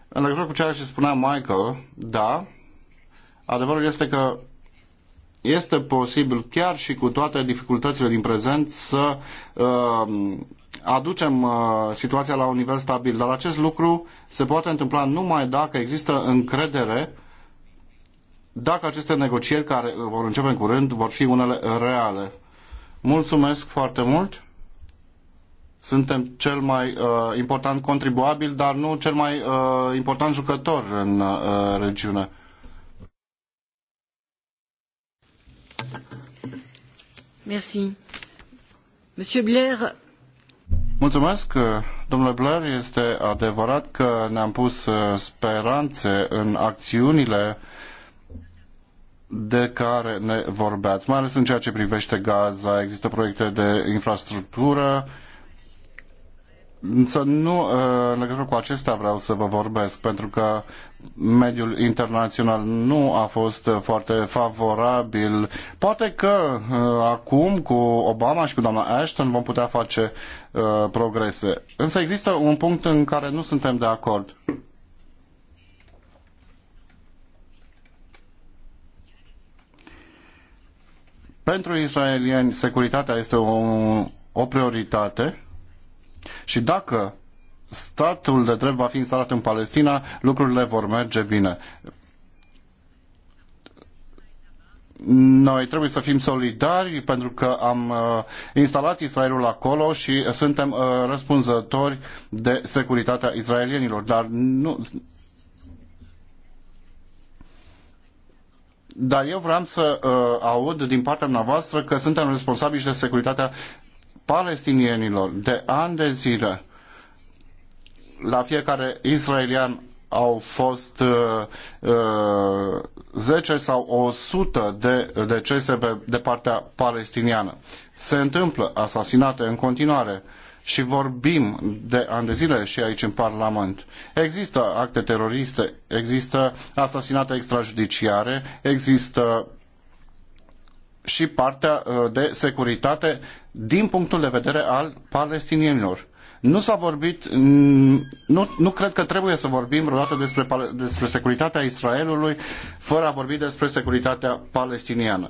În legătură cu ceea ce spunea Michael, da, adevărul este că este posibil, chiar și cu toate dificultățile din prezent, să uh, aducem uh, situația la un nivel stabil, dar acest lucru se poate întâmpla numai dacă există încredere dacă aceste negocieri care uh, vor începe în curând vor fi unele reale. Mulțumesc foarte mult! Suntem cel mai uh, important contribuabil, dar nu cel mai uh, important jucător în uh, regiune. Merci. Monsieur Blair Mulțumesc, domnule Blair. Este adevărat că ne-am pus uh, speranțe în acțiunile de care ne vorbeați, mai ales în ceea ce privește Gaza. Există proiecte de infrastructură, uh, Însă nu uh, în legătură cu acestea vreau să vă vorbesc, pentru că mediul internațional nu a fost uh, foarte favorabil. Poate că uh, acum cu Obama și cu doamna Ashton vom putea face progrese. Însă există un punct în care nu suntem de acord. Pentru israelieni, securitatea este o, o prioritate și dacă statul de drept va fi instalat în Palestina, lucrurile vor merge bine. Noi trebuie să fim solidari pentru că am uh, instalat Israelul acolo și suntem uh, răspunzători de securitatea israelienilor, dar nu dar eu vreau să uh, aud din partea noastră că suntem responsabili de securitatea palestinienilor de ani de zile. La fiecare israelian au fost uh, 10 uh, sau 100 de decese pe, de partea palestiniană. Se întâmplă asasinate în continuare și vorbim de ani de zile și aici în Parlament. Există acte teroriste, există asasinate extrajudiciare, există și partea uh, de securitate din punctul de vedere al palestinienilor. Nu s-a vorbit, nu, nu cred că trebuie să vorbim vreodată despre, despre securitatea Israelului fără a vorbi despre securitatea palestiniană.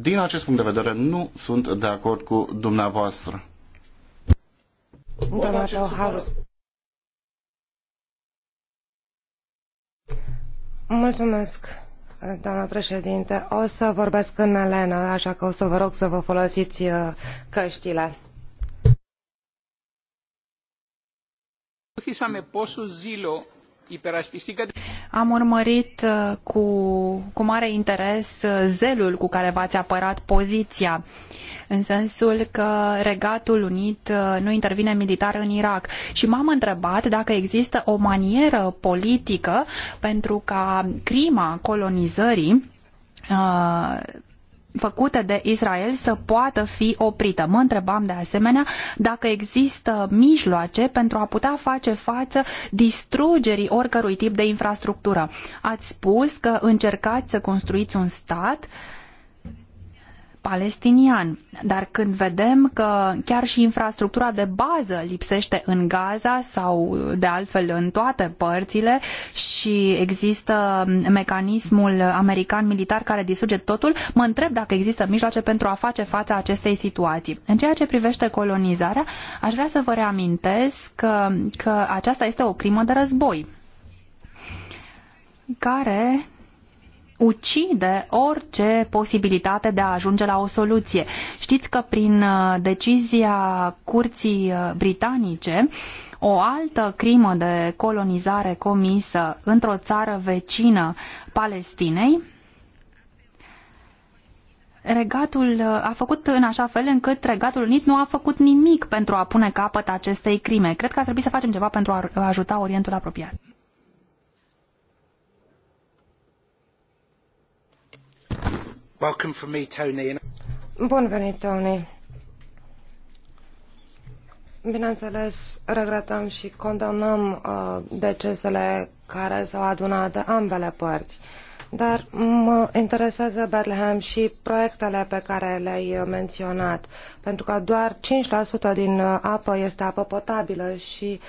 Din acest punct de vedere, nu sunt de acord cu dumneavoastră. Mulțumesc doamnă președinte. O să vorbesc în elenă, așa că o să vă rog să vă folosiți uh, căștile. zilo. Am urmărit uh, cu, cu mare interes uh, zelul cu care v-ați apărat poziția, în sensul că Regatul Unit uh, nu intervine militar în Irak. Și m-am întrebat dacă există o manieră politică pentru ca crima colonizării făcută de Israel să poată fi oprită. Mă întrebam de asemenea dacă există mijloace pentru a putea face față distrugerii oricărui tip de infrastructură. Ați spus că încercați să construiți un stat palestinian. Dar când vedem că chiar și infrastructura de bază lipsește în Gaza sau de altfel în toate părțile și există mecanismul american militar care distruge totul, mă întreb dacă există mijloace pentru a face față acestei situații. În ceea ce privește colonizarea, aș vrea să vă reamintesc că, că aceasta este o crimă de război care ucide orice posibilitate de a ajunge la o soluție. Știți că prin uh, decizia curții uh, britanice, o altă crimă de colonizare comisă într-o țară vecină Palestinei, Regatul uh, a făcut în așa fel încât Regatul Unit nu a făcut nimic pentru a pune capăt acestei crime. Cred că ar trebui să facem ceva pentru a ajuta Orientul apropiat. Welcome from me, Tony. Bun venit, Tony. Bineînțeles, regretăm și condamnăm uh, decesele care s-au adunat de ambele părți. Dar mă interesează Bethlehem și proiectele pe care le-ai menționat, pentru că doar 5% din uh, apă este apă potabilă și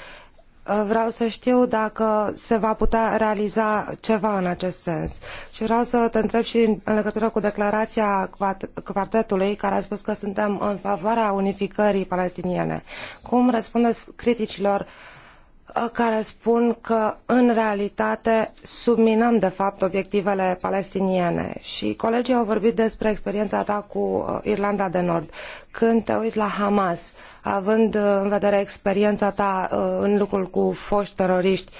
Uh, vreau să știu dacă se va putea realiza ceva în acest sens. Și vreau să te întreb și în legătură cu declarația quartetului care a spus că suntem în favoarea unificării palestiniene. Cum răspundeți criticilor uh, Uh, care spun că în realitate subminăm de fapt obiectivele palestiniene și colegii au vorbit despre experiența ta cu uh, Irlanda de Nord. Când te uiți la Hamas, având uh, în vedere experiența ta în lucrul cu foști teroriști,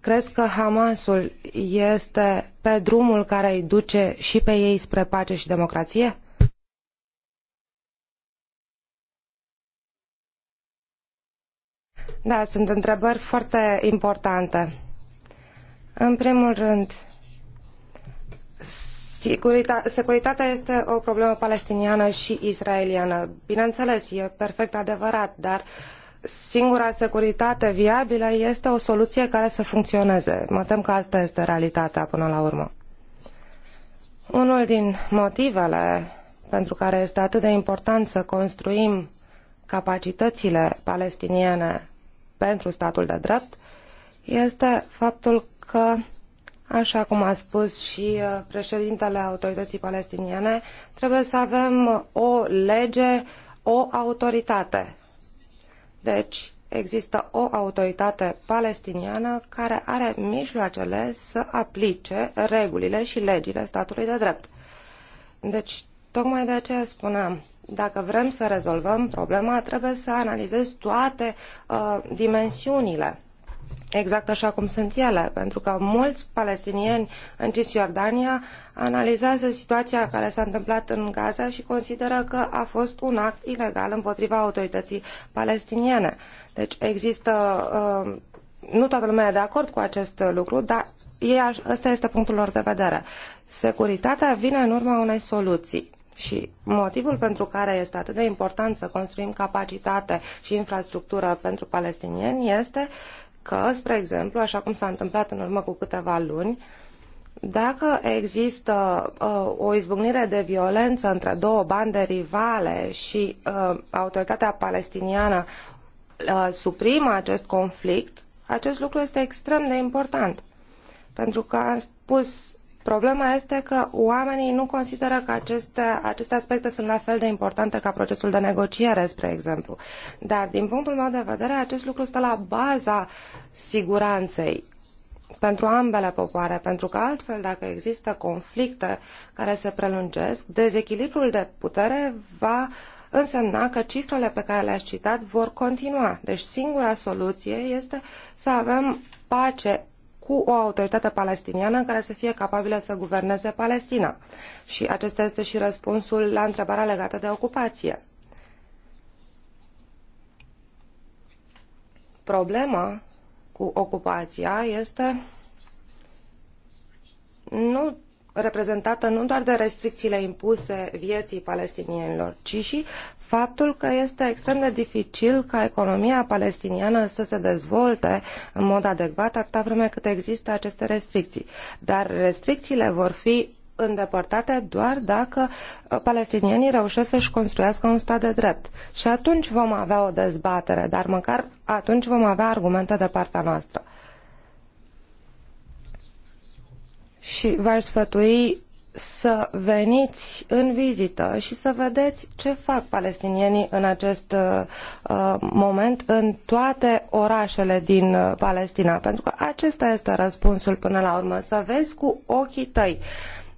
crezi că Hamasul este pe drumul care îi duce și pe ei spre pace și democrație? Da, sunt întrebări foarte importante. În primul rând, Securita securitatea este o problemă palestiniană și israeliană. Bineînțeles, e perfect adevărat, dar singura securitate viabilă este o soluție care să funcționeze. Mă tem că asta este realitatea până la urmă. Unul din motivele pentru care este atât de important să construim capacitățile palestiniene pentru statul de drept este faptul că, așa cum a spus și uh, președintele autorității palestiniene, trebuie să avem o lege, o autoritate. Deci, există o autoritate palestiniană care are mijloacele să aplice regulile și legile statului de drept. Deci Tocmai de aceea spuneam, dacă vrem să rezolvăm problema, trebuie să analizez toate uh, dimensiunile, exact așa cum sunt ele, pentru că mulți palestinieni în Cisjordania analizează situația care s-a întâmplat în Gaza și consideră că a fost un act ilegal împotriva autorității palestiniene. Deci există. Uh, nu toată lumea e de acord cu acest lucru, dar ei, ăsta este punctul lor de vedere. Securitatea vine în urma unei soluții și motivul pentru care este atât de important să construim capacitate și infrastructură pentru palestinieni este că, spre exemplu, așa cum s-a întâmplat în urmă cu câteva luni, dacă există uh, o izbucnire de violență între două bande rivale și uh, autoritatea palestiniană uh, suprimă acest conflict, acest lucru este extrem de important. Pentru că am spus Problema este că oamenii nu consideră că aceste, aceste aspecte sunt la fel de importante ca procesul de negociere, spre exemplu. Dar, din punctul meu de vedere, acest lucru stă la baza siguranței pentru ambele popoare, pentru că altfel, dacă există conflicte care se prelungesc, dezechilibrul de putere va însemna că cifrele pe care le ați citat vor continua. Deci singura soluție este să avem pace cu o autoritate palestiniană care să fie capabilă să guverneze Palestina. Și acesta este și răspunsul la întrebarea legată de ocupație. Problema cu ocupația este nu reprezentată nu doar de restricțiile impuse vieții palestinienilor, ci și faptul că este extrem de dificil ca economia palestiniană să se dezvolte în mod adecvat atâta vreme cât există aceste restricții. Dar restricțiile vor fi îndepărtate doar dacă uh, palestinienii reușesc să-și construiască un stat de drept. Și atunci vom avea o dezbatere, dar măcar atunci vom avea argumente de partea noastră. Și v-aș sfătui să veniți în vizită și să vedeți ce fac palestinienii în acest uh, uh moment în toate orașele din uh, Palestina. Pentru că acesta este răspunsul până la urmă, să vezi cu ochii tăi.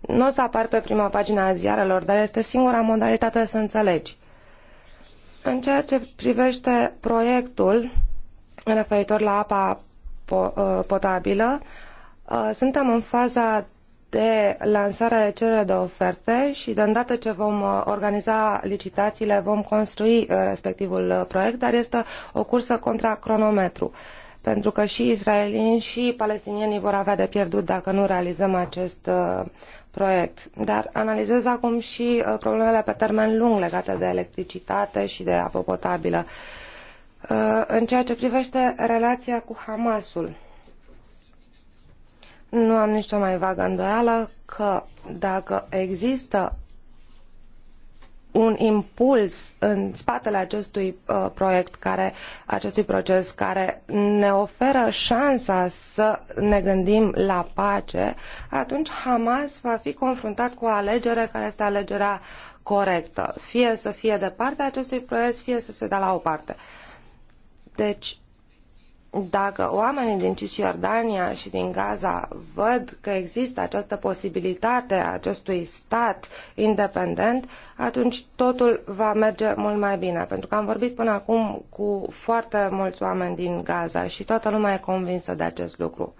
Nu o să apar pe prima pagina a ziarelor, dar este singura modalitate să înțelegi. În ceea ce privește proiectul referitor la apa uh, potabilă, suntem în faza de lansarea de cerere de oferte și de îndată ce vom uh, organiza licitațiile vom construi uh, respectivul uh, proiect, dar este o cursă contra cronometru pentru că și israelieni și palestinienii vor avea de pierdut dacă nu realizăm acest uh, proiect. Dar analizez acum și uh, problemele pe termen lung legate de electricitate și de apă potabilă. Uh, în ceea ce privește relația cu Hamasul, nu am nicio mai vagă îndoială că dacă există un impuls în spatele acestui uh, proiect, care, acestui proces care ne oferă șansa să ne gândim la pace, atunci Hamas va fi confruntat cu o alegere care este alegerea corectă. Fie să fie de partea acestui proiect, fie să se dea la o parte. Deci, dacă oamenii din Cisjordania și din Gaza văd că există această posibilitate a acestui stat independent, atunci totul va merge mult mai bine. Pentru că am vorbit până acum cu foarte mulți oameni din Gaza și toată lumea e convinsă de acest lucru.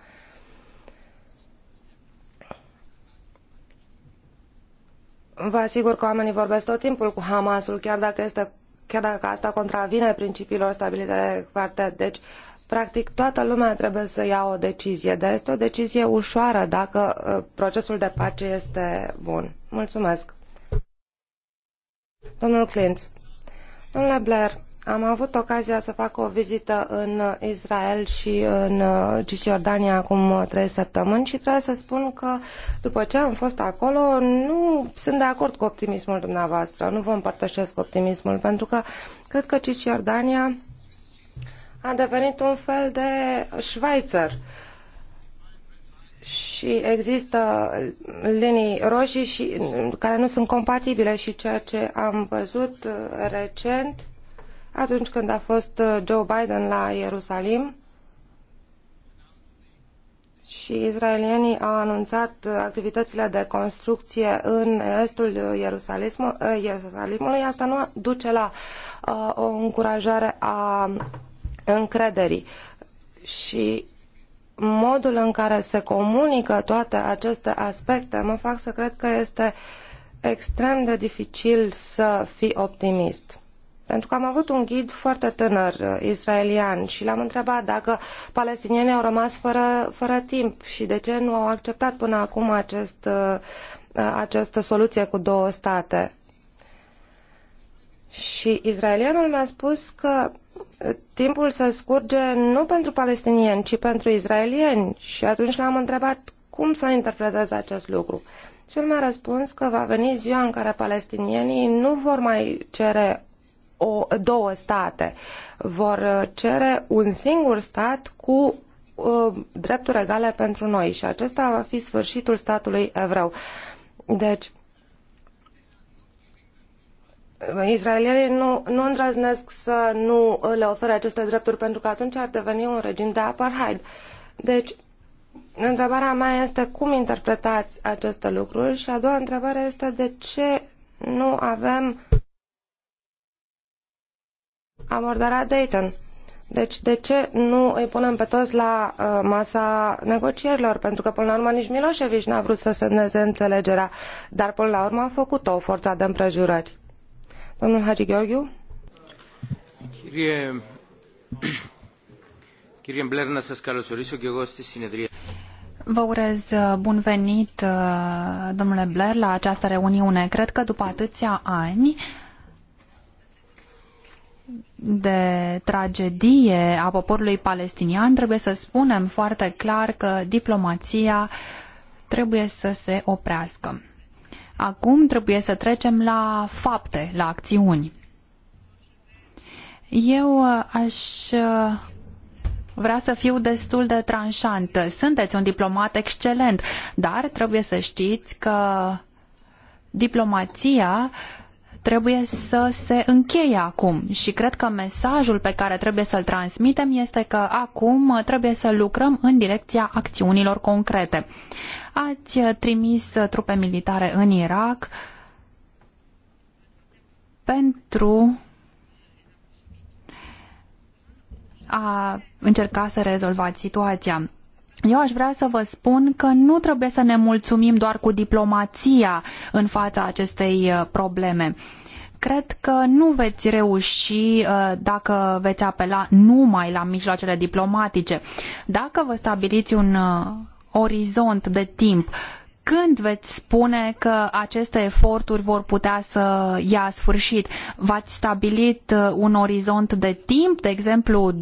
Vă asigur că oamenii vorbesc tot timpul cu Hamasul, chiar dacă, este, chiar dacă asta contravine principiilor stabilite de quartet. Deci, Practic, toată lumea trebuie să ia o decizie, dar este o decizie ușoară dacă uh, procesul de pace este bun. Mulțumesc. Domnul Clint. Domnule Blair, am avut ocazia să fac o vizită în Israel și în uh, Cisjordania acum uh, trei săptămâni și trebuie să spun că după ce am fost acolo nu sunt de acord cu optimismul dumneavoastră, nu vă împărtășesc optimismul pentru că cred că Cisjordania a devenit un fel de Schweizer și există linii roșii și, care nu sunt compatibile și ceea ce am văzut uh, recent atunci când a fost uh, Joe Biden la Ierusalim și israelienii au anunțat uh, activitățile de construcție în estul Ierusalimului, asta nu duce la uh, o încurajare a încrederii. Și modul în care se comunică toate aceste aspecte mă fac să cred că este extrem de dificil să fii optimist. Pentru că am avut un ghid foarte tânăr uh, israelian și l-am întrebat dacă palestinienii au rămas fără, fără timp și de ce nu au acceptat până acum acest, uh, uh, această soluție cu două state. Și israelianul mi-a spus că timpul să scurge nu pentru palestinieni, ci pentru israelieni și atunci l-am întrebat cum să interpreteze acest lucru. Și el mi-a răspuns că va veni ziua în care palestinienii nu vor mai cere o, două state, vor uh, cere un singur stat cu uh, drepturi egale pentru noi și acesta va fi sfârșitul statului evreu. Deci, israelienii nu, nu îndrăznesc să nu le ofere aceste drepturi pentru că atunci ar deveni un regim de apartheid. Deci, întrebarea mea este cum interpretați aceste lucruri și a doua întrebare este de ce nu avem abordarea Dayton. Deci de ce nu îi punem pe toți la uh, masa negocierilor? Pentru că până la urmă nici Milosevic n-a vrut să semneze înțelegerea, dar până la urmă a făcut-o forța de împrejurări. Domnul Hagi Gheorghiu. Κύριε, Μπλερ, να σας καλωσορίσω και εγώ στη συνεδρία. Vă urez uh, bun venit, uh, domnule Blair, la această reuniune. Cred că după atâția ani de tragedie a poporului palestinian, trebuie să spunem foarte clar că diplomația trebuie să se oprească. Acum trebuie să trecem la fapte, la acțiuni. Eu uh, aș uh, vrea să fiu destul de tranșant. Sunteți un diplomat excelent, dar trebuie să știți că diplomația uh, trebuie să se încheie acum și cred că mesajul pe care trebuie să-l transmitem este că acum trebuie să lucrăm în direcția acțiunilor concrete. Ați trimis trupe militare în Irak pentru a încerca să rezolvați situația. Eu aș vrea să vă spun că nu trebuie să ne mulțumim doar cu diplomația în fața acestei uh, probleme. Cred că nu veți reuși uh, dacă veți apela numai la mijloacele diplomatice. Dacă vă stabiliți un uh, orizont de timp când veți spune că aceste eforturi vor putea să ia sfârșit? V-ați stabilit uh, un orizont de timp, de exemplu 2-5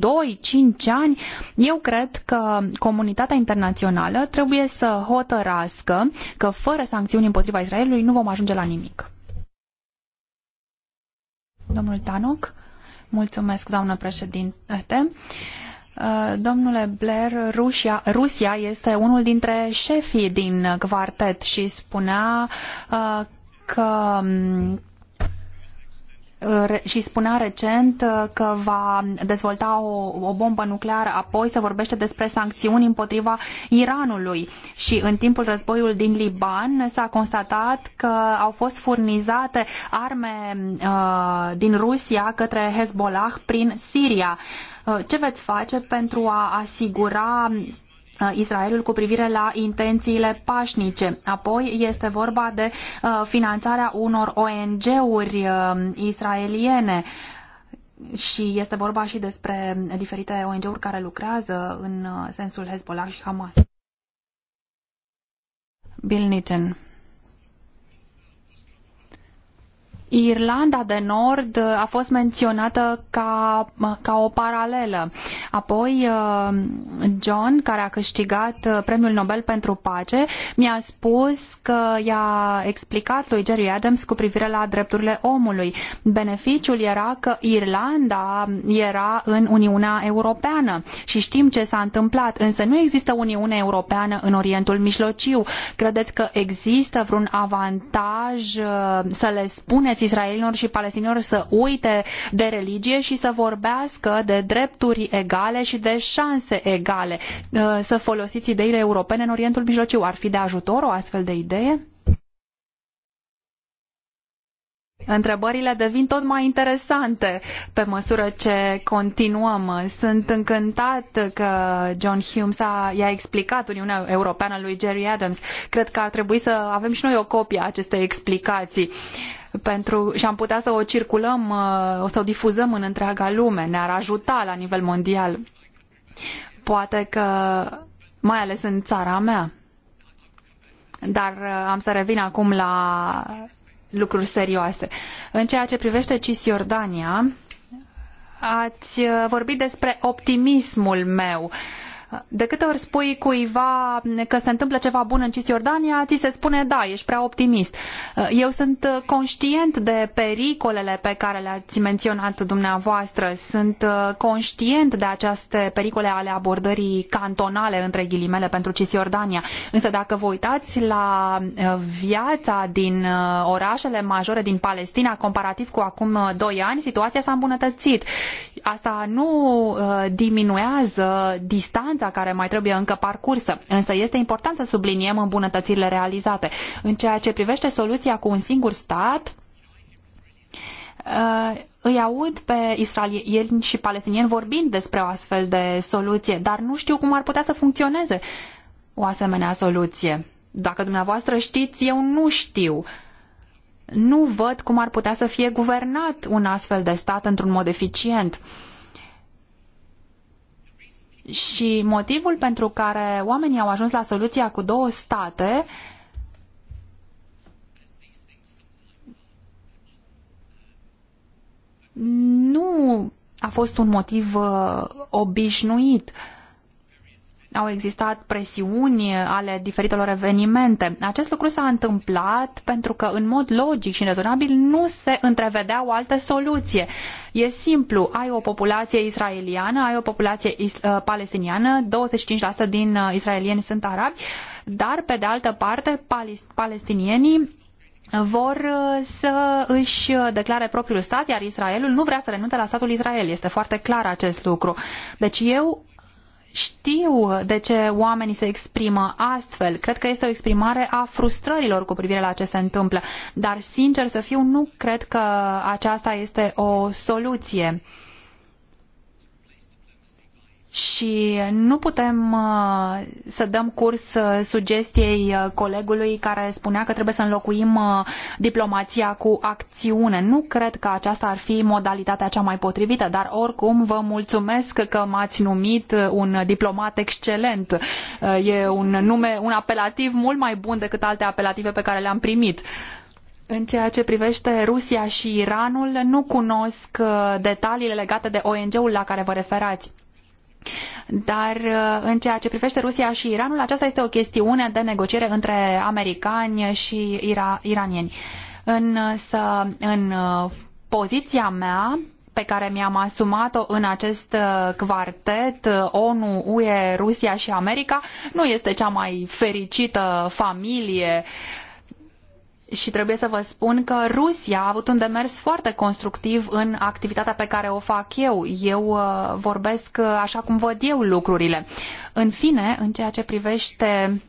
ani? Eu cred că comunitatea internațională trebuie să hotărască că fără sancțiuni împotriva Israelului nu vom ajunge la nimic. Domnul Tanok, mulțumesc, doamnă președinte. Uh, domnule Blair, Rusia, Rusia este unul dintre șefii din quartet și spunea uh, că um, și spunea recent uh, că va dezvolta o, o bombă nucleară, apoi se vorbește despre sancțiuni împotriva Iranului și în timpul războiului din Liban s-a constatat că au fost furnizate arme uh, din Rusia către Hezbollah prin Siria. Uh, ce veți face pentru a asigura Uh, Israelul cu privire la intențiile pașnice. Apoi este vorba de uh, finanțarea unor ONG-uri uh, israeliene și este vorba și despre diferite ONG-uri care lucrează în sensul Hezbollah și Hamas. Bill Nitten. Irlanda de Nord a fost menționată ca, ca o paralelă. Apoi uh, John, care a câștigat uh, premiul Nobel pentru pace, mi-a spus că i-a explicat lui Jerry Adams cu privire la drepturile omului. Beneficiul era că Irlanda era în Uniunea Europeană și știm ce s-a întâmplat, însă nu există Uniune Europeană în Orientul Mijlociu. Credeți că există vreun avantaj uh, să le spuneți autorități israelilor și palestinilor să uite de religie și să vorbească de drepturi egale și de șanse egale. Uh, să folosiți ideile europene în Orientul Mijlociu. Ar fi de ajutor o astfel de idee? Întrebările devin tot mai interesante pe măsură ce continuăm. Sunt încântat că John Hume a i-a explicat Uniunea Europeană lui Jerry Adams. Cred că ar trebui să avem și noi o copie a acestei explicații. Uh, pentru, și am putea să o circulăm, uh, o să o difuzăm în întreaga lume, ne-ar ajuta la nivel mondial. Poate că, mai ales în țara mea. Dar uh, am să revin acum la lucruri serioase. În ceea ce privește Cisjordania, ați uh, vorbit despre optimismul meu. Uh, de câte ori spui cuiva că se întâmplă ceva bun în Cisjordania, ți se spune da, ești prea optimist. Uh, eu sunt uh, conștient de pericolele pe care le-ați menționat dumneavoastră, sunt uh, conștient de aceste pericole ale abordării cantonale, între ghilimele, pentru Cisjordania. Însă dacă vă uitați la viața din orașele majore din Palestina, comparativ cu acum doi ani, situația s-a îmbunătățit. Asta nu diminuează distanța distanța care mai trebuie încă parcursă, însă este important să subliniem îmbunătățirile realizate. În ceea ce privește soluția cu un singur stat, uh, îi aud pe israelieni și palestinieni vorbind despre o astfel de soluție, dar nu știu cum ar putea să funcționeze o asemenea soluție. Dacă dumneavoastră știți, eu nu știu. Nu văd cum ar putea să fie guvernat un astfel de stat într-un mod eficient. Uh, și motivul pentru care oamenii au ajuns la soluția cu două state nu a fost un motiv uh, obișnuit au existat presiuni ale diferitelor evenimente. Acest lucru s-a întâmplat pentru că, în mod logic și rezonabil, nu se întrevedea o altă soluție. E simplu, ai o populație israeliană, ai o populație uh, palestiniană, 25% din uh, israelieni sunt arabi, dar, pe de altă parte, palestinienii vor uh, să își declare propriul stat, iar Israelul nu vrea să renunțe la statul Israel. Este foarte clar acest lucru. Deci eu știu de ce oamenii se exprimă astfel. Cred că este o exprimare a frustrărilor cu privire la ce se întâmplă. Dar, sincer să fiu, nu cred că aceasta este o soluție. Uh, și nu putem uh, să dăm curs uh, sugestiei uh, colegului care spunea că trebuie să înlocuim diplomația cu acțiune. Nu cred că aceasta ar fi modalitatea cea mai potrivită, dar oricum vă mulțumesc că m-ați numit un diplomat excelent. E un nume, un apelativ mult mai bun decât alte apelative pe care le-am primit. În ceea ce privește Rusia și Iranul, nu cunosc detaliile legate de ONG-ul la care vă referați dar uh, în ceea ce privește Rusia și Iranul, aceasta este o chestiune de negociere între americani și ira- iranieni. Însă, în uh, uh, poziția mea, pe care mi-am asumat-o în acest quartet ONU, UE, Rusia și America nu este cea mai fericită familie și trebuie să vă spun că Rusia a avut un demers foarte constructiv în activitatea pe care o fac eu. Eu uh, vorbesc uh, așa cum văd eu lucrurile. În fine, în ceea ce privește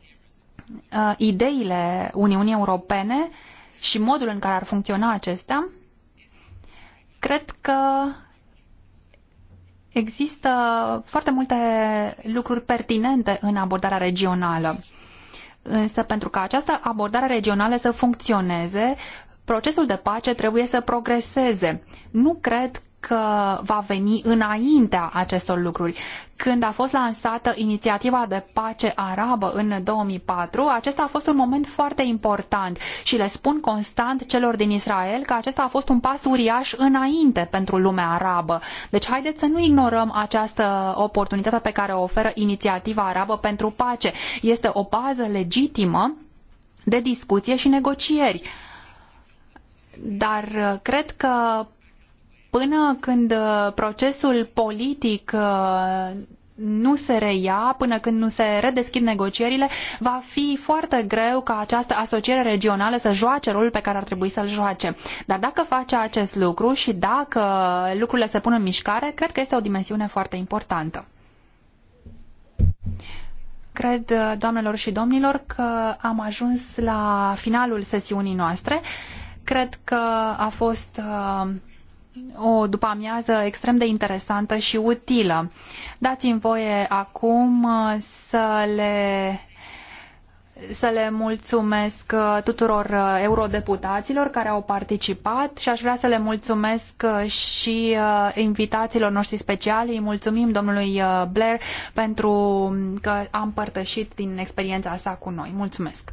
uh, ideile Uniunii Europene și modul în care ar funcționa acestea, cred că există foarte multe lucruri pertinente în abordarea regională. Însă pentru ca această abordare regională să funcționeze, procesul de pace trebuie să progreseze. Nu cred că va veni înaintea acestor lucruri. Când a fost lansată inițiativa de pace arabă în 2004, acesta a fost un moment foarte important și le spun constant celor din Israel că acesta a fost un pas uriaș înainte pentru lumea arabă. Deci haideți să nu ignorăm această oportunitate pe care o oferă inițiativa arabă pentru pace. Este o bază legitimă de discuție și negocieri dar cred că Până când uh, procesul politic uh, nu se reia, până când nu se redeschid negocierile, va fi foarte greu ca această asociere regională să joace rolul pe care ar trebui să-l joace. Dar dacă face acest lucru și dacă lucrurile se pun în mișcare, cred că este o dimensiune foarte importantă. Cred, uh, doamnelor și domnilor, că am ajuns la finalul sesiunii noastre. Cred că a fost o după-amiază extrem de interesantă și utilă. Dați-mi voie acum uh, să le să le mulțumesc uh, tuturor uh, eurodeputaților care au participat și aș vrea să le mulțumesc și invitațiilor noștri speciali. Îi mulțumim domnului Blair pentru um, că a împărtășit din experiența sa cu noi. Mulțumesc!